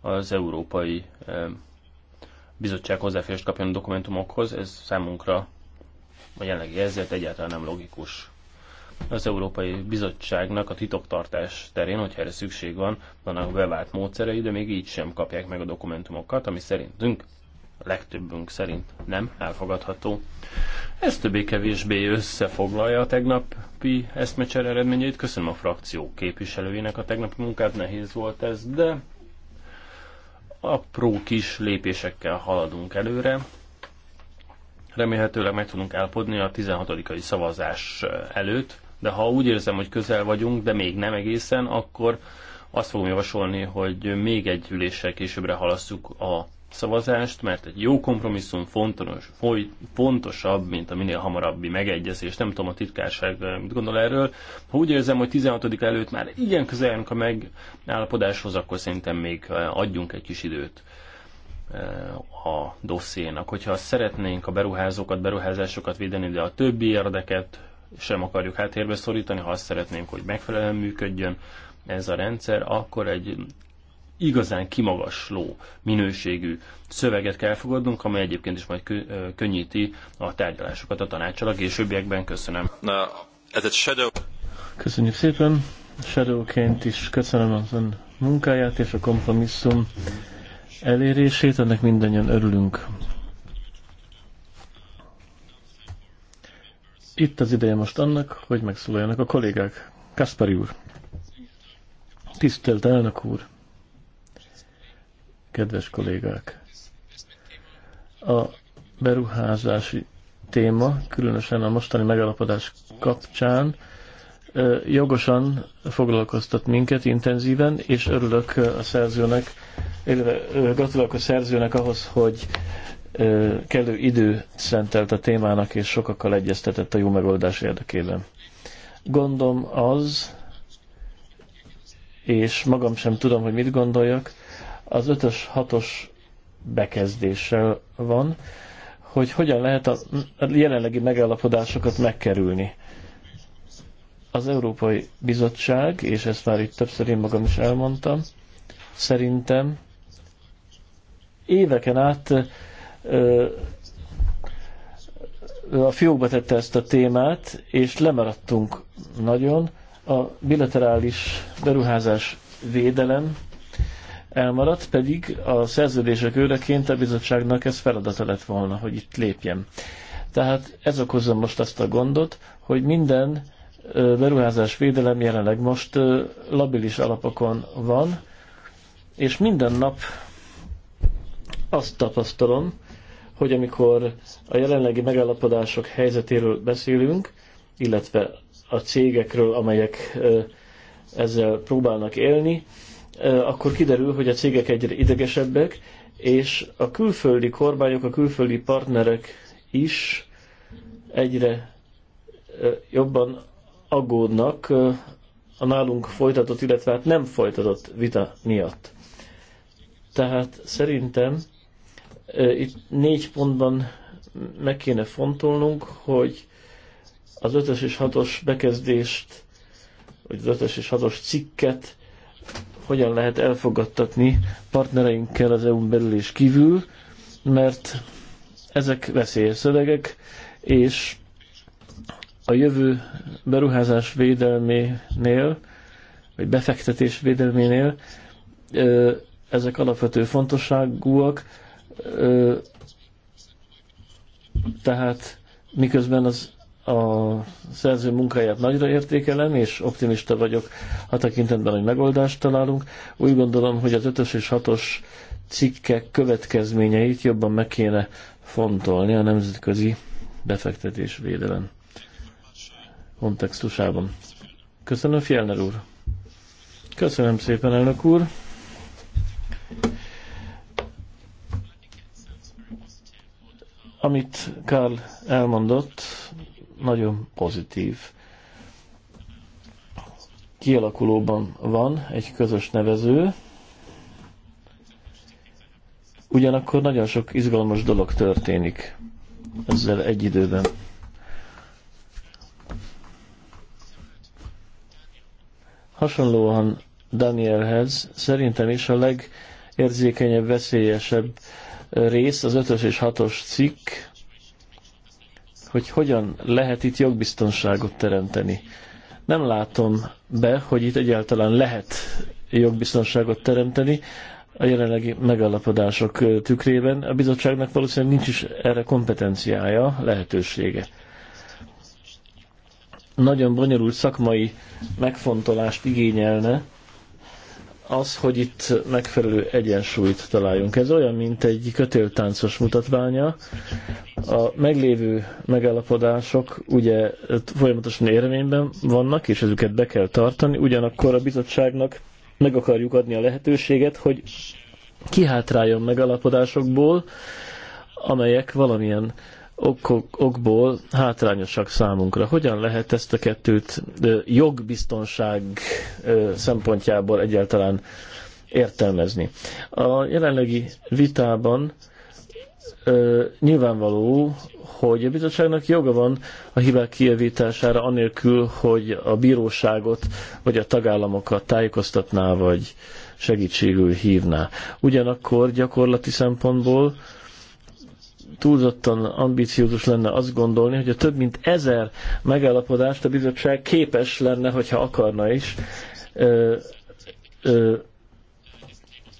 C: az Európai Bizottság hozzáférést kapjon a dokumentumokhoz, ez számunkra a jelenlegi ezért egyáltalán nem logikus. Az Európai Bizottságnak a titoktartás terén, hogyha erre szükség van, vannak bevált módszerei, de még így sem kapják meg a dokumentumokat, ami szerintünk legtöbbünk szerint nem elfogadható. Ez többé-kevésbé összefoglalja a tegnapi eszmecser eredményeit. Köszönöm a frakció képviselőjének a tegnapi munkát, nehéz volt ez, de apró kis lépésekkel haladunk előre. Remélhetőleg meg tudunk elpodni a 16-ai szavazás előtt, de ha úgy érzem, hogy közel vagyunk, de még nem egészen, akkor azt fogom javasolni, hogy még egy üléssel későbbre halasszuk a szavazást, mert egy jó kompromisszum fontos, foly, fontosabb, mint a minél hamarabbi megegyezés. Nem tudom, a titkárság eh, mit gondol erről. Ha úgy érzem, hogy 16 előtt már igen közelünk a megállapodáshoz, akkor szerintem még eh, adjunk egy kis időt eh, a dossziénak. Hogyha szeretnénk a beruházókat, beruházásokat védeni, de a többi érdeket sem akarjuk háttérbe szorítani, ha azt szeretnénk, hogy megfelelően működjön ez a rendszer, akkor egy igazán kimagasló minőségű szöveget kell fogadnunk, amely egyébként is majd könnyíti a tárgyalásokat a tanácsal a későbbiekben. Köszönöm. Na, ez egy shadow.
D: Köszönjük szépen. Shadowként is köszönöm az ön munkáját és a kompromisszum elérését, ennek mindannyian örülünk. Itt az ideje most annak, hogy megszólaljanak a kollégák. Kaspari úr. Tisztelt elnök úr! kedves kollégák! A beruházási téma, különösen a mostani megalapodás kapcsán, jogosan foglalkoztat minket intenzíven, és örülök a szerzőnek, gratulálok a szerzőnek ahhoz, hogy kellő idő szentelt a témának, és sokakkal egyeztetett a jó megoldás érdekében. Gondom az, és magam sem tudom, hogy mit gondoljak, az 5-ös, 6-os bekezdéssel van, hogy hogyan lehet a jelenlegi megállapodásokat megkerülni. Az Európai Bizottság, és ezt már itt többször én magam is elmondtam, szerintem éveken át ö, a fiókba tette ezt a témát, és lemaradtunk nagyon. A bilaterális beruházás védelem elmaradt, pedig a szerződések őreként a bizottságnak ez feladata lett volna, hogy itt lépjen. Tehát ez okozza most azt a gondot, hogy minden beruházás védelem jelenleg most labilis alapokon van, és minden nap azt tapasztalom, hogy amikor a jelenlegi megállapodások helyzetéről beszélünk, illetve a cégekről, amelyek ezzel próbálnak élni, akkor kiderül, hogy a cégek egyre idegesebbek, és a külföldi kormányok, a külföldi partnerek is egyre jobban aggódnak a nálunk folytatott, illetve hát nem folytatott vita miatt. Tehát szerintem itt négy pontban meg kéne fontolnunk, hogy az ötös és hatos bekezdést, vagy az ötös és hatos cikket hogyan lehet elfogadtatni partnereinkkel az EU-n belül és kívül, mert ezek veszélyes szövegek, és a jövő beruházás védelménél, vagy befektetés védelménél ezek alapvető fontosságúak, tehát miközben az a szerző munkáját nagyra értékelem, és optimista vagyok a tekintetben, hogy megoldást találunk. Úgy gondolom, hogy az 5-ös és 6-os cikkek következményeit jobban meg kéne fontolni a nemzetközi befektetés védelem kontextusában. Köszönöm, Fjellner úr! Köszönöm szépen, elnök úr! Amit Karl elmondott, nagyon pozitív kialakulóban van egy közös nevező, ugyanakkor nagyon sok izgalmas dolog történik ezzel egy időben. Hasonlóan Danielhez szerintem is a legérzékenyebb, veszélyesebb rész az 5-ös és 6-os cikk, hogy hogyan lehet itt jogbiztonságot teremteni. Nem látom be, hogy itt egyáltalán lehet jogbiztonságot teremteni a jelenlegi megállapodások tükrében. A bizottságnak valószínűleg nincs is erre kompetenciája, lehetősége. Nagyon bonyolult szakmai megfontolást igényelne, az, hogy itt megfelelő egyensúlyt találjunk. Ez olyan, mint egy kötéltáncos mutatványa. A meglévő megállapodások ugye folyamatosan érvényben vannak, és ezüket be kell tartani, ugyanakkor a bizottságnak meg akarjuk adni a lehetőséget, hogy kihátráljon megállapodásokból, amelyek valamilyen ok- okból hátrányosak számunkra. Hogyan lehet ezt a kettőt jogbiztonság szempontjából egyáltalán értelmezni? A jelenlegi vitában nyilvánvaló, hogy a bizottságnak joga van a hibák kijavítására, anélkül, hogy a bíróságot vagy a tagállamokat tájékoztatná, vagy segítségül hívná. Ugyanakkor gyakorlati szempontból túlzottan ambiciózus lenne azt gondolni, hogy a több mint ezer megállapodást a bizottság képes lenne, hogyha akarna is, ö, ö,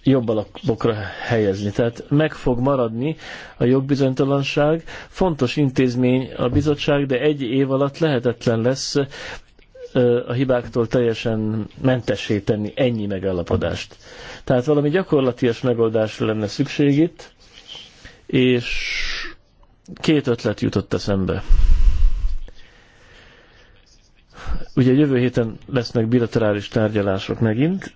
D: jobb alapokra helyezni. Tehát meg fog maradni a jogbizonytalanság. Fontos intézmény a bizottság, de egy év alatt lehetetlen lesz a hibáktól teljesen mentessé tenni ennyi megállapodást. Tehát valami gyakorlatias megoldás lenne szükség itt, és két ötlet jutott eszembe. Ugye jövő héten lesznek bilaterális tárgyalások megint,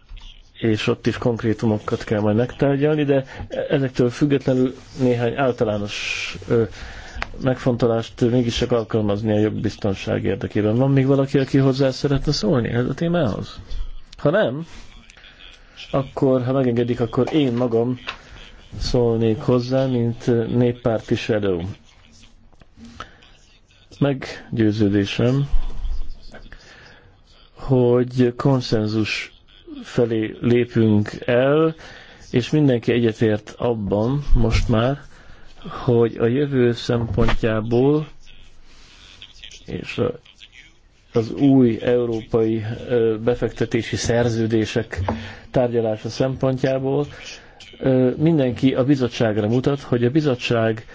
D: és ott is konkrétumokat kell majd megtárgyalni, de ezektől függetlenül néhány általános ö, megfontolást mégis csak alkalmazni a jobb biztonság érdekében. Van még valaki, aki hozzá szeretne szólni ez a témához? Ha nem, akkor, ha megengedik, akkor én magam szólnék hozzá, mint néppárti shadow. Meggyőződésem, hogy konszenzus felé lépünk el, és mindenki egyetért abban most már, hogy a jövő szempontjából és a az új európai befektetési szerződések tárgyalása szempontjából mindenki a bizottságra mutat, hogy a bizottság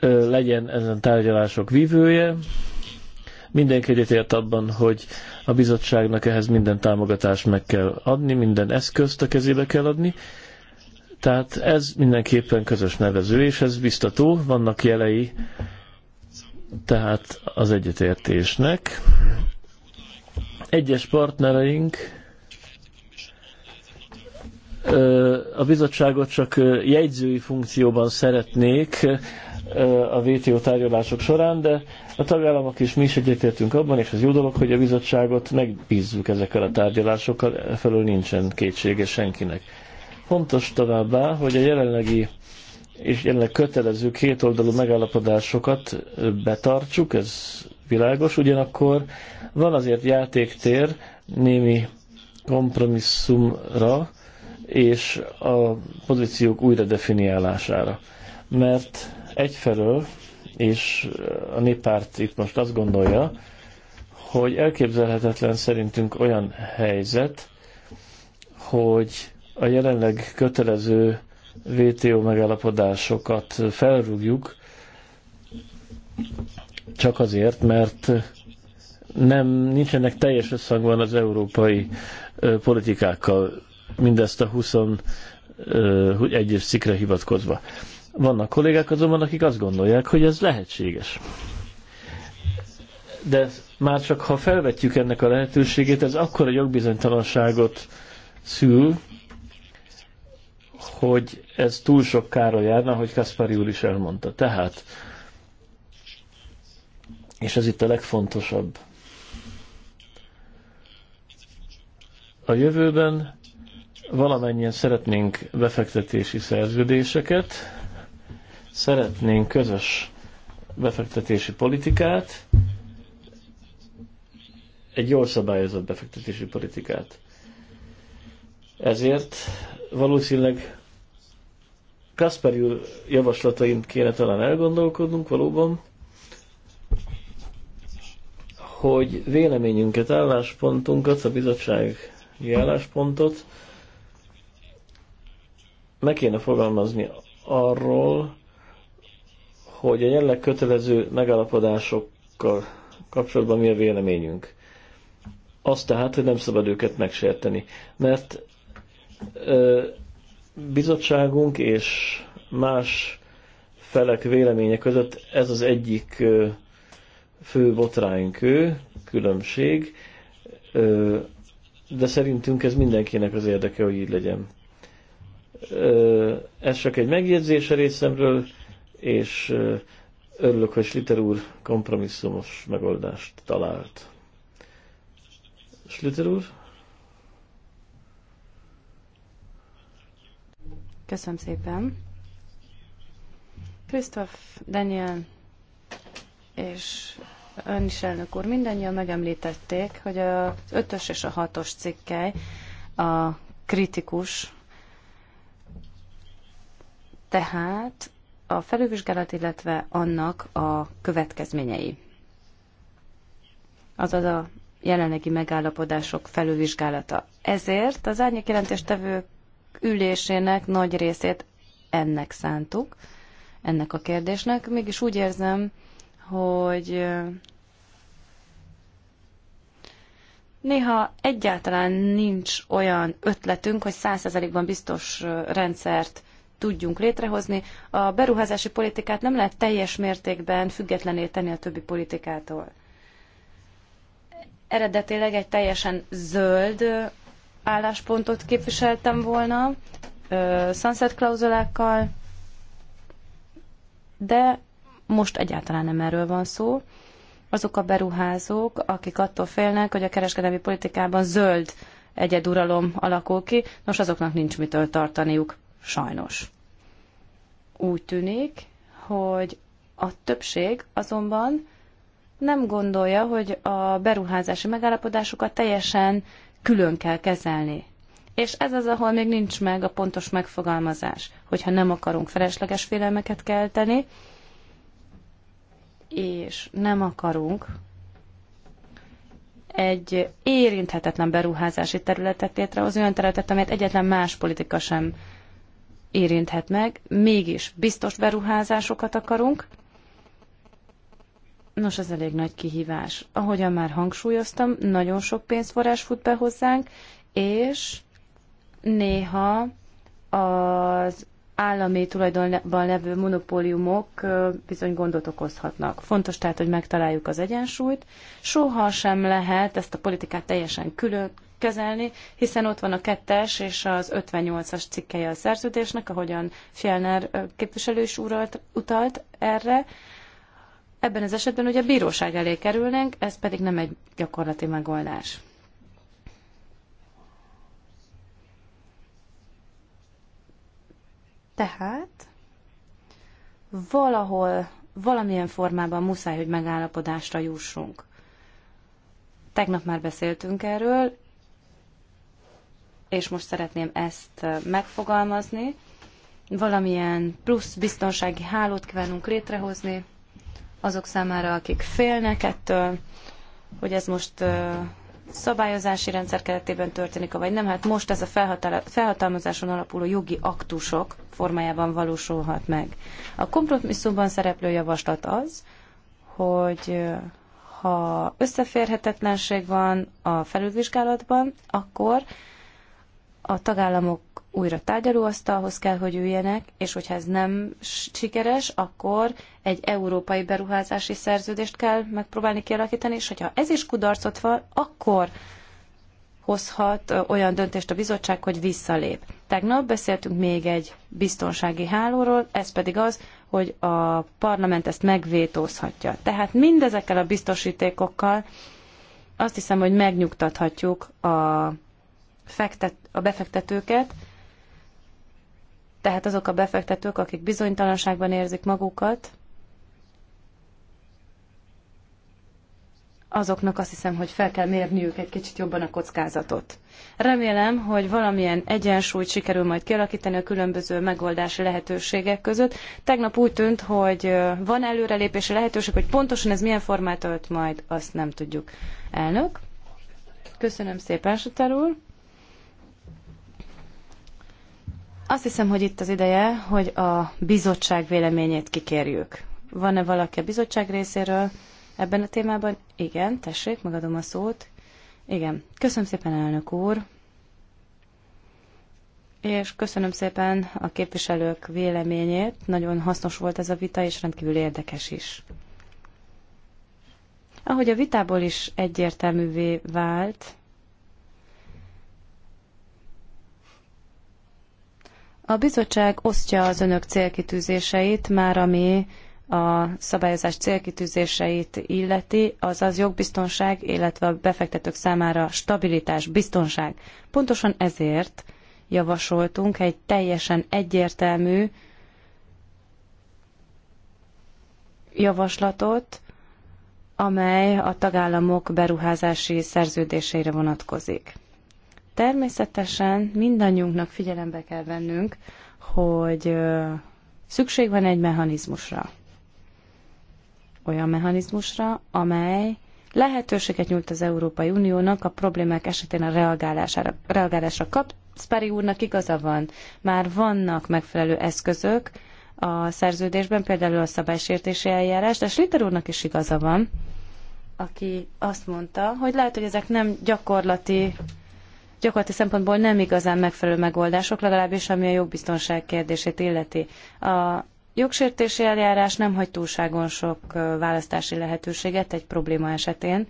D: legyen ezen tárgyalások vívője. Mindenki egyetért abban, hogy a bizottságnak ehhez minden támogatást meg kell adni, minden eszközt a kezébe kell adni. Tehát ez mindenképpen közös nevező, és ez biztató, vannak jelei tehát az egyetértésnek. Egyes partnereink a bizottságot csak jegyzői funkcióban szeretnék a VTO tárgyalások során, de a tagállamok is mi is egyetértünk abban, és az jó dolog, hogy a bizottságot megbízzuk ezekkel a tárgyalásokkal, felől nincsen kétsége senkinek. Fontos továbbá, hogy a jelenlegi és jelenleg kötelező kétoldalú megállapodásokat betartsuk, ez világos, ugyanakkor van azért játéktér némi kompromisszumra, és a pozíciók újra definiálására. Mert egyfelől, és a néppárt itt most azt gondolja, hogy elképzelhetetlen szerintünk olyan helyzet, hogy a jelenleg kötelező VTO megállapodásokat felrúgjuk, csak azért, mert nem nincsenek teljes összhangban az európai politikákkal mindezt a 21 egyes szikre hivatkozva. Vannak kollégák azonban, akik azt gondolják, hogy ez lehetséges. De már csak ha felvetjük ennek a lehetőségét, ez akkor a jogbizonytalanságot szül, hogy ez túl sok kára járna, hogy Kaspari úr is elmondta. Tehát, és ez itt a legfontosabb. A jövőben valamennyien szeretnénk befektetési szerződéseket, szeretnénk közös befektetési politikát, egy jól szabályozott befektetési politikát. Ezért valószínűleg Kasperi úr javaslatain kéne talán elgondolkodnunk valóban, hogy véleményünket, álláspontunkat, a bizottság álláspontot, meg kéne fogalmazni arról, hogy a jelenleg kötelező megállapodásokkal kapcsolatban mi a véleményünk. Azt tehát, hogy nem szabad őket megsérteni. Mert ö, bizottságunk és más felek véleménye között ez az egyik ö, fő botránykő, különbség, ö, de szerintünk ez mindenkinek az érdeke, hogy így legyen. Ez csak egy megjegyzés a részemről, és örülök, hogy Sliter úr kompromisszumos megoldást talált. Sliter úr?
A: Köszönöm szépen. Krisztof, Daniel és ön is elnök úr, mindannyian megemlítették, hogy az ötös és a hatos cikkely a kritikus tehát a felülvizsgálat, illetve annak a következményei. Azaz a jelenlegi megállapodások felülvizsgálata. Ezért az árnyék jelentéstevő ülésének nagy részét ennek szántuk, ennek a kérdésnek. Mégis úgy érzem, hogy néha egyáltalán nincs olyan ötletünk, hogy százszerzalékban biztos rendszert tudjunk létrehozni. A beruházási politikát nem lehet teljes mértékben függetlené tenni a többi politikától. Eredetileg egy teljesen zöld álláspontot képviseltem volna, sunset klauzulákkal, de most egyáltalán nem erről van szó. Azok a beruházók, akik attól félnek, hogy a kereskedelmi politikában zöld egyeduralom alakul ki, nos azoknak nincs mitől tartaniuk sajnos. Úgy tűnik, hogy a többség azonban nem gondolja, hogy a beruházási megállapodásokat teljesen külön kell kezelni. És ez az, ahol még nincs meg a pontos megfogalmazás, hogyha nem akarunk felesleges félelmeket kelteni, és nem akarunk egy érinthetetlen beruházási területet létrehozni, olyan területet, amelyet egyetlen más politika sem érinthet meg, mégis biztos beruházásokat akarunk. Nos, ez elég nagy kihívás. Ahogyan már hangsúlyoztam, nagyon sok pénzforrás fut be hozzánk, és néha az állami tulajdonban levő monopóliumok bizony gondot okozhatnak. Fontos tehát, hogy megtaláljuk az egyensúlyt. Soha sem lehet ezt a politikát teljesen külön kezelni, hiszen ott van a kettes és az 58-as cikkeje a szerződésnek, ahogyan Fjellner képviselő is uralt, utalt erre. Ebben az esetben ugye bíróság elé kerülnénk, ez pedig nem egy gyakorlati megoldás. Tehát valahol, valamilyen formában muszáj, hogy megállapodásra jussunk. Tegnap már beszéltünk erről, és most szeretném ezt megfogalmazni, valamilyen plusz biztonsági hálót kívánunk létrehozni azok számára, akik félnek ettől, hogy ez most szabályozási rendszer keretében történik, vagy nem. Hát most ez a felhatalmazáson alapuló jogi aktusok formájában valósulhat meg. A kompromisszumban szereplő javaslat az, hogy ha összeférhetetlenség van a felülvizsgálatban, akkor a tagállamok újra tárgyalóasztalhoz kell, hogy üljenek, és hogyha ez nem sikeres, akkor egy európai beruházási szerződést kell megpróbálni kialakítani, és hogyha ez is kudarcot van, akkor hozhat olyan döntést a bizottság, hogy visszalép. Tegnap beszéltünk még egy biztonsági hálóról, ez pedig az, hogy a parlament ezt megvétózhatja. Tehát mindezekkel a biztosítékokkal azt hiszem, hogy megnyugtathatjuk a fektet, a befektetőket, tehát azok a befektetők, akik bizonytalanságban érzik magukat, azoknak azt hiszem, hogy fel kell mérniük egy kicsit jobban a kockázatot. Remélem, hogy valamilyen egyensúlyt sikerül majd kialakítani a különböző megoldási lehetőségek között. Tegnap úgy tűnt, hogy van előrelépési lehetőség, hogy pontosan ez milyen formát ölt majd, azt nem tudjuk. Elnök, köszönöm szépen, Suter úr. Azt hiszem, hogy itt az ideje, hogy a bizottság véleményét kikérjük. Van-e valaki a bizottság részéről ebben a témában? Igen, tessék, megadom a szót. Igen. Köszönöm szépen, elnök úr. És köszönöm szépen a képviselők véleményét. Nagyon hasznos volt ez a vita, és rendkívül érdekes is. Ahogy a vitából is egyértelművé vált, A bizottság osztja az önök célkitűzéseit, már ami a szabályozás célkitűzéseit illeti, azaz jogbiztonság, illetve a befektetők számára stabilitás, biztonság. Pontosan ezért javasoltunk egy teljesen egyértelmű javaslatot, amely a tagállamok beruházási szerződéseire vonatkozik. Természetesen mindannyiunknak figyelembe kell vennünk, hogy szükség van egy mechanizmusra. Olyan mechanizmusra, amely lehetőséget nyújt az Európai Uniónak a problémák esetén a reagálására, reagálásra kap. Spari úrnak igaza van, már vannak megfelelő eszközök a szerződésben, például a szabálysértési eljárás, de Schlitter úrnak is igaza van, aki azt mondta, hogy lehet, hogy ezek nem gyakorlati gyakorlati szempontból nem igazán megfelelő megoldások, legalábbis ami a jogbiztonság kérdését illeti. A jogsértési eljárás nem hagy túlságon sok választási lehetőséget egy probléma esetén,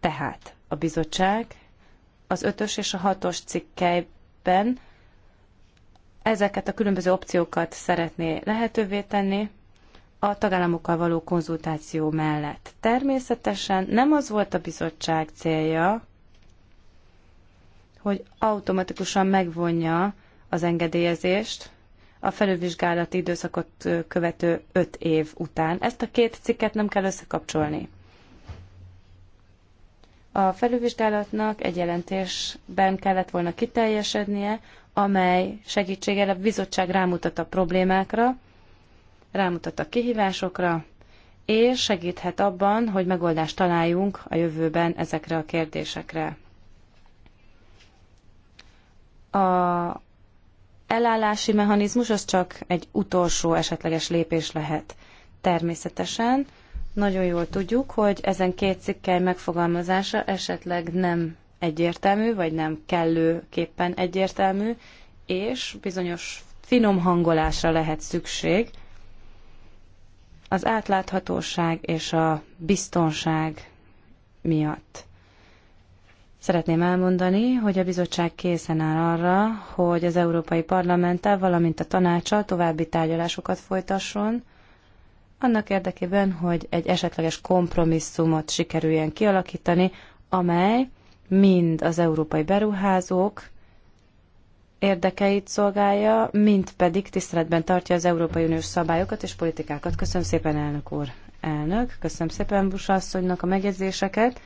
A: tehát a bizottság az ötös és a hatos cikkelyben ezeket a különböző opciókat szeretné lehetővé tenni a tagállamokkal való konzultáció mellett. Természetesen nem az volt a bizottság célja, hogy automatikusan megvonja az engedélyezést a felülvizsgálati időszakot követő öt év után. Ezt a két cikket nem kell összekapcsolni. A felülvizsgálatnak egy jelentésben kellett volna kiteljesednie, amely segítséggel a bizottság rámutat a problémákra, rámutat a kihívásokra, és segíthet abban, hogy megoldást találjunk a jövőben ezekre a kérdésekre a elállási mechanizmus az csak egy utolsó esetleges lépés lehet. Természetesen nagyon jól tudjuk, hogy ezen két cikkely megfogalmazása esetleg nem egyértelmű, vagy nem kellőképpen egyértelmű, és bizonyos finom hangolásra lehet szükség. Az átláthatóság és a biztonság miatt. Szeretném elmondani, hogy a bizottság készen áll arra, hogy az Európai Parlamenttel, valamint a tanácssal további tárgyalásokat folytasson, annak érdekében, hogy egy esetleges kompromisszumot sikerüljen kialakítani, amely mind az európai beruházók érdekeit szolgálja, mind pedig tiszteletben tartja az Európai Uniós szabályokat és politikákat. Köszönöm szépen, elnök úr! Elnök, köszönöm szépen Busa asszonynak a megjegyzéseket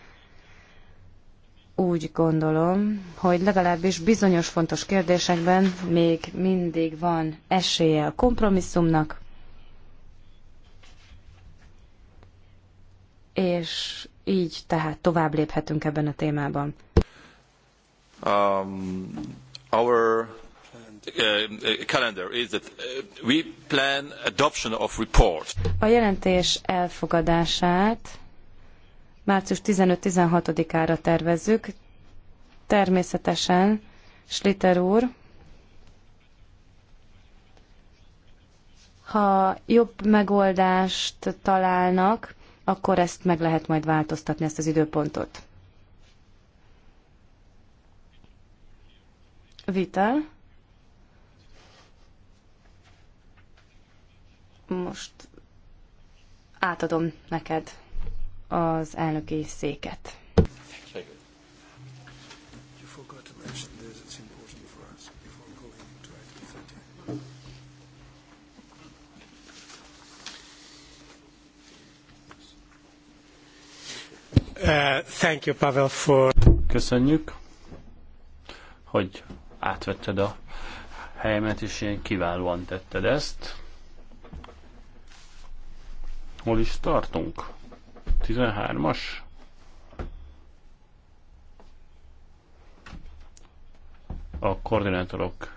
A: úgy gondolom, hogy legalábbis bizonyos fontos kérdésekben még mindig van esélye a kompromisszumnak, és így tehát tovább léphetünk ebben a témában.
B: Um, our uh, calendar is that uh, we plan adoption of report.
A: A jelentés elfogadását március 15-16-ára tervezzük. Természetesen Sliter úr, ha jobb megoldást találnak, akkor ezt meg lehet majd változtatni, ezt az időpontot. Vitel. Most átadom neked az elnöki széket.
C: Uh, thank you, Pavel, for... Köszönjük, hogy átvetted a helyemet, és ilyen kiválóan tetted ezt. Hol is tartunk? 13-as? A koordinátorok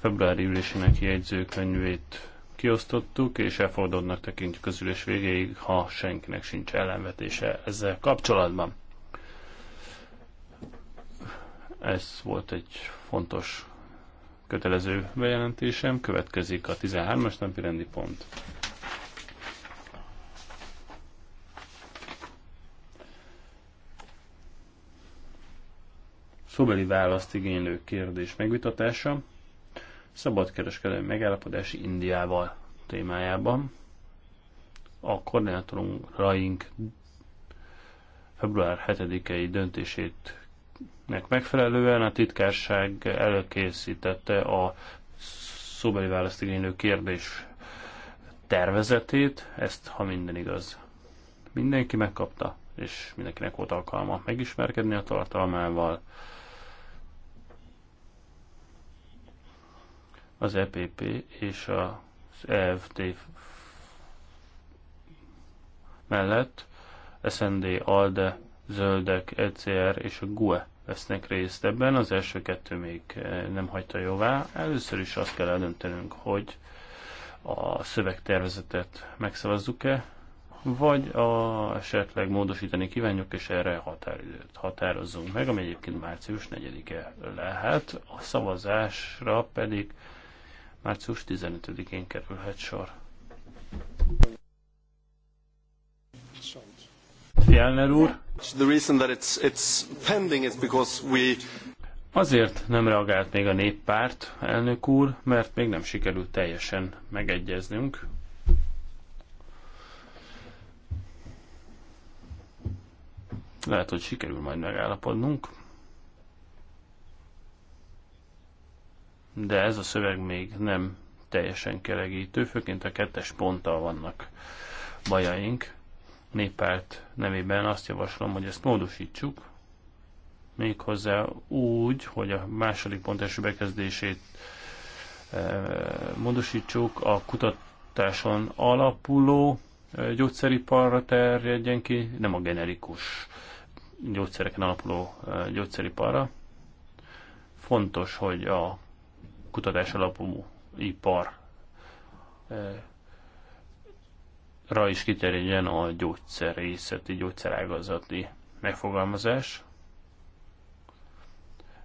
C: februári ülésének jegyzőkönyvét kiosztottuk, és elfordulnak tekintjük az ülés végéig, ha senkinek sincs ellenvetése ezzel kapcsolatban. Ez volt egy fontos kötelező bejelentésem. Következik a 13-as napi rendi pont. szobeli választ igénylő kérdés megvitatása szabadkereskedelmi megállapodás Indiával témájában. A koordinátorunk február 7-i döntését nek megfelelően a titkárság előkészítette a szóbeli választ igénylő kérdés tervezetét, ezt, ha minden igaz, mindenki megkapta, és mindenkinek volt alkalma megismerkedni a tartalmával, az EPP és az EFD mellett SND, ALDE, Zöldek, ECR és a GUE vesznek részt ebben. Az első kettő még eh, nem hagyta jóvá. Először is azt kell eldöntenünk, hogy a szövegtervezetet megszavazzuk-e, vagy a esetleg módosítani kívánjuk, és erre határidőt határozzunk meg, ami egyébként március 4-e lehet, a szavazásra pedig március 15-én
B: kerülhet sor. Fjellner úr.
C: Azért nem reagált még a néppárt, elnök úr, mert még nem sikerült teljesen megegyeznünk. Lehet, hogy sikerül majd megállapodnunk. de ez a szöveg még nem teljesen kelegítő, főként a kettes ponttal vannak bajaink. Néppárt nevében azt javaslom, hogy ezt módosítsuk, méghozzá úgy, hogy a második pont első bekezdését e, módosítsuk, a kutatáson alapuló e, gyógyszeriparra terjedjen ki, nem a generikus gyógyszereken alapuló e, gyógyszeriparra. Fontos, hogy a kutatás alapú ipar e, is kiterjedjen a gyógyszerészeti, gyógyszerágazati megfogalmazás.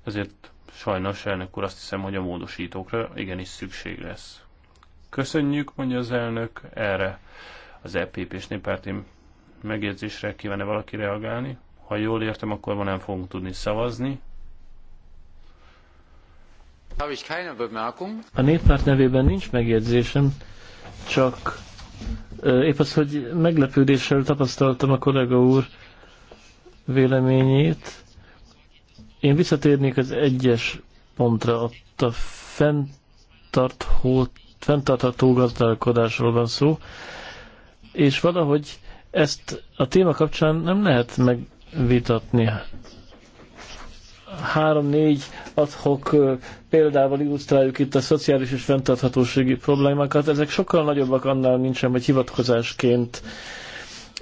C: Ezért sajnos elnök úr azt hiszem, hogy a módosítókra igenis szükség lesz. Köszönjük, mondja az elnök, erre az EPP és néppárti megjegyzésre
B: kívánne valaki reagálni.
C: Ha jól értem, akkor ma nem fogunk tudni szavazni,
D: a néppárt nevében nincs megjegyzésem, csak épp az, hogy meglepődéssel tapasztaltam a kollega úr véleményét. Én visszatérnék az egyes pontra, ott a fenntartható, fenntartható gazdálkodásról van szó, és valahogy ezt a téma kapcsán nem lehet megvitatni három-négy adhok példával illusztráljuk itt a szociális és fenntarthatósági problémákat. Ezek sokkal nagyobbak annál nincsen, hogy hivatkozásként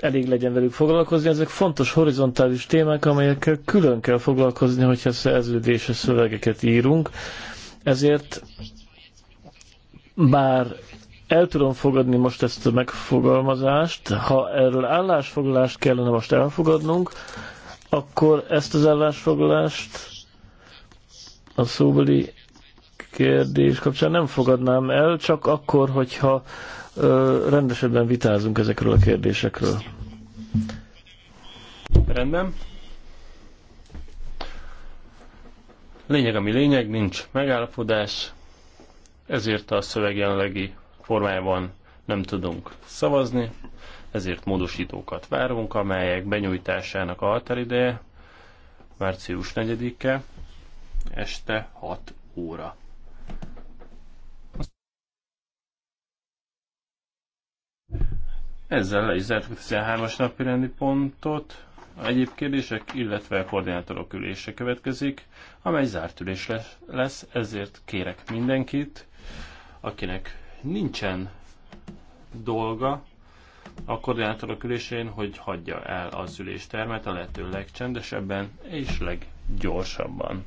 D: elég legyen velük foglalkozni. Ezek fontos horizontális témák, amelyekkel külön kell foglalkozni, hogyha szerződéses szövegeket írunk. Ezért bár el tudom fogadni most ezt a megfogalmazást, ha erről állásfoglalást kellene most elfogadnunk, akkor ezt az állásfoglalást a szóbeli kérdés kapcsán nem fogadnám el, csak akkor, hogyha ö, rendesebben vitázunk ezekről a kérdésekről.
C: Rendben. Lényeg, ami lényeg, nincs megállapodás, ezért a szöveg jelenlegi formájában nem tudunk szavazni ezért módosítókat várunk, amelyek benyújtásának a határideje március 4-e este 6 óra. Ezzel le is zártuk a 13-as napi rendi pontot. Egyéb kérdések, illetve a koordinátorok ülése következik, amely zárt ülés lesz, ezért kérek mindenkit, akinek nincsen dolga, a koordinátorok ülésén, hogy hagyja el az üléstermet a lehető legcsendesebben és leggyorsabban.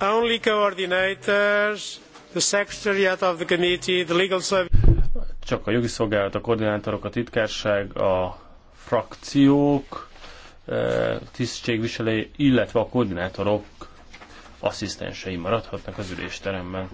B: Only coordinators, the secretariat of the committee, the legal service.
C: Csak a jogi szolgálat, a koordinátorok, a titkárság, a frakciók, eh, tisztségviselői, illetve a koordinátorok asszisztensei maradhatnak az ülésteremben.